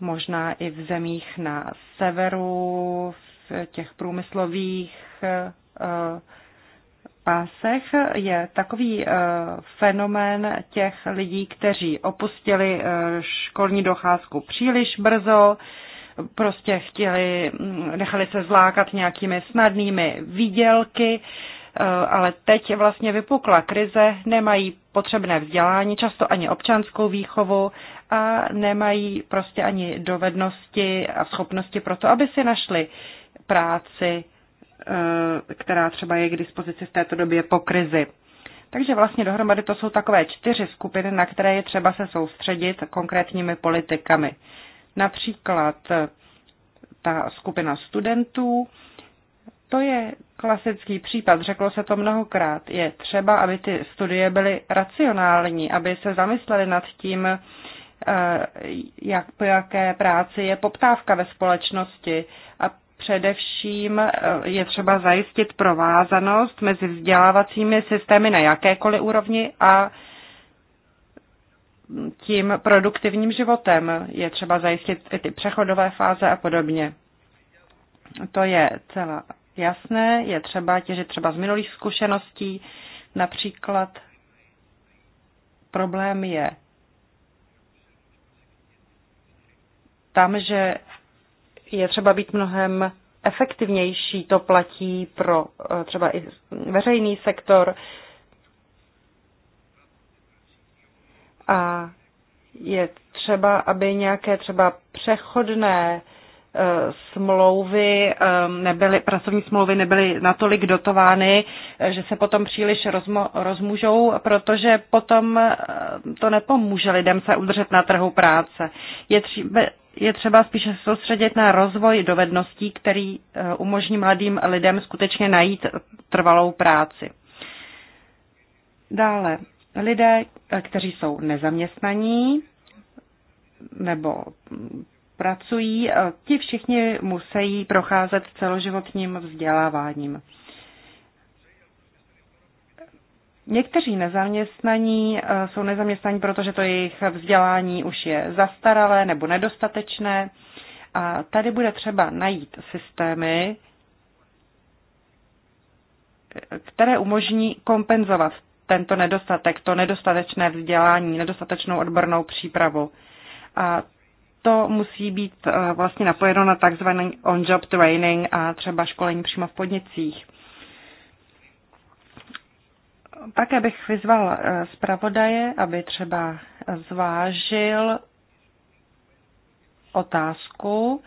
Speaker 4: možná i v zemích na severu, v těch průmyslových eh, pásech je takový eh, fenomén těch lidí, kteří opustili eh, školní docházku příliš brzo, prostě chtěli, nechali se zlákat nějakými snadnými výdělky, eh, ale teď vlastně vypukla krize, nemají potřebné vzdělání, často ani občanskou výchovu a nemají prostě ani dovednosti a schopnosti pro to, aby si našli práci, eh, která třeba je k dispozici v této době po krizi. Takže vlastně dohromady to jsou takové čtyři skupiny, na které je třeba se soustředit konkrétními politikami. Například eh, ta skupina studentů, to je klasický případ, řeklo se to mnohokrát. Je třeba, aby ty studie byly racionální, aby se zamysleli nad tím, eh, jak, po jaké práci je poptávka ve společnosti a Především eh, je třeba zajistit provázanost mezi vzdělávacími systémy na jakékoliv úrovni a tím produktivním životem. Je třeba zajistit i ty přechodové fáze a podobně. To je celá jasné, je třeba těžit třeba z minulých zkušeností. Například problém je tam, že je třeba být mnohem efektivnější. To platí pro eh, třeba i veřejný sektor, a je třeba, aby nějaké třeba přechodné e, smlouvy e, nebyly, pracovní smlouvy nebyly natolik dotovány, e, že se potom příliš rozmo, rozmůžou, protože potom to nepomůže lidem se udržet na trhu práce. Je třeba, je třeba spíše soustředit na rozvoj dovedností, který umožní mladým lidem skutečně najít trvalou práci. Dále, lidé, eh, kteří jsou nezaměstnaní nebo pracují, eh, ti všichni musí procházet celoživotním vzděláváním. Někteří nezaměstnaní eh, jsou nezaměstnaní, protože to jejich vzdělání už je zastaralé nebo nedostatečné. A tady bude třeba najít systémy, které umožní kompenzovat tento nedostatek, to nedostatečné vzdělání, nedostatečnou odbornou přípravu. A to musí být eh, vlastně napojeno na takzvaný on-job training a třeba školení přímo v podnicích. Také bych vyzval eh, zpravodaje, aby třeba zvážil otázku,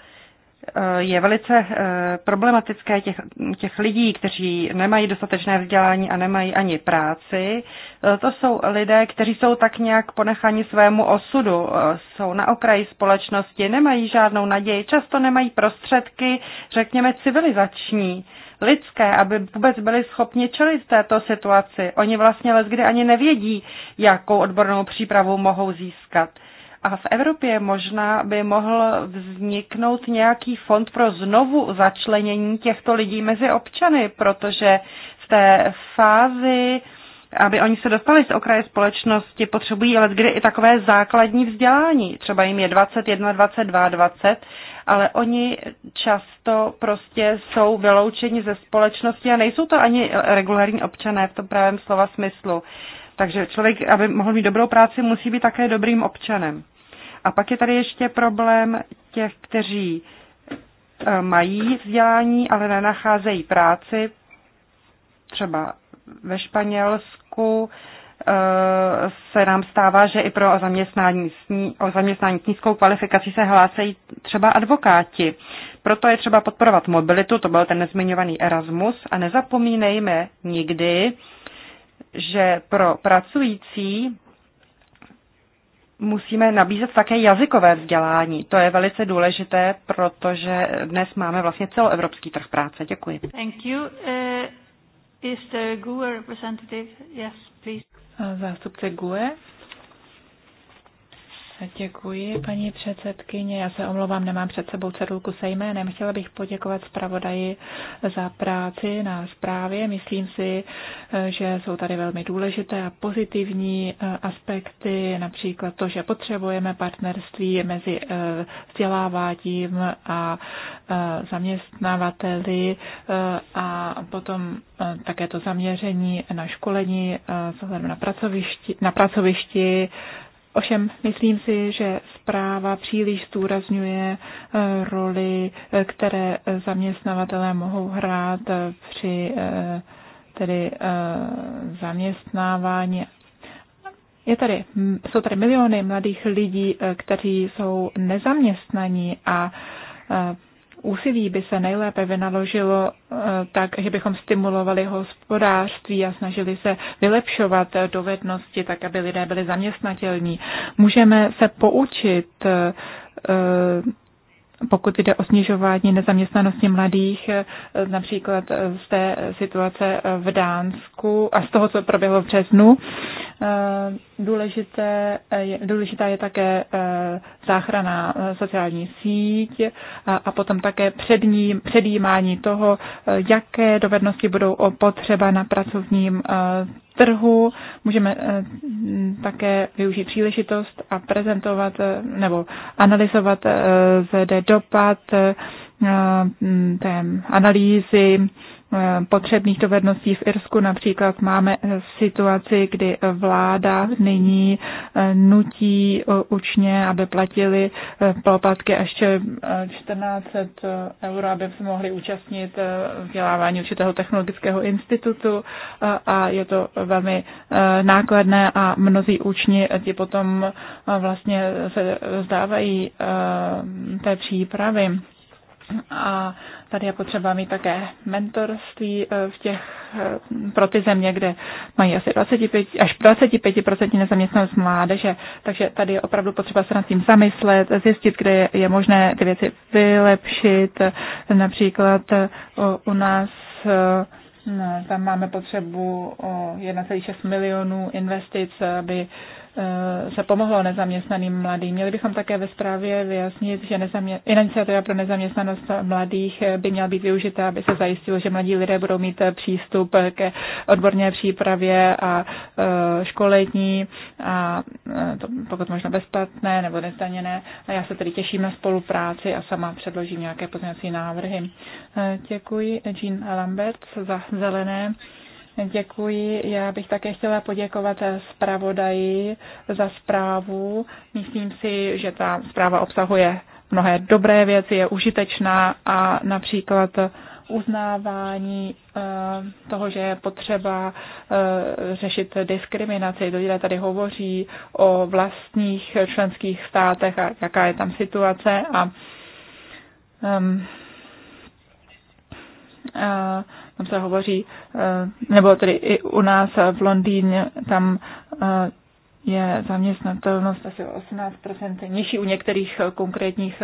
Speaker 4: je velice eh, problematické těch, těch lidí, kteří nemají dostatečné vzdělání a nemají ani práci. Eh, to jsou lidé, kteří jsou tak nějak ponecháni svému osudu, eh, jsou na okraji společnosti, nemají žádnou naději, často nemají prostředky, řekněme, civilizační, lidské, aby vůbec byli schopni čelit této situaci. Oni vlastně leskdy ani nevědí, jakou odbornou přípravu mohou získat. A v Evropě možná by mohl vzniknout nějaký fond pro znovu začlenění těchto lidí mezi občany, protože v té fázi aby oni se dostali z okraje společnosti, potřebují ale kdy i takové základní vzdělání. Třeba jim je 21, 22, 20, ale oni často prostě jsou vyloučeni ze společnosti a nejsou to ani regulární občané v tom právém slova smyslu. Takže člověk, aby mohl mít dobrou práci, musí být také dobrým občanem. A pak je tady ještě problém těch, kteří e, mají vzdělání, ale nenacházejí práci. Třeba ve Španělsku e, se nám stává, že i pro zaměstnání, o zaměstnání s nízkou kvalifikací se hlásejí třeba advokáti. Proto je třeba podporovat mobilitu, to byl ten nezmiňovaný Erasmus, a nezapomínejme nikdy, že pro pracující musíme nabízet také jazykové vzdělání. To je velice důležité, protože dnes máme vlastně celoevropský trh práce. Děkuji.
Speaker 5: Thank you. Uh, is the GUE representative? Yes, please.
Speaker 4: Uh, zástupce GUE.
Speaker 2: Děkuji, paní předsedkyně. Já se omlouvám, nemám před sebou cedulku se jménem. Chtěla bych poděkovat zpravodaji za práci na zprávě. Myslím si, že jsou tady velmi důležité a pozitivní eh, aspekty, například to, že potřebujeme partnerství mezi eh, vzděláváním a eh, zaměstnavateli a potom také to zaměření na školení na pracovišti, na pracovišti Ovšem, myslím si, že zpráva příliš zdůrazňuje eh, roli, eh, které zaměstnavatelé mohou hrát eh, při tedy zaměstnávání. Je tady, jsou tady miliony mladých lidí, kteří jsou nezaměstnaní a úsilí by se nejlépe vynaložilo eh, tak, že bychom stimulovali hospodářství a snažili se vylepšovat dovednosti, tak aby lidé byli zaměstnatelní. Můžeme se poučit eh, pokud jde o snižování nezaměstnanosti mladých, eh, například eh, z té situace eh, v Dánsku a z toho, co proběhlo v březnu. Důležité důležitá je také záchrana sociální síť a, a potom také přední, předjímání toho, jaké dovednosti budou potřeba na pracovním trhu. Můžeme eh, také využít příležitost a prezentovat eh, nebo analyzovat zde eh, dopad té analýzy potřebných dovedností v Irsku. Například máme eh, situaci, kdy eh, vláda nyní eh, nutí učně, aby platili poplatky ještě 1400 eur, aby se mohli účastnit vzdělávání určitého technologického institutu a je to velmi nákladné a mnozí učni ti potom vlastně se zdávají té přípravy. A tady je potřeba mít také mentorství eh, v těch, eh, pro ty země, kde mají asi 25, až 25% nezaměstnanost mládeže. Takže tady je opravdu potřeba se nad tím zamyslet, zjistit, kde je, možné ty věci vylepšit. Například eh, u nás tam máme potřebu 1,6 milionů investic, aby Eh, se pomohlo nezaměstnaným mladým. Měli bychom také ve zprávě vyjasnit, že nezamě... iniciativa pro nezaměstnanost mladých eh, by měla být využita, aby se zajistilo, že mladí lidé budou mít eh, přístup ke odborné přípravě a školení a to pokud možno bezplatné nebo nezdaněné. A já se tedy těším na spolupráci a sama předložím nějaké pozměňovací návrhy. Děkuji Jean Lambert za zelené. Děkuji. Já bych také chtěla poděkovat zpravodaji za zprávu. Myslím si, že ta zpráva obsahuje mnohé dobré věci, je užitečná a například uznávání eh, toho, že je potřeba eh, řešit diskriminaci. Lidé tady hovoří o vlastních členských státech a jaká je tam situace a, um, a tam se hovoří, eh, nebo tedy i u nás v Londýně, tam eh, je zaměstnatelnost asi o 18% nižší u některých eh, konkrétních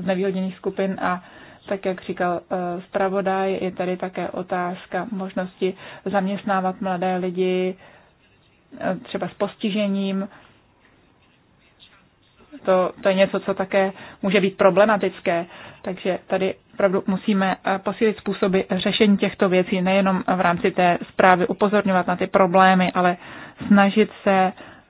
Speaker 2: znevýhodněných skupin a tak, jak říkal zpravodaj, je tady také otázka možnosti zaměstnávat mladé lidi třeba s postižením. To, to je něco, co také může být problematické. Takže tady opravdu musíme eh, posílit způsoby řešení těchto věcí, nejenom v rámci té zprávy upozorňovat na ty problémy, ale snažit se,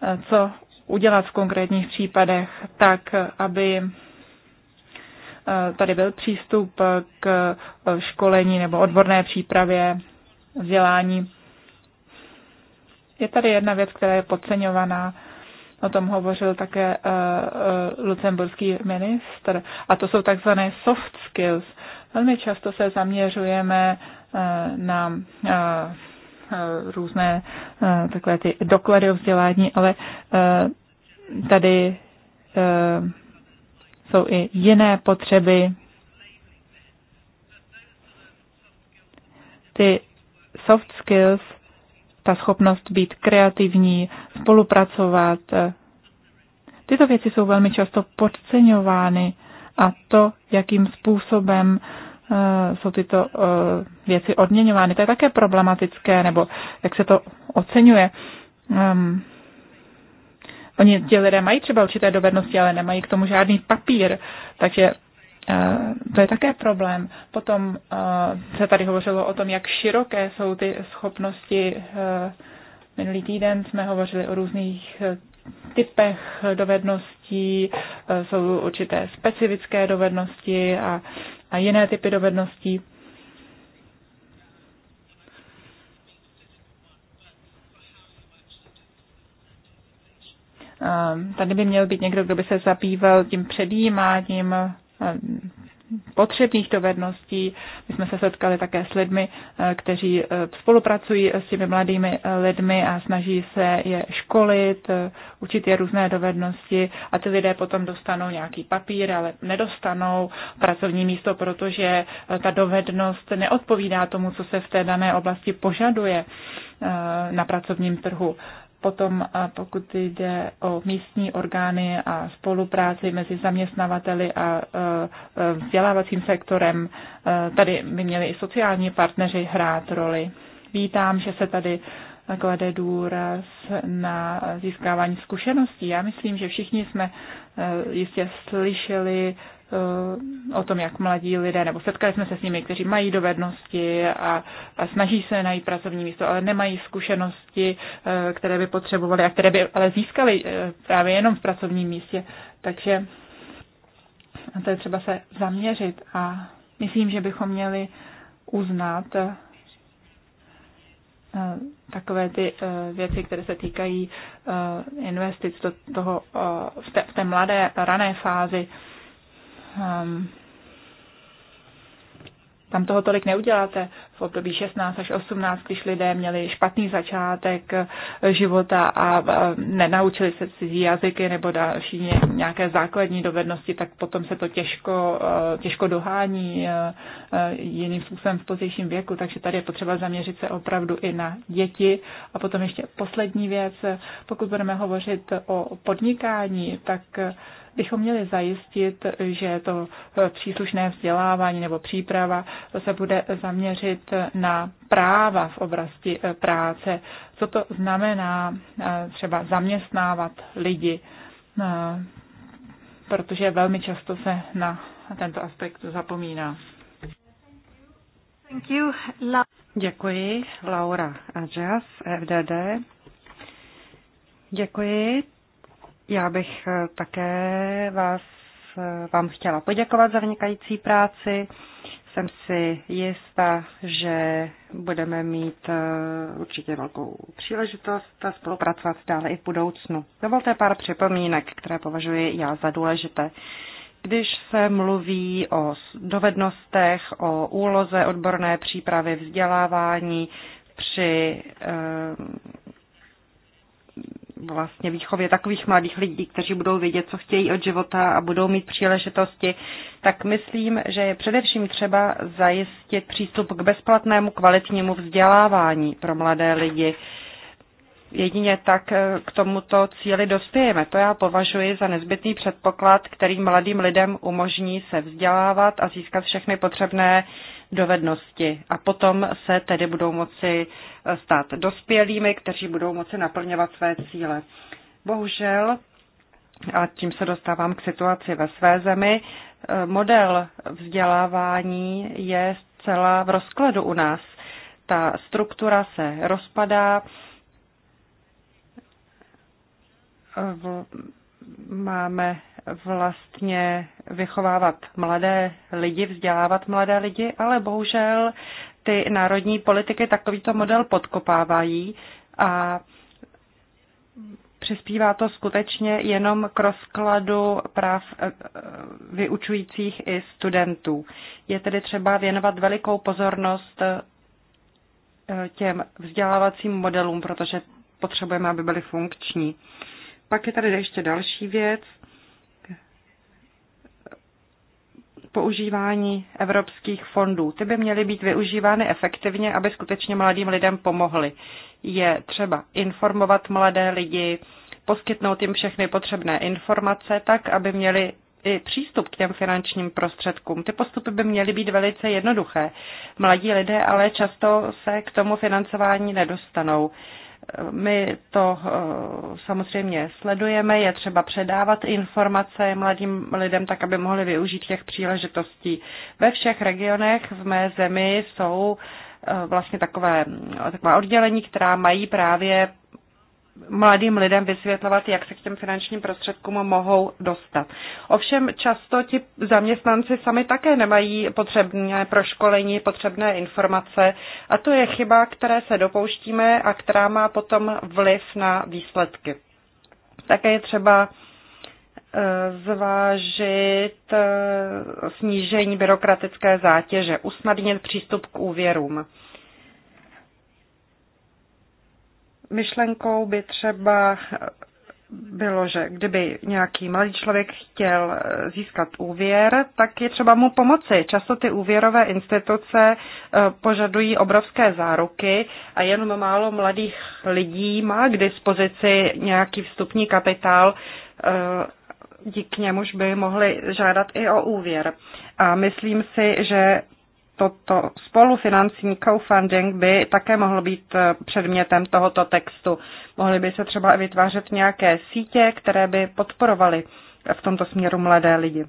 Speaker 2: eh, co udělat v konkrétních případech, tak, aby eh, tady byl přístup k školení nebo odborné přípravě, vzdělání. Je tady jedna věc, která je podceňovaná O tom hovořil také eh, eh, lucemburský ministr. A to jsou takzvané soft skills. Velmi často se zaměřujeme eh, na různé takové ty doklady o vzdělání, ale tady jsou i jiné potřeby. Ty soft skills ta schopnost být kreativní, spolupracovat. Tyto věci jsou velmi často podceňovány a to, jakým způsobem eh, jsou tyto eh, věci odměňovány, to je také problematické, nebo jak se to oceňuje. Ehm, oni, ti lidé mají třeba určité dovednosti, ale nemají k tomu žádný papír, takže Eh, to je také problém. Potom eh, se tady hovořilo o tom, jak široké jsou ty schopnosti. Eh, minulý týden jsme hovořili o různých typech dovedností, jsou určité specifické dovednosti a, a jiné typy dovedností. Tady by měl být někdo, kdo by se zabýval tím předjímáním Eh, potřebných dovedností. My jsme se setkali také s lidmi, eh, kteří eh, spolupracují s těmi mladými lidmi a snaží se je školit, učit je různé dovednosti a ty lidé potom dostanou nějaký papír, ale nedostanou pracovní místo, protože ta dovednost neodpovídá tomu, co se v té dané oblasti požaduje na pracovním trhu potom pokud jde o místní orgány a spolupráci mezi zaměstnavateli a e, e, vzdělávacím sektorem, e, tady by měli i sociální partneři hrát roli. Vítám, že se tady klade důraz na získávání zkušeností. Já myslím, že všichni jsme eh, jistě slyšeli eh, o tom, jak mladí lidé, nebo setkali jsme se s nimi, kteří mají dovednosti a, a snaží se najít pracovní místo, ale nemají zkušenosti, eh, které by potřebovali a které by ale získali právě jenom v pracovním místě. Takže to je třeba se zaměřit a myslím, že bychom měli uznat Eh, takové ty eh, věci, které se týkají eh, investic do toho, v, té, v té mladé, rané fázi. Ehm, tam toho tolik neuděláte v období 16 až 18, když lidé měli špatný začátek eh, života a eh, nenaučili se cizí jazyky nebo další nějaké základní dovednosti, tak potom se to těžko, eh, těžko dohání jiným způsobem v pozdějším věku. Takže tady je potřeba zaměřit se opravdu i na děti. A potom ještě poslední věc, pokud budeme hovořit o podnikání, tak bychom měli zajistit, že to eh, příslušné vzdělávání nebo příprava se bude zaměřit na práva v oblasti eh, práce. Co to znamená eh, třeba zaměstnávat lidi, protože velmi často se na tento aspekt zapomíná.
Speaker 5: Thank you. La-
Speaker 4: Děkuji, Laura Adžas, FDD. Děkuji. Já bych eh, také vás, eh, vám chtěla poděkovat za vynikající práci. Jsem si jista, že budeme mít eh, určitě velkou příležitost spolupracovat dále i v budoucnu. Dovolte pár připomínek, které považuji já za důležité. Když se mluví o dovednostech, o úloze odborné přípravy, vzdělávání při vlastně výchově takových mladých lidí, kteří budou vědět, co chtějí od života a budou mít příležitosti, tak myslím, že je především třeba zajistit přístup k bezplatnému kvalitnímu vzdělávání pro mladé lidi. Jedině tak eh, k tomuto cíli dospějeme. To já považuji za nezbytný předpoklad, který mladým lidem umožní se vzdělávat a získat všechny potřebné dovednosti. A potom se tedy budou moci stát dospělými, kteří budou moci naplňovat své cíle. Bohužel, a tím se dostávám k situaci ve své zemi, model vzdělávání je zcela v rozkladu u nás. Ta struktura se rozpadá, máme vlastně vychovávat mladé lidi, vzdělávat mladé lidi, ale bohužel ty národní politiky takovýto model podkopávají a přispívá to skutečně jenom k rozkladu práv eh, eh, vyučujících i studentů. Je tedy třeba věnovat velikou pozornost eh, těm vzdělávacím modelům, protože potřebujeme, aby byly funkční. Pak je tady ještě další věc. Používání evropských fondů. Ty by měly být využívány efektivně, aby skutečně mladým lidem pomohly. Je třeba informovat mladé lidi, poskytnout jim všechny potřebné informace, tak aby měli i přístup k těm finančním prostředkům. Ty postupy by měly být velice jednoduché. Mladí lidé ale často se k tomu financování nedostanou. My to eh, samozřejmě sledujeme, je třeba předávat informace mladým lidem tak, aby mohli využít těch příležitostí. Ve všech regionech v mé zemi jsou eh, vlastně takové, taková oddělení, která mají právě mladým lidem vysvětlovat, jak se k těm finančním prostředkům mohou dostat. Ovšem často ti zaměstnanci sami také nemají potřebné proškolení, potřebné informace a to je chyba, které se dopouštíme a která má potom vliv na výsledky. Také je třeba eh, zvážit eh, snížení byrokratické zátěže, usnadnit přístup k úvěrům. myšlenkou by třeba bylo, že kdyby nějaký malý člověk chtěl získat úvěr, tak je třeba mu pomoci. Často ty úvěrové instituce eh, požadují obrovské záruky a jenom málo mladých lidí má k dispozici nějaký vstupní kapitál, eh, díky němuž by mohli žádat i o úvěr. A myslím si, že toto spolufinancní crowdfunding by také mohl být eh, předmětem tohoto textu. Mohly by se třeba vytvářet nějaké sítě, které by podporovaly v tomto směru mladé lidi.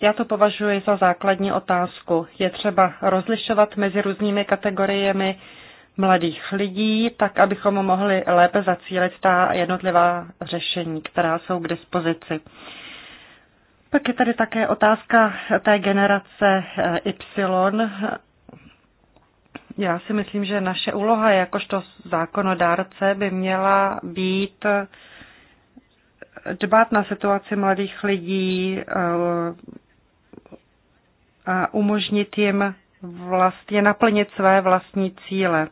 Speaker 4: Já to považuji za základní otázku. Je třeba rozlišovat mezi různými kategoriemi mladých lidí, tak abychom mohli lépe zacílit ta jednotlivá řešení, která jsou k dispozici. Pak je tady také otázka té generace eh, Y. Já si myslím, že naše úloha jakožto zákonodárce by měla být eh, dbát na situaci mladých lidí eh, a umožnit jim vlastně naplnit své vlastní cíle.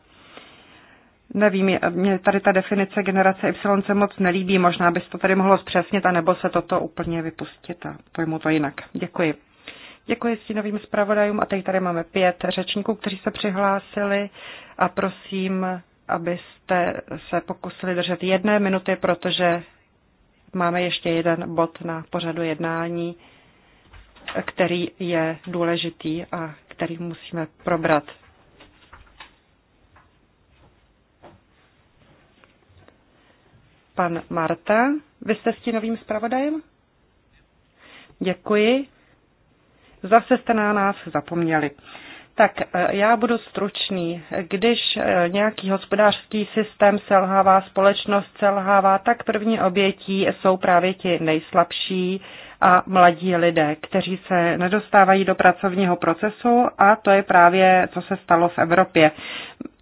Speaker 4: Nevím, mě tady ta definice generace Y se moc nelíbí, možná bys to tady mohlo zpřesnit, anebo se toto úplně vypustit a pojmu to jinak. Děkuji. Děkuji stínovým zpravodajům a teď tady máme pět řečníků, kteří se přihlásili a prosím, abyste se pokusili držet jedné minuty, protože máme ještě jeden bod na pořadu jednání, který je důležitý a který musíme probrat. pan Marta. Vy jste novým zpravodajem? Děkuji. Zase jste na nás zapomněli. Tak eh, já budu stručný. Když eh, nějaký hospodářský systém selhává, společnost selhává, tak první obětí jsou právě ti nejslabší, a mladí lidé, kteří se nedostávají do pracovního procesu a to je právě, co se stalo v Evropě.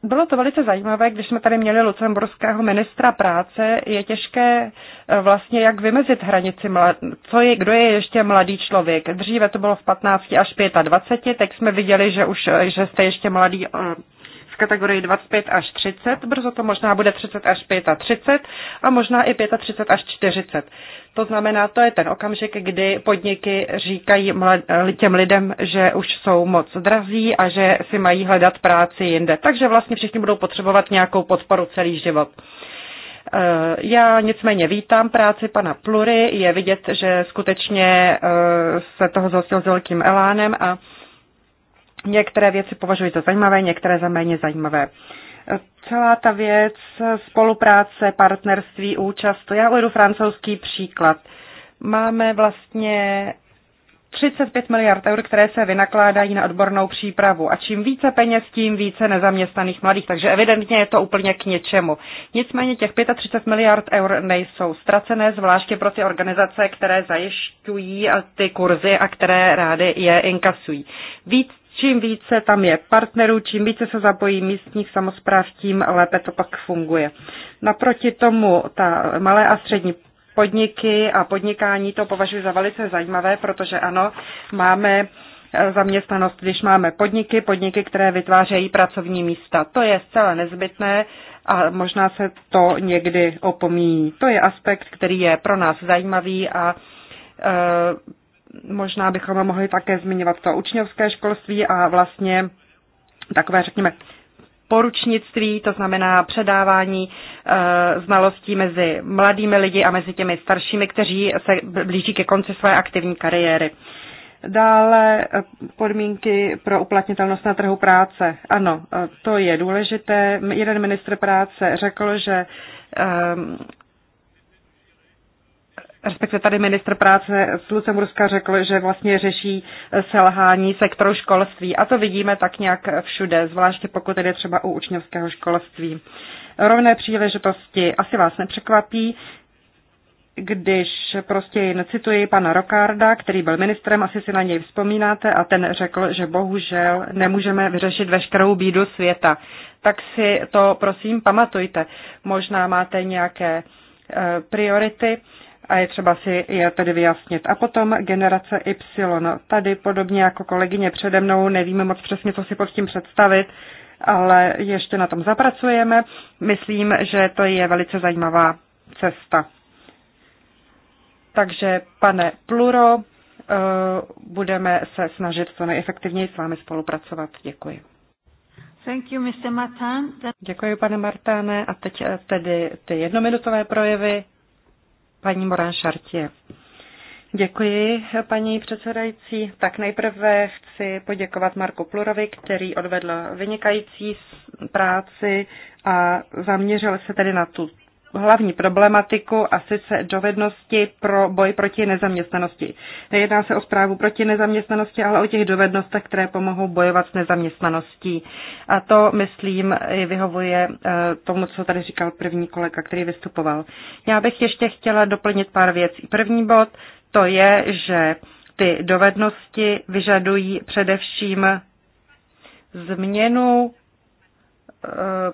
Speaker 4: Bylo to velice zajímavé, když jsme tady měli lucemburského ministra práce, je těžké eh, vlastně jak vymezit hranici, co je, kdo je ještě mladý člověk. Dříve to bylo v 15 až 25, teď jsme viděli, že už eh, že jste ještě mladý eh, kategorii 25 až 30, brzo to možná bude 30 až 35 a možná i 35 až 40. To znamená, to je ten okamžik, kdy podniky říkají těm lidem, že už jsou moc drazí a že si mají hledat práci jinde. Takže vlastně všichni budou potřebovat nějakou podporu celý život. Eh, já nicméně vítám práci pana Plury, je vidět, že skutečně eh, se toho zhostil s velkým elánem a Některé věci považuji za zajímavé, některé za méně zajímavé. Celá ta věc, spolupráce, partnerství, účast, já uvedu francouzský příklad. Máme vlastně 35 miliard eur, které se vynakládají na odbornou přípravu. A čím více peněz, tím více nezaměstnaných mladých. Takže evidentně je to úplně k něčemu. Nicméně těch 35 miliard eur nejsou ztracené, zvláště pro ty organizace, které zajišťují ty kurzy a které rády je inkasují. Víc Čím více tam je partnerů, čím více se zapojí místních samozpráv, tím lépe to pak funguje. Naproti tomu ta malé a střední podniky a podnikání to považuji za velice zajímavé, protože ano, máme eh, zaměstnanost, když máme podniky, podniky, které vytvářejí pracovní místa. To je zcela nezbytné a možná se to někdy opomíjí. To je aspekt, který je pro nás zajímavý a eh, možná bychom mohli také zmiňovat to učňovské školství a vlastně takové, řekněme, poručnictví, to znamená předávání e, znalostí mezi mladými lidi a mezi těmi staršími, kteří se blíží ke konci své aktivní kariéry. Dále eh, podmínky pro uplatnitelnost na trhu práce. Ano, eh, to je důležité. Jeden ministr práce řekl, že respektive tady ministr práce z Lucemburska řekl, že vlastně řeší selhání sektoru školství. A to vidíme tak nějak všude, zvláště pokud jde třeba u učňovského školství. Rovné příležitosti asi vás nepřekvapí, když prostě jen cituji pana Rokarda, který byl ministrem, asi si na něj vzpomínáte, a ten řekl, že bohužel nemůžeme vyřešit veškerou bídu světa. Tak si to prosím pamatujte. Možná máte nějaké eh, priority, a je třeba si je tedy vyjasnit. A potom generace Y. Tady podobně jako kolegyně přede mnou nevíme moc přesně, co si pod tím představit, ale ještě na tom zapracujeme. Myslím, že to je velice zajímavá cesta. Takže, pane Pluro, eh, budeme se snažit co nejefektivněji s vámi spolupracovat. Děkuji.
Speaker 5: Thank you, Mr. Martin.
Speaker 4: Děkuji, pane Martáne. A teď eh, tedy ty jednominutové projevy paní Moran Šartě. Děkuji, paní předsedající. Tak nejprve chci poděkovat Marku Plurovi, který odvedl vynikající práci a zaměřil se tedy na tu hlavní problematiku a sice dovednosti pro boj proti nezaměstnanosti. Nejedná se o zprávu proti nezaměstnanosti, ale o těch dovednostech, které pomohou bojovat s nezaměstnaností. A to, myslím, vyhovuje eh, tomu, co tady říkal první kolega, který vystupoval. Já bych ještě chtěla doplnit pár věcí. První bod to je, že ty dovednosti vyžadují především změnu eh,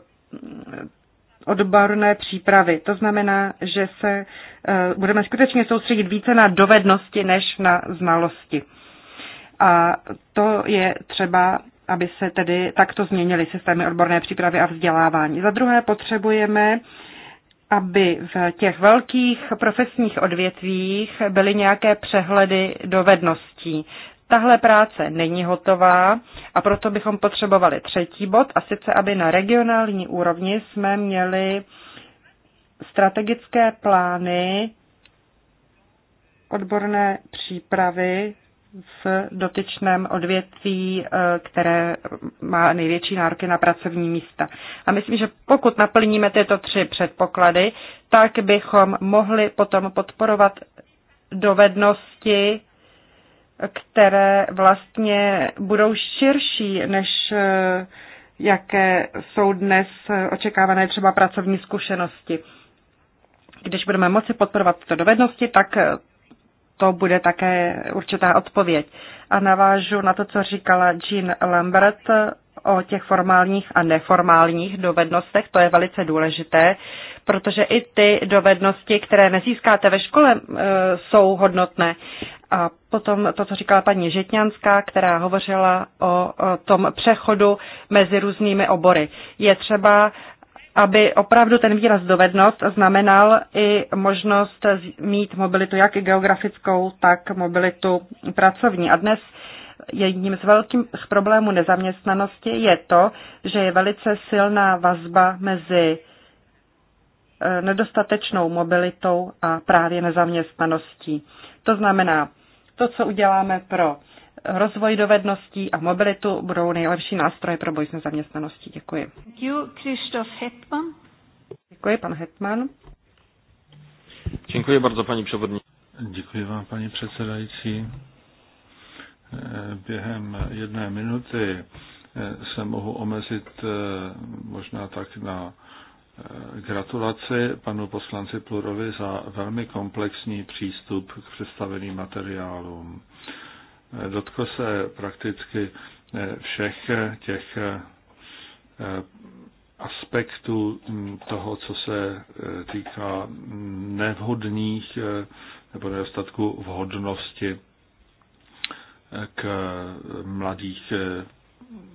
Speaker 4: odborné přípravy. To znamená, že se eh, budeme skutečně soustředit více na dovednosti než na znalosti. A to je třeba, aby se tedy takto změnily systémy odborné přípravy a vzdělávání. Za druhé potřebujeme aby v těch velkých profesních odvětvích byly nějaké přehledy dovedností. Tahle práce není hotová a proto bychom potřebovali třetí bod, a sice, aby na regionální úrovni jsme měli strategické plány odborné přípravy v dotyčném odvětví, eh, které má největší nároky na pracovní místa. A myslím, že pokud naplníme tyto tři předpoklady, tak bychom mohli potom podporovat dovednosti které vlastně budou širší než eh, jaké jsou dnes očekávané třeba pracovní zkušenosti. Když budeme moci podporovat tyto dovednosti, tak eh, to bude také určitá odpověď. A navážu na to, co říkala Jean Lambert eh, o těch formálních a neformálních dovednostech. To je velice důležité protože i ty dovednosti, které nezískáte ve škole, eh, jsou hodnotné. A potom to, co říkala paní Žitňanská, která hovořila o tom přechodu mezi různými obory. Je třeba aby opravdu ten výraz dovednost znamenal i možnost mít mobilitu jak geografickou, tak mobilitu pracovní. A dnes jedním z velkých problémů nezaměstnanosti je to, že je velice silná vazba mezi nedostatečnou mobilitou a právě nezaměstnaností. To znamená, to, co uděláme pro rozvoj dovedností a mobilitu, budou nejlepší nástroje pro boj s nezaměstnaností. Děkuji. Děkuji, pan Hetman.
Speaker 1: Děkuji bardzo, paní předsedající. Děkuji vám, paní předsedající. Během jedné minuty se mohu omezit eh, možná tak na Eh, gratulaci panu poslanci Plurovi za velmi komplexní přístup k představeným materiálům. Eh, dotkl se prakticky eh, všech těch aspektů mm, toho, co se týká nevhodných nebo nedostatku vhodnosti k mladých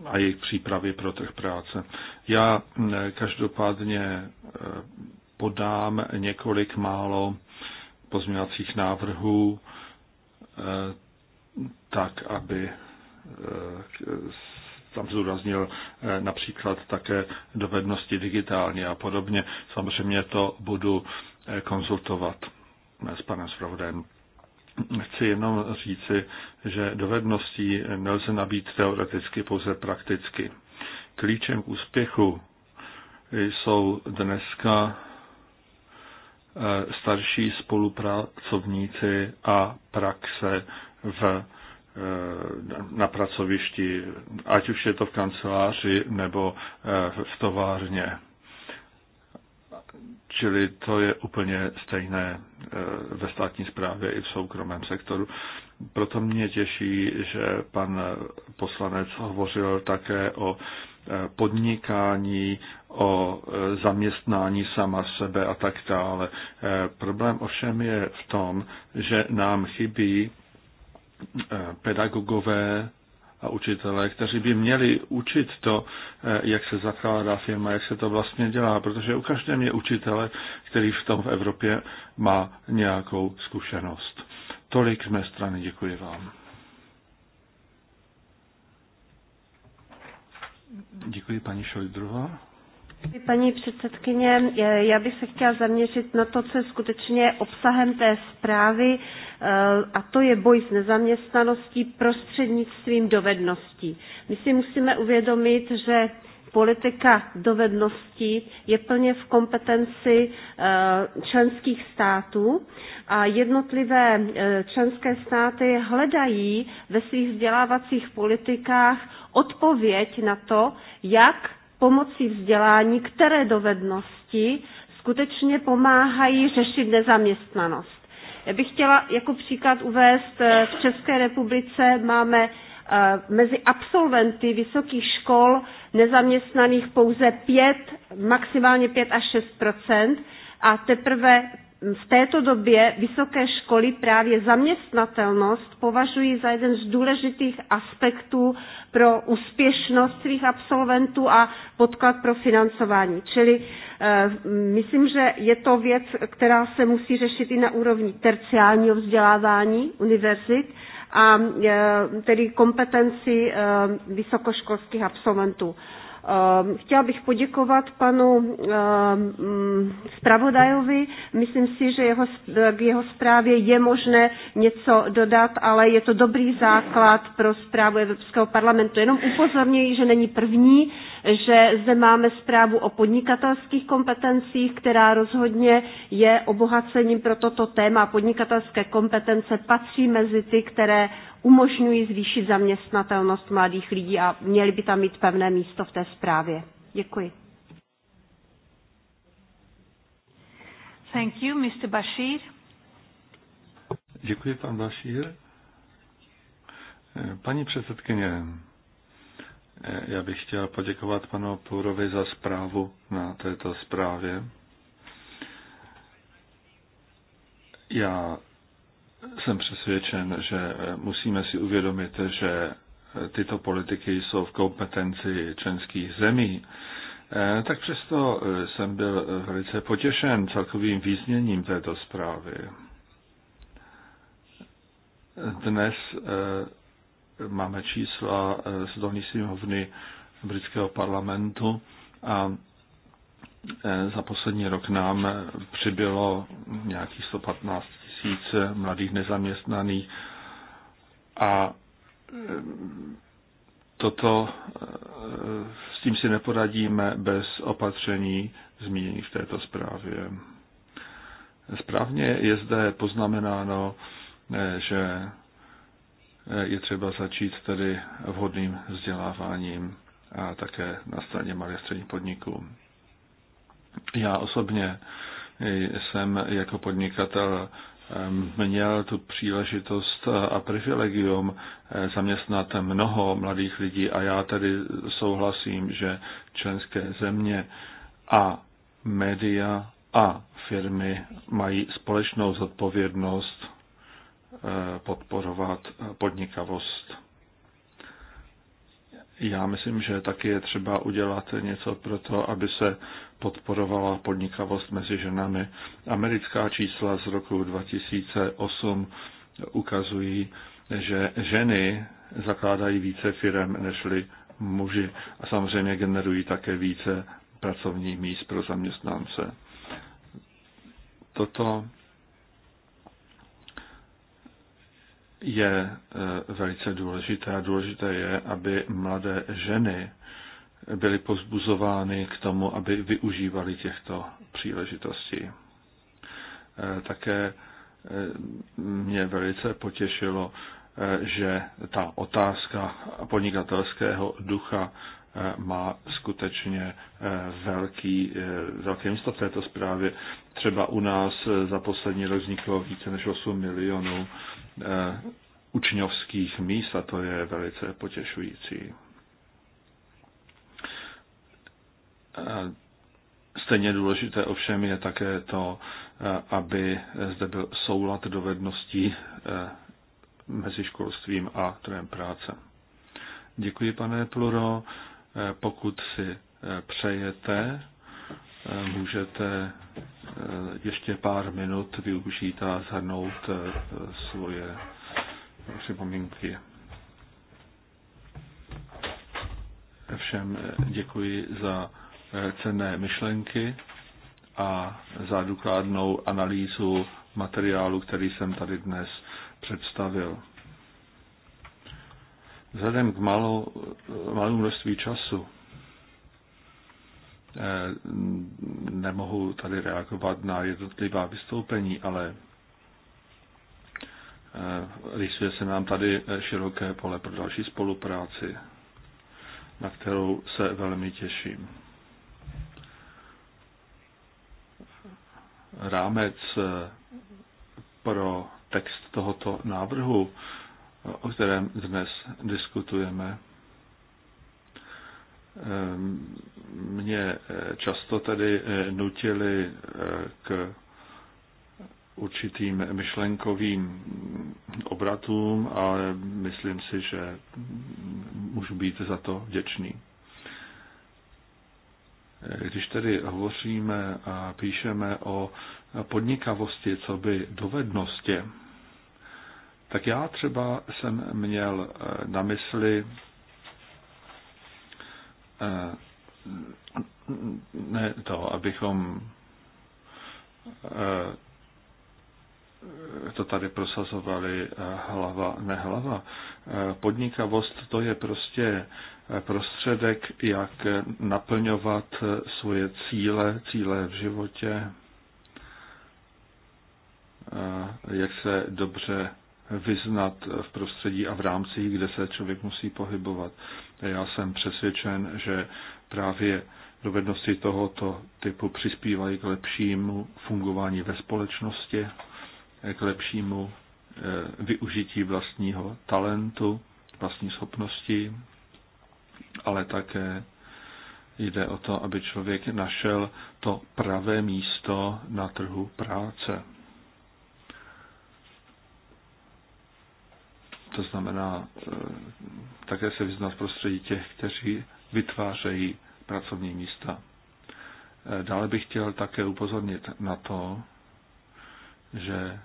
Speaker 1: a jejich přípravy pro trh práce. Já mm, každopádně e, podám několik málo pozměňovacích návrhů, e, tak, aby e, tam zúraznil, například také dovednosti digitálně a podobně. Samozřejmě to budu konzultovat s panem zpravodajem chci jenom říci, že dovedností nelze nabít teoreticky, pouze prakticky. Klíčem k úspěchu jsou dneska eh, starší spolupracovníci a praxe v, eh, na pracovišti, ať už je to v kanceláři nebo eh, v továrně. Čili to je úplně stejné eh, ve státní správě i v soukromém sektoru. Proto mě těší, že pan poslanec hovořil také o eh, podnikání, o eh, zaměstnání sama sebe a tak dále. Problém ovšem je v tom, že nám chybí pedagogové, a učitelé, kteří by měli učit to, eh, jak se zakládá firma, jak se to vlastně dělá, protože u každém je učitele, který v tom v Evropě má nějakou zkušenost. Tolik z mé strany, děkuji vám. Děkuji paní Šojdrova.
Speaker 5: Paní předsedkyně, já bych se chtěla zaměřit na to, co je skutečně obsahem té zprávy, eh, a to je boj s nezaměstnaností prostřednictvím dovedností. My si musíme uvědomit, že politika dovedností je plně v kompetenci eh, členských států a jednotlivé eh, členské státy hledají ve svých vzdělávacích politikách odpověď na to, jak pomocí vzdělání, které dovednosti skutečně pomáhají řešit nezaměstnanost. Já bych chtěla jako příklad uvést, eh, v České republice máme eh, mezi absolventy vysokých škol nezaměstnaných pouze 5, maximálně 5 až 6 a teprve v této době vysoké školy právě zaměstnatelnost považují za jeden z důležitých aspektů pro úspěšnost svých absolventů a podklad pro financování. Čili eh, myslím, že je to věc, která se musí řešit i na úrovni terciálního vzdělávání univerzit a eh, tedy kompetenci eh, vysokoškolských absolventů. Ehm, chtěla bych poděkovat panu ehm, mm, zpravodajovi. Myslím si, že jeho, k jeho zprávě je možné něco dodat, ale je to dobrý základ pro zprávu Evropského parlamentu. Jenom upozorňuji, že není první, že zde máme zprávu o podnikatelských kompetencích, která rozhodně je obohacením pro toto téma. Podnikatelské kompetence patří mezi ty, které umožňují zvýšit zaměstnatelnost mladých lidí a měli by tam mít pevné místo v té zprávě. Děkuji. Thank you, Mr. Bashir.
Speaker 1: Děkuji, pan Bashir. Eh, paní předsedkyně, eh, já bych chtěl poděkovat panu Půrovi za zprávu na této zprávě. Já jsem přesvědčen, že musíme si uvědomit, že tyto politiky jsou v kompetenci členských zemí. Eh, tak přesto eh, jsem byl velice potěšen celkovým význěním této zprávy. Dnes eh, máme čísla z dolní sněmovny britského parlamentu a za poslední rok nám přibylo nějakých 115 tisíce mladých nezaměstnaných a eh, toto eh, s tím si neporadíme bez opatření zmíněných v této zprávě. Správně je zde poznamenáno, eh, že je třeba začít tedy vhodným vzděláváním a také na straně malých středních podniků. Já osobně jsem jako podnikatel měl tu příležitost a privilegium eh, zaměstnat mnoho mladých lidí a já tedy souhlasím, že členské země a média a firmy mají společnou zodpovědnost eh, podporovat podnikavost. Já myslím, že taky je třeba udělat něco pro to, aby se podporovala podnikavost mezi ženami. Americká čísla z roku 2008 ukazují, že ženy zakládají více firem než muži a samozřejmě generují také více pracovních míst pro zaměstnance. Toto je eh, velice důležité a důležité je, aby mladé ženy byly pozbuzovány k tomu, aby využívali těchto příležitostí. E, také e, mě velice potěšilo, e, že ta otázka podnikatelského ducha má skutečně velký, velké místo v této zprávě. Třeba u nás za poslední rok vzniklo více než 8 milionů učňovských míst a to je velice potěšující. Eh, stejně důležité ovšem je také to, eh, aby zde byl soulad dovedností eh, mezi školstvím a trhem práce. Děkuji, pane Pluro. Pokud si přejete, můžete ještě pár minut využít a zhrnout svoje připomínky. Všem děkuji za Eh, cenné myšlenky a za důkladnou analýzu materiálu, který jsem tady dnes představil. Vzhledem k malou, malému množství času eh, nemohu tady reagovat na jednotlivá vystoupení, ale eh, rysuje se nám tady široké pole pro další spolupráci, na kterou se velmi těším. rámec eh, pro text tohoto návrhu, o kterém dnes diskutujeme. Ehm, mě eh, často tedy eh, nutili k určitým myšlenkovým obratům, ale myslím si, že můžu být za to vděčný. Když tedy hovoříme a píšeme o podnikavosti, co by dovednosti, tak já třeba jsem měl eh, na mysli eh, ne to, abychom eh, to tady prosazovali hlava, nehlava. Podnikavost to je prostě prostředek, jak naplňovat svoje cíle, cíle v životě, jak se dobře vyznat v prostředí a v rámci, kde se člověk musí pohybovat. Já jsem přesvědčen, že právě dovednosti tohoto typu přispívají k lepšímu fungování ve společnosti, k lepšímu e, využití vlastního talentu, vlastní schopnosti, ale také jde o to, aby člověk našel to pravé místo na trhu práce. To znamená e, také se vyznat v prostředí těch, kteří vytvářejí pracovní místa. E, dále bych chtěl také upozornit na to, že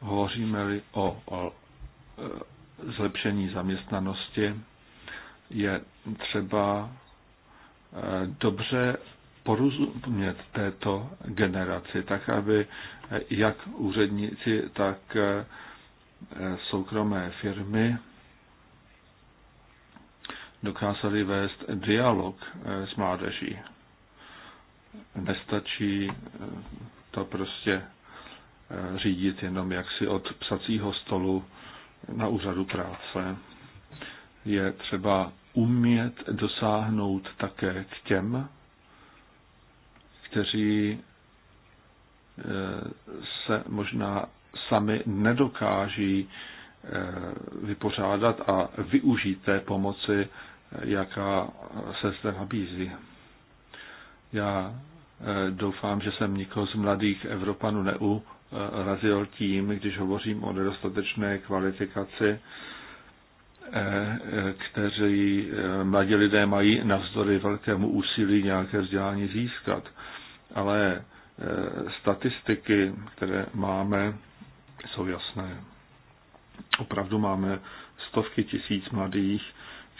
Speaker 1: hovoříme-li o, o e, zlepšení zaměstnanosti, je třeba eh, dobře porozumět této generaci, tak aby eh, jak úředníci, tak eh, soukromé firmy dokázali vést dialog s mládeží. Nestačí to prostě řídit jenom jaksi od psacího stolu na úřadu práce je třeba umět dosáhnout také k těm, kteří eh, se možná sami nedokáží eh, vypořádat a využít té pomoci, eh, jaká se zde nabízí. Já doufám, že jsem nikoho z mladých Evropanů neurazil tím, když hovořím o nedostatečné kvalifikaci Eh, kteří eh, mladí lidé mají navzdory velkému úsilí nějaké vzdělání získat. Ale eh, statistiky, které máme, jsou jasné. Opravdu máme stovky tisíc mladých,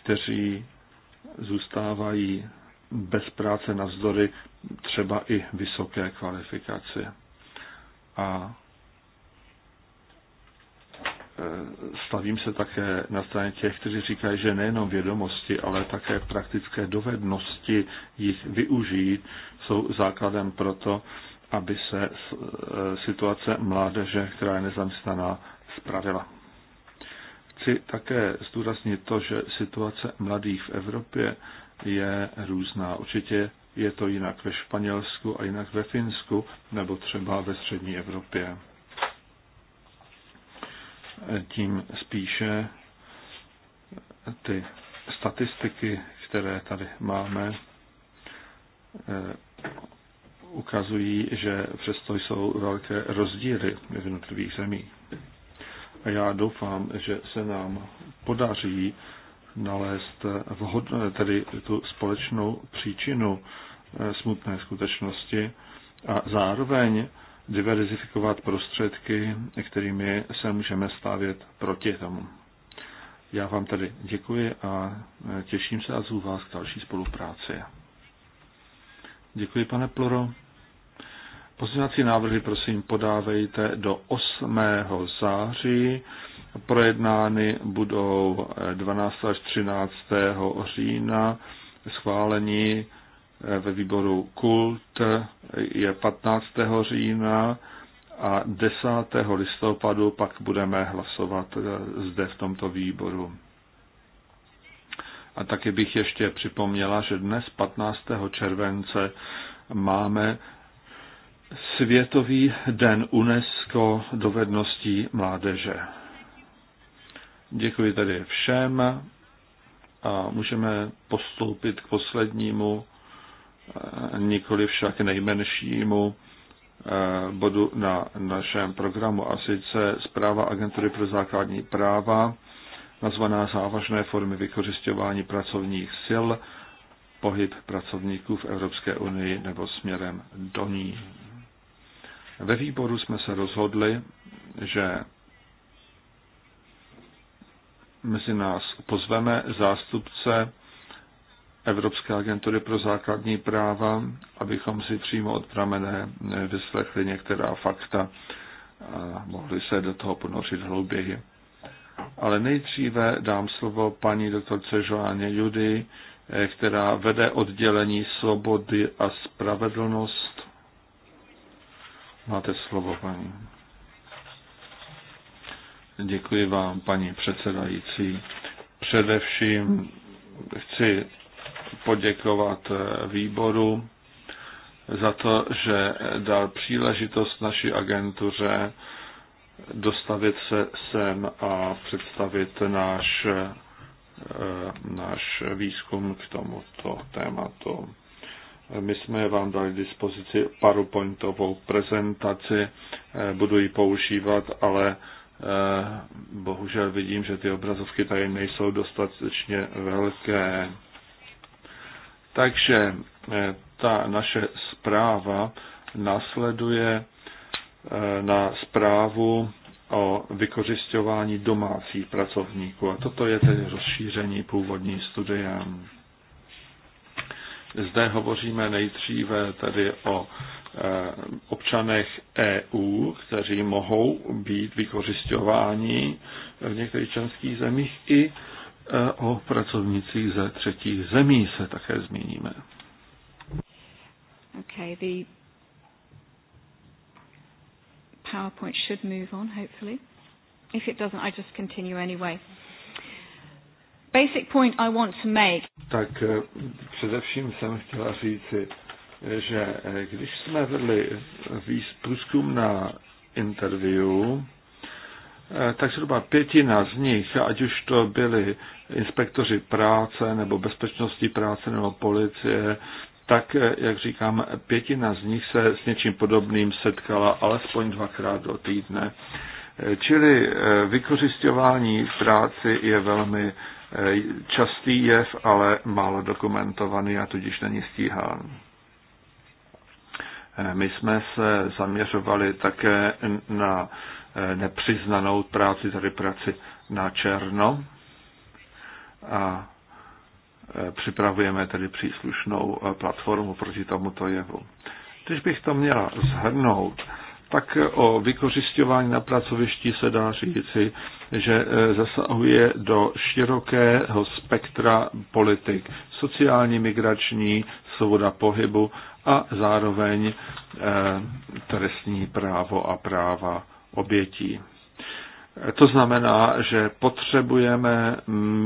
Speaker 1: kteří zůstávají bez práce navzdory třeba i vysoké kvalifikaci. A stavím se také na straně těch, kteří říkají, že nejenom vědomosti, ale také praktické dovednosti jich využít jsou základem pro to, aby se e, situace mládeže, která je nezaměstnaná, spravila. Chci také zdůraznit to, že situace mladých v Evropě je různá. Určitě je to jinak ve Španělsku a jinak ve Finsku, nebo třeba ve střední Evropě tím spíše ty statistiky, které tady máme, eh, ukazují, že přesto jsou velké rozdíly v jednotlivých zemích. A já doufám, že se nám podaří nalézt vhodné, tedy tu společnou příčinu eh, smutné skutečnosti a zároveň diverzifikovat prostředky, kterými se můžeme stavět proti tomu. Já vám tedy děkuji a e, těším se a zvu vás k další spolupráci. Děkuji, pane Ploro. Pozměňovací návrhy prosím podávejte do 8. září. Projednány budou 12. E, až 13. října schválení ve výboru Kult je 15. října a 10. listopadu pak budeme hlasovat eh, zde v tomto výboru. A taky bych ještě připomněla, že dnes 15. července máme Světový den UNESCO dovedností mládeže. Děkuji tedy všem a můžeme postoupit k poslednímu nikoli však nejmenšímu eh, bodu na našem programu, a sice zpráva Agentury pro základní práva, nazvaná Závažné formy vykořišťování pracovních sil, pohyb pracovníků v Evropské unii nebo směrem do ní. Ve výboru jsme se rozhodli, že mezi nás pozveme zástupce Evropské agentury pro základní práva, abychom si přímo od pramene eh, vyslechli některá fakta a mohli se do toho ponořit hlouběji. Ale nejdříve dám slovo paní doktorce Joáně Judy, eh, která vede oddělení svobody a spravedlnost. Máte slovo, paní. Děkuji vám, paní předsedající. Především chci poděkovat eh, výboru za to, že dal příležitost naší agentuře dostavit se sem a představit náš, eh, náš výzkum k tomuto tématu. My jsme vám dali dispozici PowerPointovou prezentaci, eh, budu ji používat, ale bohužel vidím, že ty obrazovky tady nejsou dostatečně velké. Takže eh, ta naše zpráva nasleduje eh, na zprávu o vykořišťování domácích pracovníků. A toto je tedy rozšíření původní studie. Zde hovoříme nejdříve tedy o eh, občanech EU, kteří mohou být vykořišťováni v některých členských zemích i E, o pracovnicích ze třetích zemí se také zmíníme.
Speaker 3: Okay, the PowerPoint should move on, hopefully. If it doesn't, I just continue anyway. Basic point I want to make.
Speaker 1: Tak e, především jsem chtěla říci, že e, když jsme vedli výzkum na interview, Eh, tak zhruba pětina z nich, ať už to byli inspektoři práce nebo bezpečnosti práce nebo policie, tak, eh, jak říkám, pětina z nich se s něčím podobným setkala alespoň dvakrát do týdne. Eh, čili vykořišťování v práci je velmi častý jev, ale málo dokumentovaný a tudíž není stíhán. My jsme se zaměřovali také na Eh, nepřiznanou práci za práci na černo a eh, připravujeme tedy příslušnou eh, platformu proti tomuto jevu. Když bych to měla zhrnout, tak o vykořišťování na pracovišti se dá říci, že zasahuje do širokého spektra politik, sociální, migrační, svoboda pohybu a zároveň trestní právo a práva obětí. To znamená, že potřebujeme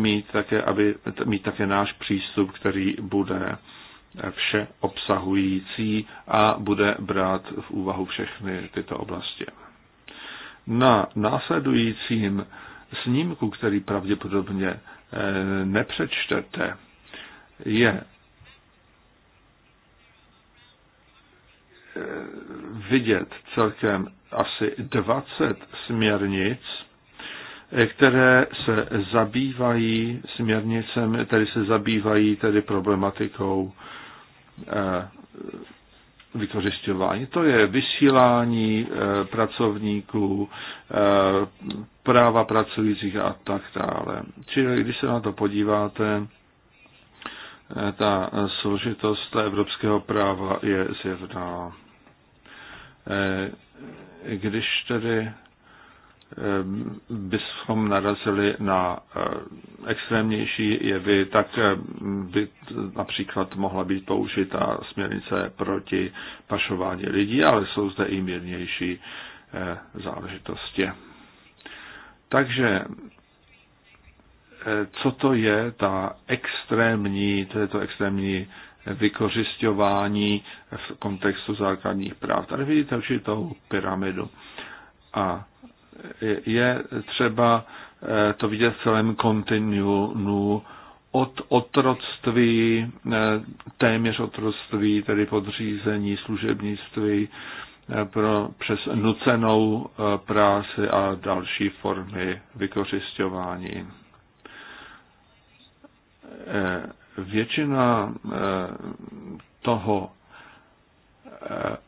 Speaker 1: mít také, aby, mít také náš přístup, který bude vše obsahující a bude brát v úvahu všechny tyto oblasti. Na následujícím snímku, který pravděpodobně eh, nepřečtete, je eh, vidět celkem asi 20 směrnic, které se zabývají směrnicemi, tedy se zabývají tedy problematikou eh, vykořišťování. To je vysílání eh, pracovníků, eh, práva pracujících a tak dále. Čili když se na to podíváte, ta složitost evropského práva je zjevná když tedy eh, bychom narazili na eh, extrémnější jevy, tak eh, by například mohla být použita směrnice proti pašování lidí, ale jsou zde i mírnější záležitosti. Takže co to je ta extrémní, to je to extrémní vykořišťování v kontextu základních práv. Tady vidíte určitou pyramidu. A je třeba eh, to vidět v celém kontinuu od otroctví, eh, téměř otroctví, tedy podřízení, služebnictví, eh, pro, přes nucenou práci a další formy vykořišťování většina eh, toho eh,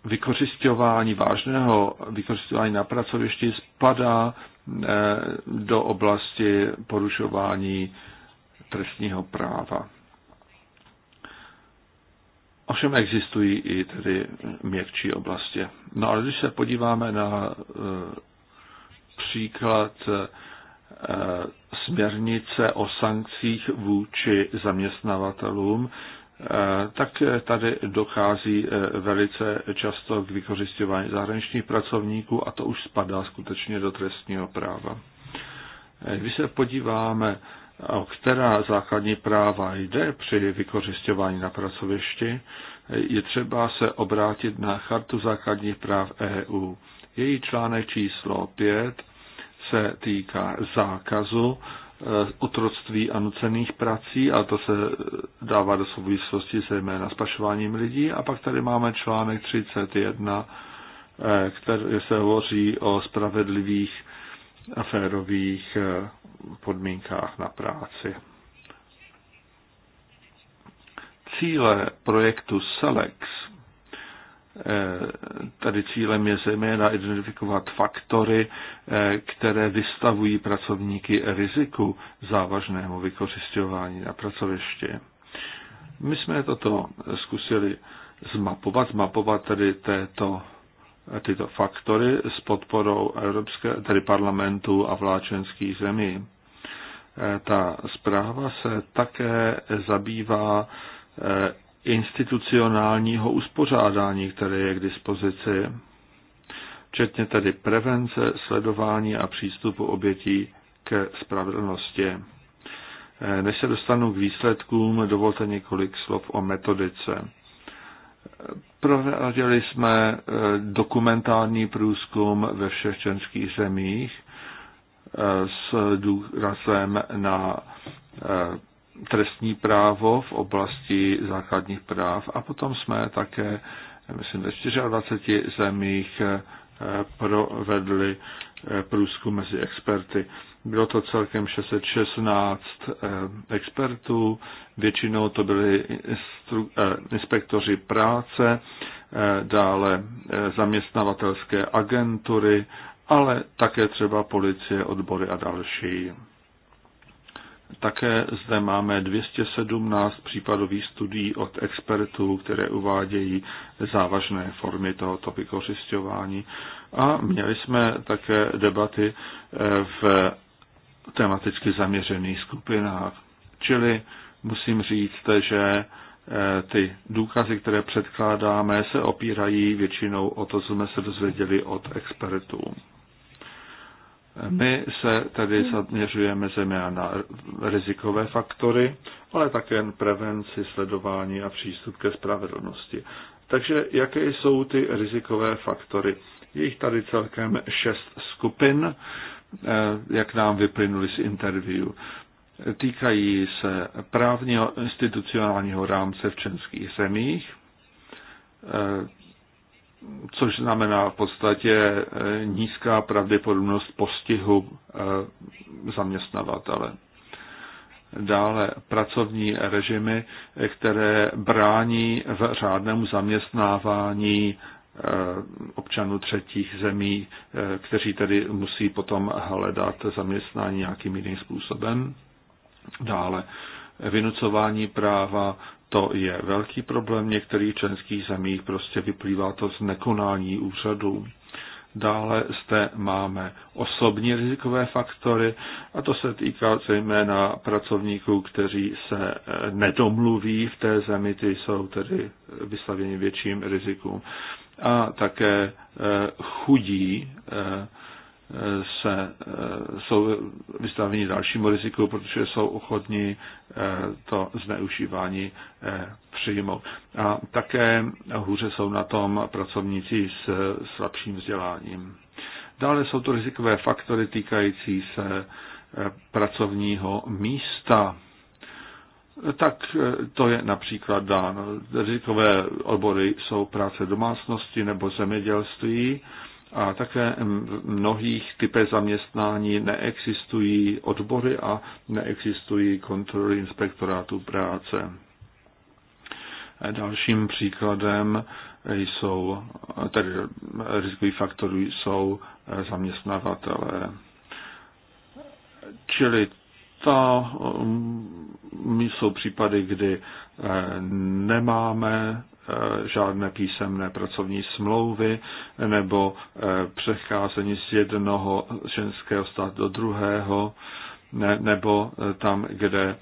Speaker 1: vykořišťování, vážného vykořišťování na pracovišti spadá eh, do oblasti porušování trestního práva. Ovšem existují i tedy měkčí oblasti. No ale když se podíváme na příklad Eh, směrnice o sankcích vůči zaměstnavatelům, eh, tak tady dochází eh, velice často k vykořišťování zahraničních pracovníků a to už spadá skutečně do trestního práva. Když se podíváme, o která základní práva jde při vykořišťování na pracovišti, je třeba se obrátit na Chartu základních práv EU. Její článek číslo 5 se týká zákazu e, otroctví a nucených prací, a to se dává do souvislosti zejména s pašováním lidí. A pak tady máme článek 31, e, který se hovoří o spravedlivých a férových e, podmínkách na práci. Cíle projektu SELEX Eh, tady cílem je zejména identifikovat faktory, eh, které vystavují pracovníky riziku závažného vykořišťování na pracovišti. My jsme toto zkusili zmapovat, zmapovat tedy této, tyto faktory s podporou Evropské, tedy parlamentu a vláčenských zemí. Eh, ta zpráva se také zabývá institucionálního uspořádání, které je k dispozici, včetně tedy prevence, sledování a přístupu obětí k spravedlnosti. Eh, než se dostanu k výsledkům, dovolte několik slov o metodice. Prováděli jsme eh, dokumentární průzkum ve všech členských zemích eh, s důrazem na trestní právo v oblasti základních práv a potom jsme také, myslím, ve 24 zemích eh, provedli eh, průzkum mezi experty. Bylo to celkem 616 eh, expertů, většinou to byli inspektoři práce, dále zaměstnavatelské agentury, ale také třeba policie, odbory a další. Také zde máme 217 případových studií od expertů, které uvádějí závažné formy tohoto vykořišťování. A měli jsme také debaty eh, v tematicky zaměřených skupinách. Čili musím říct, že eh, ty důkazy, které předkládáme, se opírají většinou o to, co jsme se dozvěděli od expertů. My se tedy zaměřujeme země na rizikové faktory, ale také na prevenci, sledování a přístup ke spravedlnosti. Takže jaké jsou ty rizikové faktory? Je jich tady celkem šest skupin, eh, jak nám vyplynuli z interview. Týkají se právního institucionálního rámce v českých zemích, eh, což znamená v podstatě eh, nízká pravděpodobnost postihu eh, zaměstnavatele. Dále pracovní režimy, eh, které brání v řádnému zaměstnávání občanů třetích zemí, kteří tedy musí potom hledat zaměstnání nějakým jiným způsobem. Dále vynucování práva, to je velký problém některých členských zemích, prostě vyplývá to z nekonání úřadů. Dále zde máme osobní rizikové faktory a to se týká zejména pracovníků, kteří se eh, nedomluví v té zemi, ty jsou tedy vystaveni větším rizikům. A také eh, chudí eh, se, eh, jsou vystaveni dalšímu riziku, protože jsou ochotní eh, to zneužívání eh, přijmout. A také hůře jsou na tom pracovníci s slabším vzděláním. Dále jsou to rizikové faktory týkající se pracovního místa. Tak to je například dáno. Rizikové obory jsou práce domácnosti nebo zemědělství a také v mnohých typech zaměstnání neexistují odbory a neexistují kontroly inspektorátu práce. Dalším příkladem jsou, tedy rizikový faktor jsou zaměstnavatelé. Čili um, jsou případy, kdy eh, nemáme eh, žádné písemné pracovní smlouvy nebo eh, přecházení z jednoho ženského státu do druhého, ne, nebo tam, kde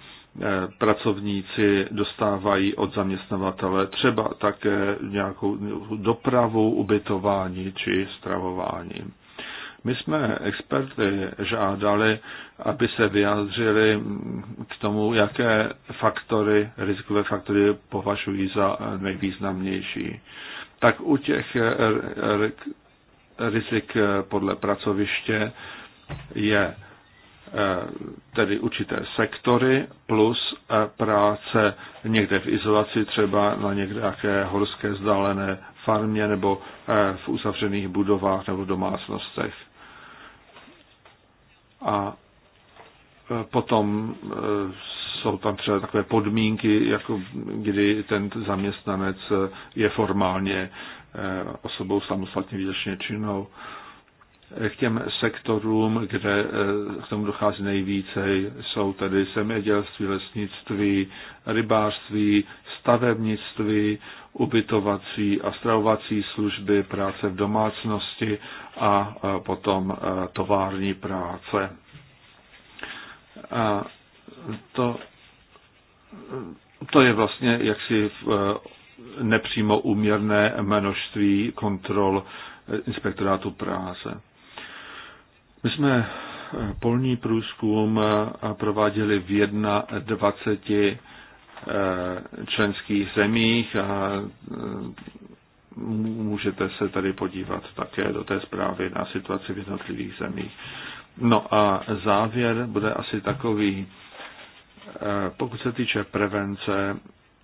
Speaker 1: pracovníci dostávají od zaměstnavatele třeba také nějakou dopravu, ubytování či stravování. My jsme experty žádali, aby se vyjádřili k tomu, jaké faktory, rizikové faktory považují za nejvýznamnější. Tak u těch rizik podle pracoviště je eh, tedy určité sektory plus eh, práce někde v izolaci, třeba na nějaké horské vzdálené farmě nebo eh, v uzavřených budovách nebo domácnostech. A e, potom e, jsou tam třeba takové podmínky, jako kdy ten zaměstnanec e, je formálně osobou samostatně výdečně činnou. K těm sektorům, kde k tomu dochází nejvíce, jsou tedy zemědělství, lesnictví, rybářství, stavebnictví, ubytovací a stravovací služby, práce v domácnosti a potom e, tovární práce. A e, to, to je vlastně jaksi e, nepřímo úměrné množství kontrol inspektorátu práce. My jsme polní průzkum prováděli v 21 Eh, členských zemích a eh, můžete se tady podívat také do té zprávy na situaci v jednotlivých zemích. No a závěr bude asi takový, eh, pokud se týče prevence,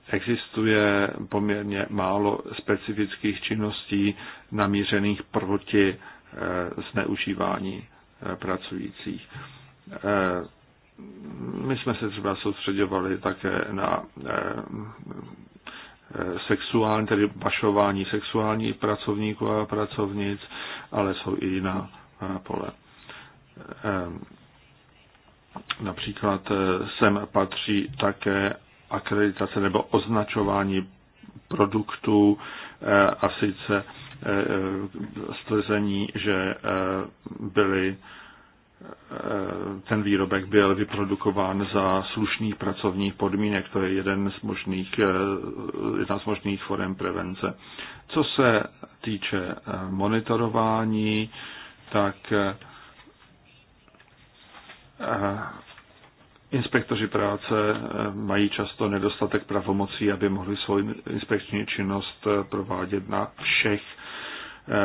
Speaker 1: existuje poměrně málo specifických činností namířených proti zneužívání pracujících my jsme se třeba soustředovali také na eh, eh, sexuální, tedy pašování sexuálních pracovníků a pracovnic, ale jsou i jiná eh, pole. Například sem patří také akreditace nebo označování produktů a sice stvrzení, že byly Eh, ten výrobek byl vyprodukován za slušných pracovních podmínek. To je jeden z možných, eh, jedna z možných forem prevence. Co se týče eh, monitorování, tak inspektoři práce mají často nedostatek pravomocí, aby mohli svou inspekční činnost provádět na všech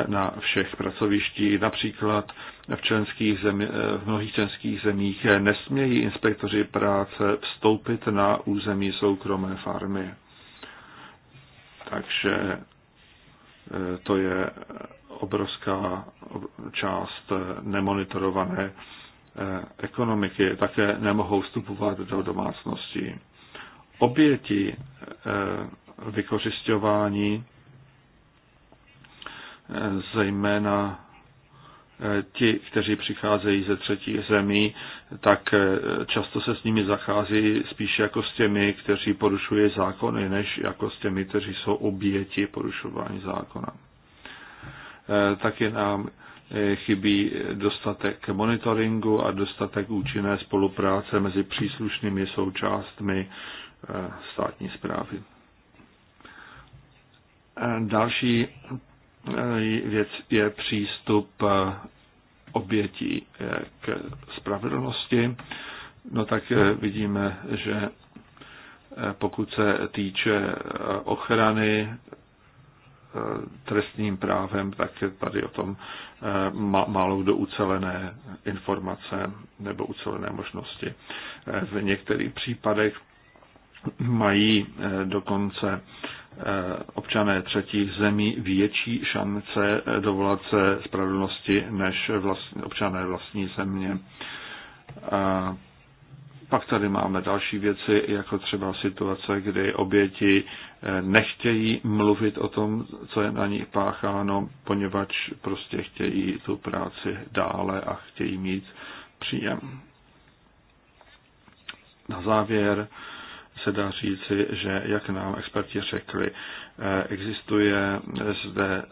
Speaker 1: na všech pracovištích. Například v, členských zemi, v mnohých členských zemích nesmějí inspektoři práce vstoupit na území soukromé farmy. Takže eh, to je obrovská část nemonitorované eh, ekonomiky. Také nemohou vstupovat do domácností. Oběti eh, vykořišťování zejména eh, ti, kteří přicházejí ze třetích zemí, tak eh, často se s nimi zachází spíše jako s těmi, kteří porušují zákony, než jako s těmi, kteří jsou oběti porušování zákona. Eh, taky nám chybí dostatek monitoringu a dostatek účinné spolupráce mezi příslušnými součástmi státní zprávy. Další Eh, věc je přístup eh, obětí eh, k spravedlnosti. No tak vidíme, že pokud se týče ochrany trestním právem, tak je tady o tom málo do ucelené informace nebo ucelené možnosti. V některých případech mají dokonce Eh, občané třetích zemí větší šance eh, dovolat se spravedlnosti než vlastní, občané vlastní země. A eh, pak tady máme další věci, jako třeba situace, kdy oběti nechtějí mluvit o tom, co je na nich pácháno, poněvadž prostě chtějí tu práci dále a chtějí mít příjem. Na závěr se dá říci, že, jak nám experti řekli, eh, existuje zde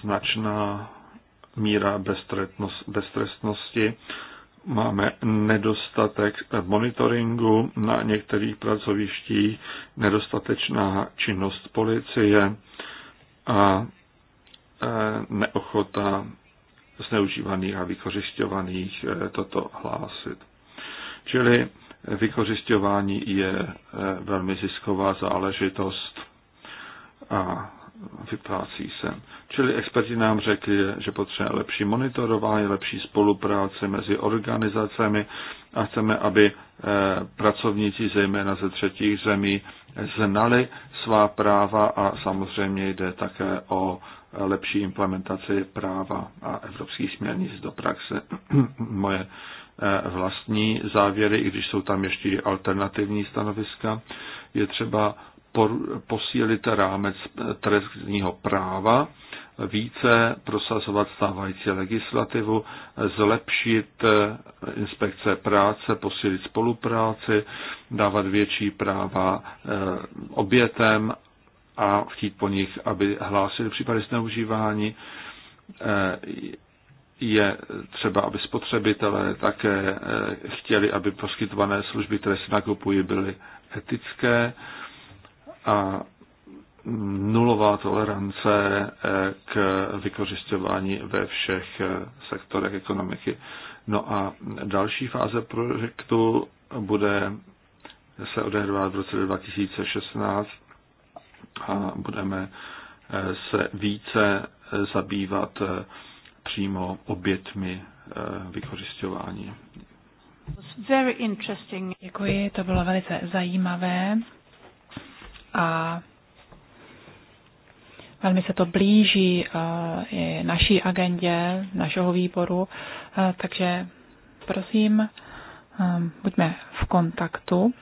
Speaker 1: značná míra beztrestnosti, máme nedostatek monitoringu na některých pracovištích, nedostatečná činnost policie a eh, neochota zneužívaných a vykořišťovaných eh, toto hlásit. Čili vykořišťování je eh, velmi zisková záležitost a vyplácí se. Čili experti nám řekli, že potřebujeme lepší monitorování, lepší spolupráce mezi organizacemi a chceme, aby eh, pracovníci zejména ze třetích zemí znali svá práva a samozřejmě jde také o lepší implementaci práva a evropských směrnic do praxe. [clears throat] Moje Eh, vlastní závěry, i když jsou tam ještě alternativní stanoviska. Je třeba posílit rámec trestního práva, více prosazovat stávající legislativu, zlepšit eh, inspekce práce, posílit spolupráci, dávat větší práva eh, obětem a chtít po nich, aby hlásili případy zneužívání je třeba, aby spotřebitelé také eh, chtěli, aby poskytované služby, které si nakupují, byly etické a nulová tolerance eh, k vykořišťování ve všech eh, sektorech ekonomiky. No a další fáze projektu bude se odehrávat v roce 2016 a budeme se více zabývat přímo obětmi eh, vykořišťování.
Speaker 5: Very interesting. Děkuji, to bylo velice
Speaker 2: zajímavé a velmi se to blíží eh, naší agendě, našeho výboru, eh, takže prosím, buďme v kontaktu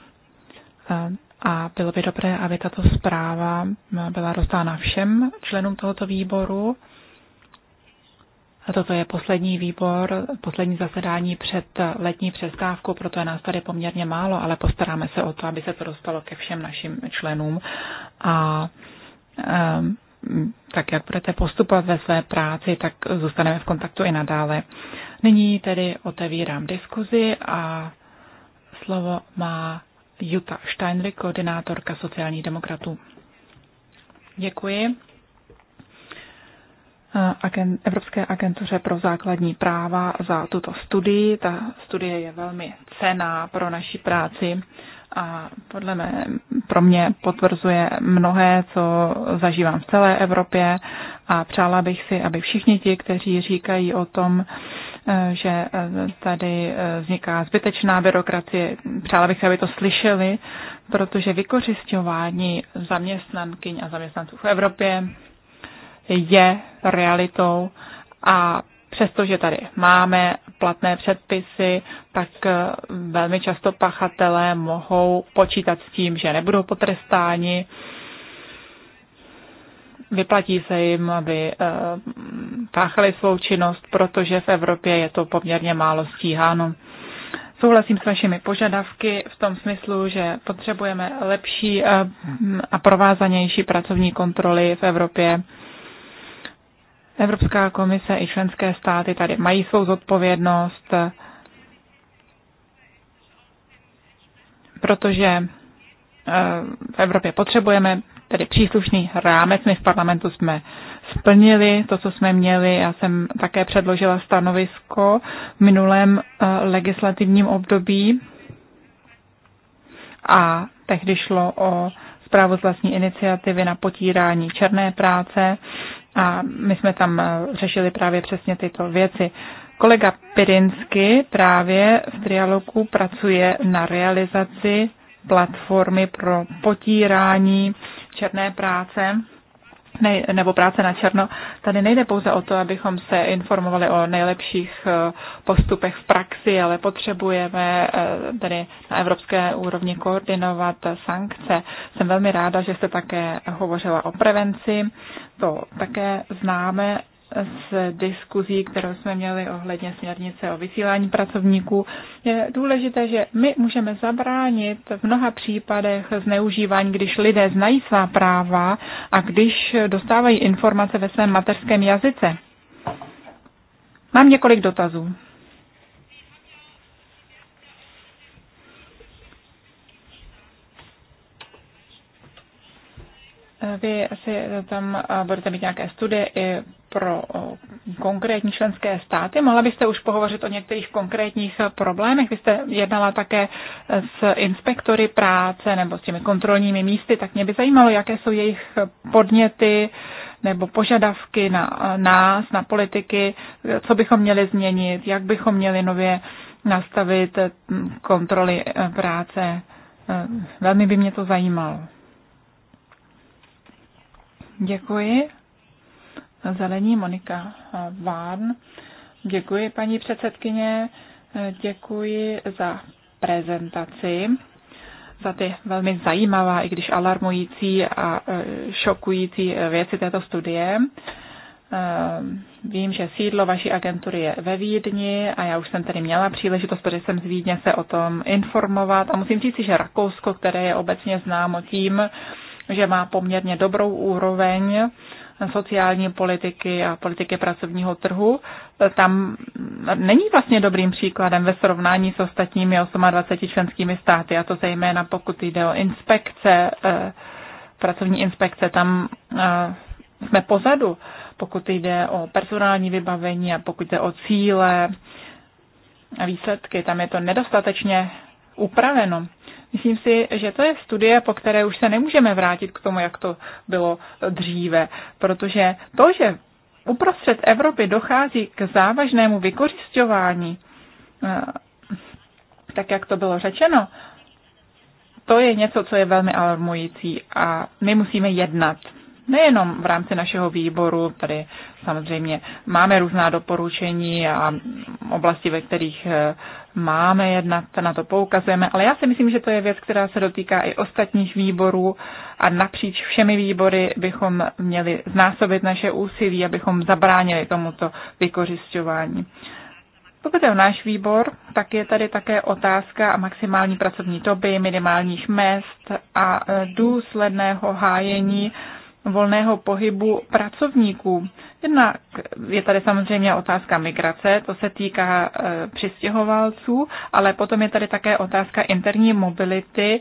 Speaker 2: a bylo by dobré, aby tato zpráva byla rozdána všem členům tohoto výboru Toto je poslední výbor, poslední zasedání před letní přestávkou, proto je nás tady poměrně málo, ale postaráme se o to, aby se to dostalo ke všem našim členům. A um, tak jak budete postupovat ve své práci, tak zůstaneme v kontaktu i nadále. Nyní tedy otevírám diskuzi a slovo má Jutta Steinrich, koordinátorka sociálních demokratů. Děkuji. Evropské agentuře pro základní práva za tuto studii. Ta studie je velmi cená pro naši práci a podle mě, pro mě potvrzuje mnohé, co zažívám v celé Evropě a přála bych si, aby všichni ti, kteří říkají o tom, že tady vzniká zbytečná byrokracie. Přála bych si, aby to slyšeli, protože vykořišťování zaměstnankyň a zaměstnanců v Evropě je realitou a přestože tady máme platné předpisy, tak eh, velmi často pachatelé mohou počítat s tím, že nebudou potrestáni. Vyplatí se jim, aby eh, páchali svou činnost, protože v Evropě je to poměrně málo stíháno. Souhlasím s vašimi požadavky v tom smyslu, že potřebujeme lepší eh, a provázanější pracovní kontroly v Evropě Evropská komise i členské státy tady mají svou zodpovědnost, protože eh, v Evropě potřebujeme tedy příslušný rámec. My v parlamentu jsme splnili to, co jsme měli. Já jsem také předložila stanovisko v minulém eh, legislativním období a tehdy šlo o zprávu z vlastní iniciativy na potírání černé práce a my jsme tam eh, řešili právě přesně tyto věci. Kolega Pirinsky právě v trialogu pracuje na realizaci platformy pro potírání černé práce ne, nebo práce na černo. Tady nejde pouze o to, abychom se informovali o nejlepších eh, postupech v praxi, ale potřebujeme eh, tady na evropské úrovni koordinovat sankce. Jsem velmi ráda, že jste také hovořila o prevenci. To také známe z diskuzí, kterou jsme měli ohledně směrnice o vysílání pracovníků, je důležité, že my můžeme zabránit v mnoha případech zneužívání, když lidé znají svá práva a když dostávají informace ve svém mateřském jazyce. Mám několik dotazů. Vy asi tam eh, budete mít nějaké studie i pro eh, konkrétní členské státy. Mohla byste už pohovořit o některých konkrétních eh, problémech? Vy jste jednala také s inspektory práce nebo s těmi kontrolními místy, tak mě by zajímalo, jaké jsou jejich podněty nebo požadavky na nás, na politiky, co bychom měli změnit, jak bychom měli nově nastavit kontroly práce. Velmi by mě to zajímalo. Děkuji. Zelení Monika Várn. Děkuji, paní předsedkyně. Děkuji za prezentaci, za ty velmi zajímavá, i když alarmující a e, šokující věci této studie. E, vím, že sídlo vaší agentury je ve Vídni a já už jsem tady měla příležitost, protože jsem z Vídně se o tom informovat a musím říct, že Rakousko, které je obecně známo tím, že má poměrně dobrou úroveň sociální politiky a politiky pracovního trhu, tam není vlastně dobrým příkladem ve srovnání s ostatními 28 členskými státy, a to zejména pokud jde o inspekce, eh, pracovní inspekce, tam eh, jsme pozadu, pokud jde o personální vybavení a pokud jde o cíle a výsledky, tam je to nedostatečně upraveno. Myslím si, že to je studie, po které už se nemůžeme vrátit k tomu, jak to bylo dříve, protože to, že uprostřed Evropy dochází k závažnému vykořišťování, eh, tak jak to bylo řečeno, to je něco, co je velmi alarmující a my musíme jednat. Nejenom v rámci našeho výboru, tady samozřejmě máme různá doporučení a oblasti, ve kterých eh, máme jednat, na to poukazujeme, ale já si myslím, že to je věc, která se dotýká i ostatních výborů a napříč všemi výbory bychom měli znásobit naše úsilí, abychom zabránili tomuto vykořišťování. Pokud je náš výbor, tak je tady také otázka a maximální pracovní doby, minimálních mest a důsledného hájení volného pohybu pracovníků. Jedna je tady samozřejmě otázka migrace, to se týká e, přistěhovalců, ale potom je tady také otázka interní mobility e,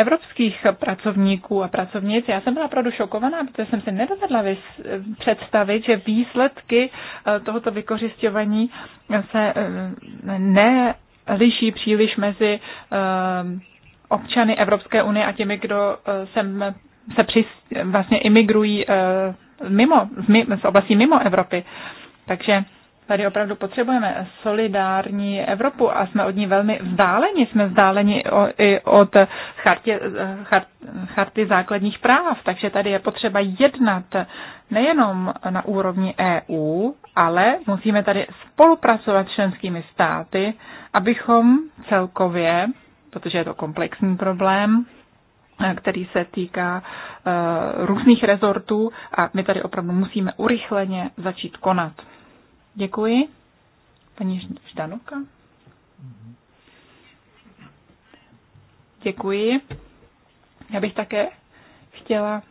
Speaker 2: evropských pracovníků a pracovnic. Já jsem byla opravdu šokovaná, protože jsem si nedovedla vys, představit, že výsledky e, tohoto vykořišťování se e, neliší příliš mezi e, občany Evropské unie a těmi, kdo e, sem se při, vlastně imigrují eh, mimo, z oblastí mimo Evropy. Takže tady opravdu potřebujeme solidární Evropu a jsme od ní velmi vzdáleni. Jsme vzdáleni i od chartě, chart, charty základních práv, takže tady je potřeba jednat nejenom na úrovni EU, ale musíme tady spolupracovat s členskými státy, abychom celkově, protože je to komplexní problém, který se týká eh, různých rezortů a my tady opravdu musíme urychleně začít konat. Děkuji. Paní Ždanuka. Děkuji. Já bych také chtěla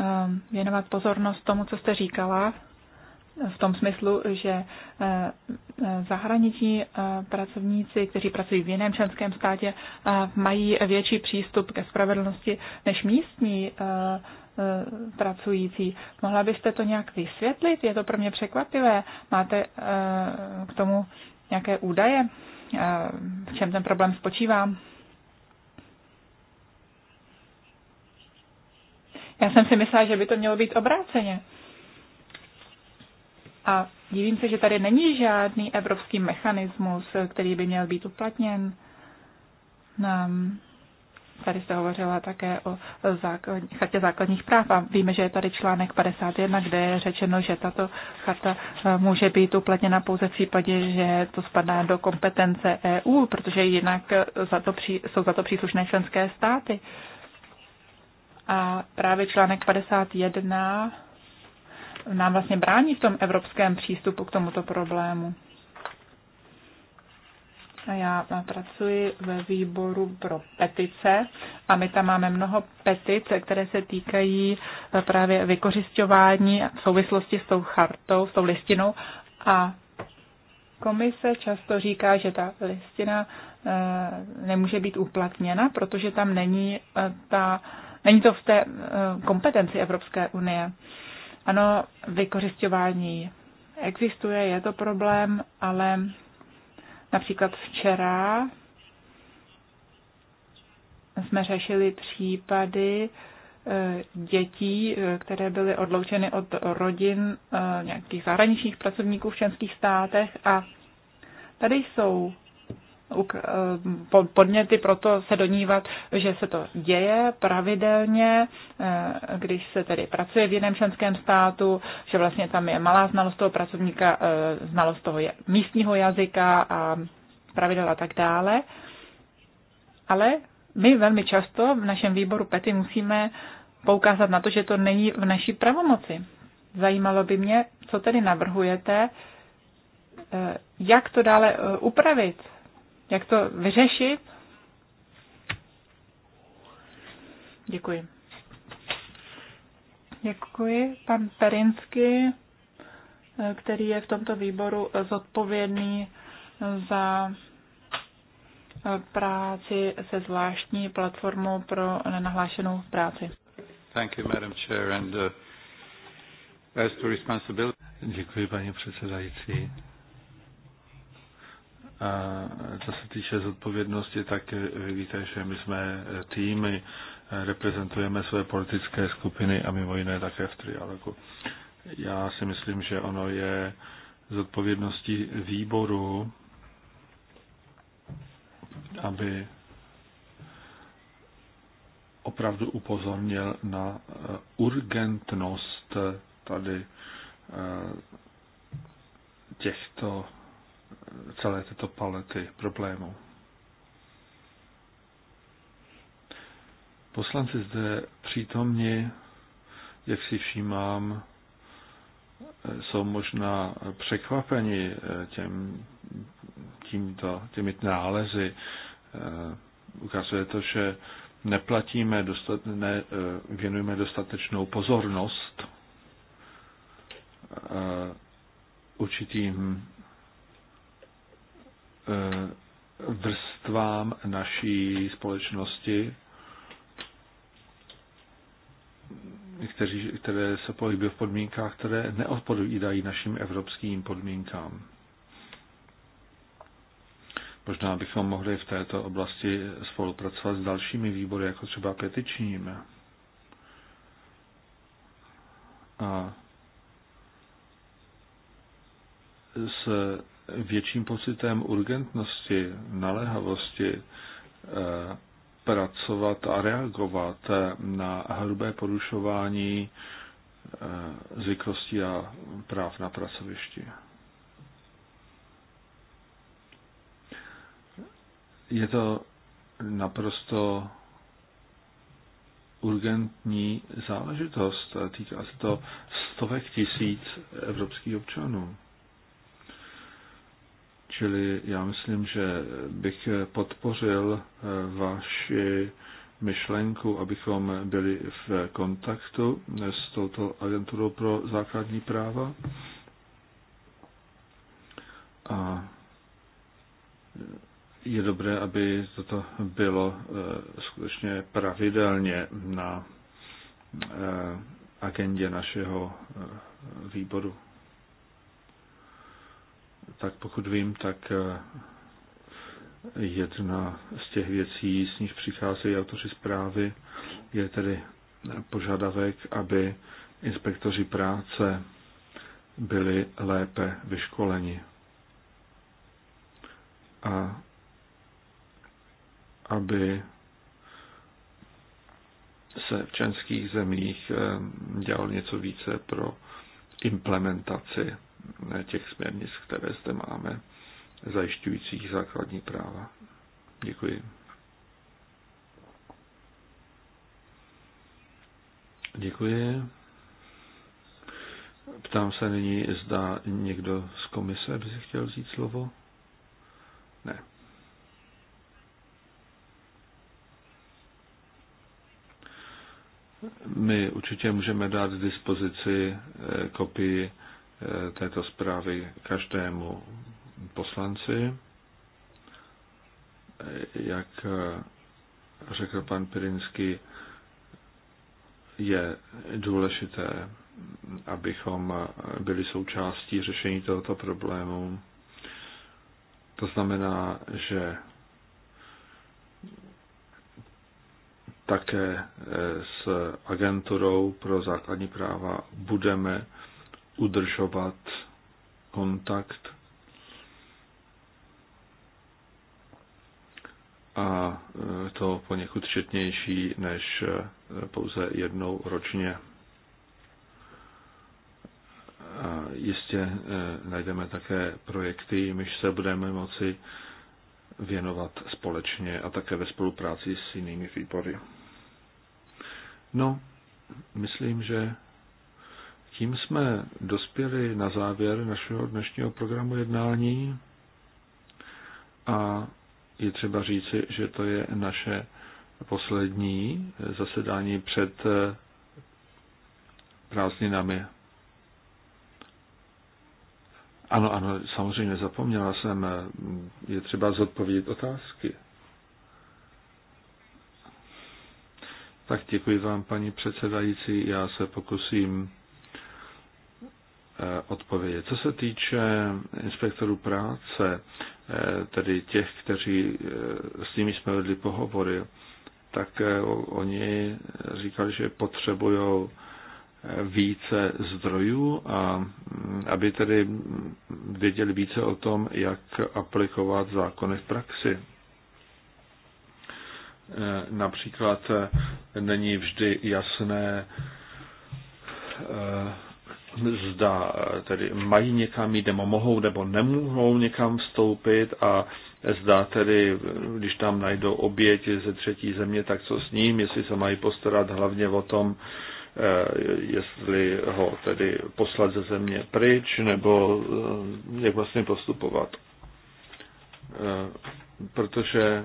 Speaker 2: eh, věnovat pozornost tomu, co jste říkala v tom smyslu, že eh, eh, zahraniční eh, pracovníci, kteří pracují v jiném členském státě, mají větší přístup ke spravedlnosti než místní pracující. Mohla byste to nějak vysvětlit? Je to pro mě překvapivé. Máte k tomu nějaké údaje? V čem ten problém spočívá? Já jsem si myslela, že by to mělo být obráceně. A divím se, že tady není žádný evropský mechanismus, který by měl být uplatněn. Tady se hovořila také o zákon, chatě základních práv a víme, že je tady článek 51, kde je řečeno, že tato chata eh, může být uplatněna pouze v případě, že to spadá do kompetence EU, protože jinak eh, za to pří, jsou za to příslušné členské státy. A právě článek 51 nám vlastně brání v tom evropském přístupu k tomuto problému. A Já pracuji ve výboru pro petice a my tam máme mnoho petic, které se týkají eh, právě vykořišťování v souvislosti s tou chartou, s tou listinou a komise často říká, že ta listina eh, nemůže být uplatněna, protože tam není, eh, ta, není to v té kompetenci Evropské unie. Ano, vykořišťování existuje, je to problém, ale například včera jsme řešili případy e, dětí, e, které byly odloučeny od rodin e, nějakých zahraničních pracovníků v členských státech a tady jsou Eh, podněty pro to se donívat, že se to děje pravidelně, eh, když se tedy pracuje v jiném členském státu, že vlastně tam je malá znalost toho pracovníka, eh, znalost toho místního jazyka a pravidel a tak dále. Ale my velmi často v našem výboru PETY musíme poukázat na to, že to není v naší pravomoci. Zajímalo by mě, co tedy navrhujete, jak to dále upravit, jak to vyřešit. Děkuji. Děkuji. Pan Perinsky, který je v tomto výboru zodpovědný za práci se zvláštní platformou pro nenahlášenou práci.
Speaker 1: Thank you, Madam Chair, and, uh, as to responsibility... Děkuji, paní předsedající co se týče zodpovědnosti, tak vy eh, víte, že my jsme eh, týmy, eh, reprezentujeme své politické skupiny a mimo jiné také v trialogu. Já si myslím, že ono je zodpovědností výboru, aby opravdu upozornil na urgentnost tady těchto celé tyto palety problémů. Poslanci zde přítomni, jak si všímám, jsou možná překvapeni eh, těm, tímto, těmi nálezy. Eh, ukazuje to, že neplatíme, dostat, ne, eh, věnujeme dostatečnou pozornost určitým Eh, vrstvám naší společnosti, kteří, které se pohybují v podmínkách, které neodpovídají našim evropským podmínkám. Možná bychom mohli v této oblasti spolupracovat s dalšími výbory, jako třeba petičním. A s větším pocitem urgentnosti, naléhavosti eh, pracovat a reagovat eh, na hrubé porušování eh, zvyklostí a práv na pracovišti. Je to naprosto urgentní záležitost. Týká se to stovek tisíc evropských občanů. Čili já myslím, že bych podpořil eh, vaši myšlenku, abychom byli v kontaktu eh, s touto agenturou pro základní práva. A eh, je dobré, aby toto bylo skutečně pravidelně na agendě našeho výboru tak pokud vím, tak eh, jedna z těch věcí, s nich přicházejí autoři zprávy, je tedy požadavek, aby inspektoři práce byli lépe vyškoleni. A aby se v českých zemích eh, dělal něco více pro implementaci těch směrnic, které zde máme, zajišťujících základní práva. Děkuji. Děkuji. Ptám se nyní, zda někdo z komise by si chtěl vzít slovo? Ne. My určitě můžeme dát k dispozici eh, kopii Eh, této zprávy každému poslanci. Eh, jak eh, řekl pan Pirinsky, je důležité, abychom byli součástí řešení tohoto problému. To znamená, že také s agenturou pro základní práva budeme udržovat kontakt a e, to poněkud četnější než e, pouze jednou ročně. A e, jistě najdeme také projekty, jimiž se budeme moci věnovat společně a také ve spolupráci s jinými výbory. No, myslím, že tím jsme dospěli na závěr našeho dnešního programu jednání a je třeba říci, že to je naše poslední zasedání před eh, prázdninami. Ano, ano, samozřejmě zapomněla jsem, eh, je třeba zodpovědět otázky. Tak děkuji vám, paní předsedající, já se pokusím Eh, odpovědět. Co se týče inspektorů práce, eh, tedy těch, kteří eh, s nimi jsme vedli pohovory, tak oni říkali, že potřebují více zdrojů a mm, aby tedy mm, věděli více o tom, jak aplikovat zákony v praxi. Například není vždy jasné, zda eh, tedy mají někam jít, nebo mohou, nebo nemohou někam vstoupit a zda tedy, eh, když tam najdou oběť ze třetí země, tak co s ním, jestli se mají postarat hlavně o tom, eh, jestli ho tedy poslat ze země pryč, nebo jak vlastně postupovat. Protože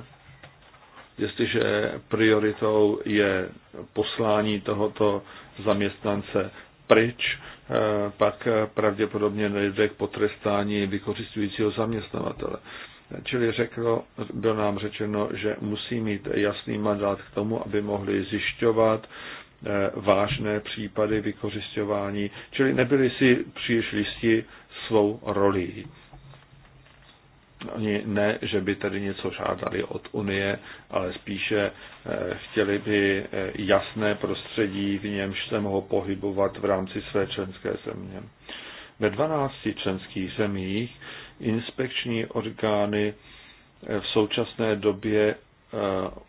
Speaker 1: jestliže prioritou je poslání tohoto zaměstnance pryč, Eh, pak eh, pravděpodobně nejde k potrestání vykořistujícího zaměstnavatele. Čili řeklo, bylo nám řečeno, že musí mít jasný mandát k tomu, aby mohli zjišťovat eh, vážné případy vykořišťování, čili nebyli si příliš listi svou rolí. Oni ne, že by tady něco žádali od Unie, ale spíše eh, chtěli by eh, jasné prostředí, v němž se mohou pohybovat v rámci své členské země. Ve 12 členských zemích inspekční orgány eh, v současné době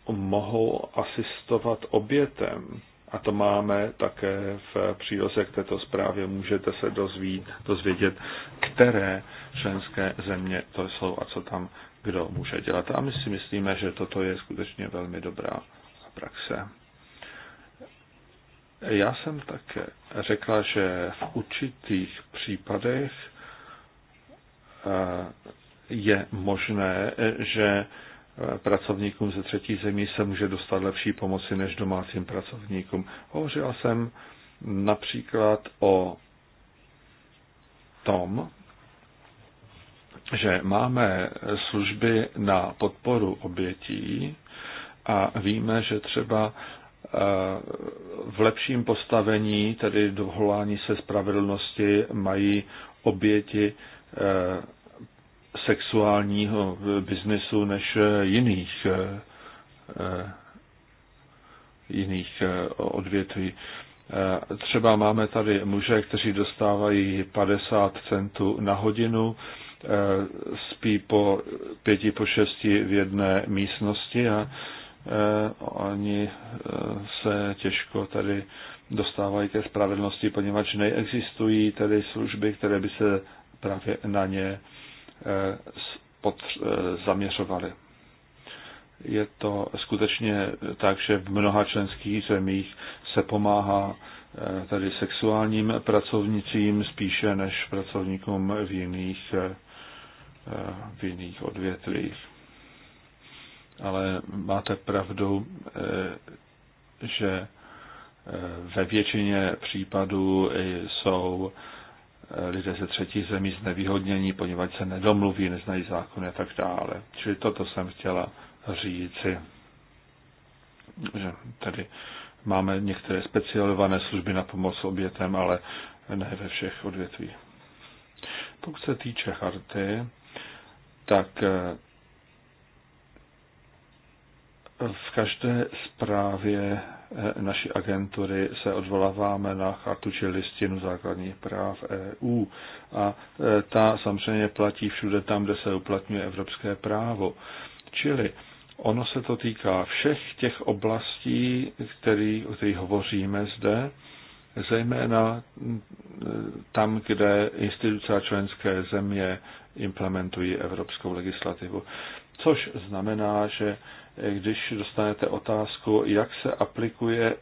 Speaker 1: mohou asistovat obětem. A to máme také v příloze k této zprávě. Můžete se dozvít, dozvědět, které členské země to jsou a co tam kdo může dělat. A my si myslíme, že toto je skutečně velmi dobrá praxe. Já jsem také řekla, že v určitých případech eh, je možné, že pracovníkům ze třetí zemí se může dostat lepší pomoci než domácím pracovníkům. Hovořila jsem například o tom, že máme služby na podporu obětí a víme, že třeba eh, v lepším postavení, tedy dovolání se spravedlnosti, mají oběti eh, sexuálního biznesu než eh, jiných, jiných odvětví. Třeba máme tady muže, kteří dostávají 50 centů na hodinu, Eh, spí po pěti, po šesti v jedné místnosti a eh, oni eh, se těžko tady dostávají ke spravedlnosti, poněvadž neexistují tady služby, které by se právě na ně zaměřovaly. Je to skutečně tak, že v mnoha členských zemích se pomáhá tady sexuálním pracovnicím spíše než pracovníkům v jiných v jiných odvětvích. Ale máte pravdu, eh, že eh, ve většině případů jsou eh, lidé ze třetí zemí znevýhodnění, poněvadž se nedomluví, neznají zákony a tak dále. Čili toto jsem chtěla říci, že tady máme některé specializované služby na pomoc obětem, ale ne ve všech odvětvích. Pokud se týče charty, tak eh, v každé zprávě eh, naší agentury se odvoláváme na chartu či listinu základních práv EU a eh, ta samozřejmě platí všude tam, kde se uplatňuje evropské právo. Čili ono se to týká všech těch oblastí, který, o kterých hovoříme zde, zejména mm, tam, kde instituce a členské země implementují evropskou legislativu. Což znamená, že když dostanete otázku, jak se aplikuje e,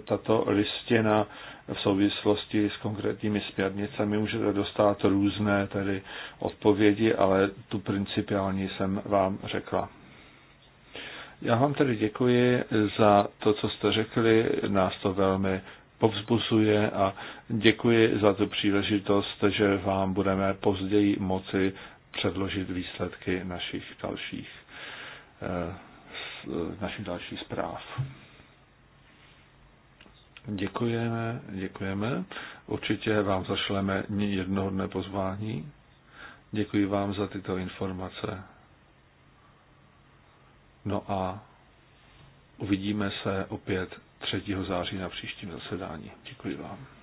Speaker 1: tato listina v souvislosti s konkrétními směrnicemi, můžete dostat různé tedy odpovědi, ale tu principiální jsem vám řekla. Já vám tedy děkuji za to, co jste řekli, nás to velmi povzbuzuje a děkuji za tu příležitost, že vám budeme později moci předložit výsledky našich dalších, eh, našich dalších zpráv. Děkujeme, děkujeme. Určitě vám zašleme jednohodné pozvání. Děkuji vám za tyto informace. No a uvidíme se opět 3. září na příštím zasedání. Děkuji vám.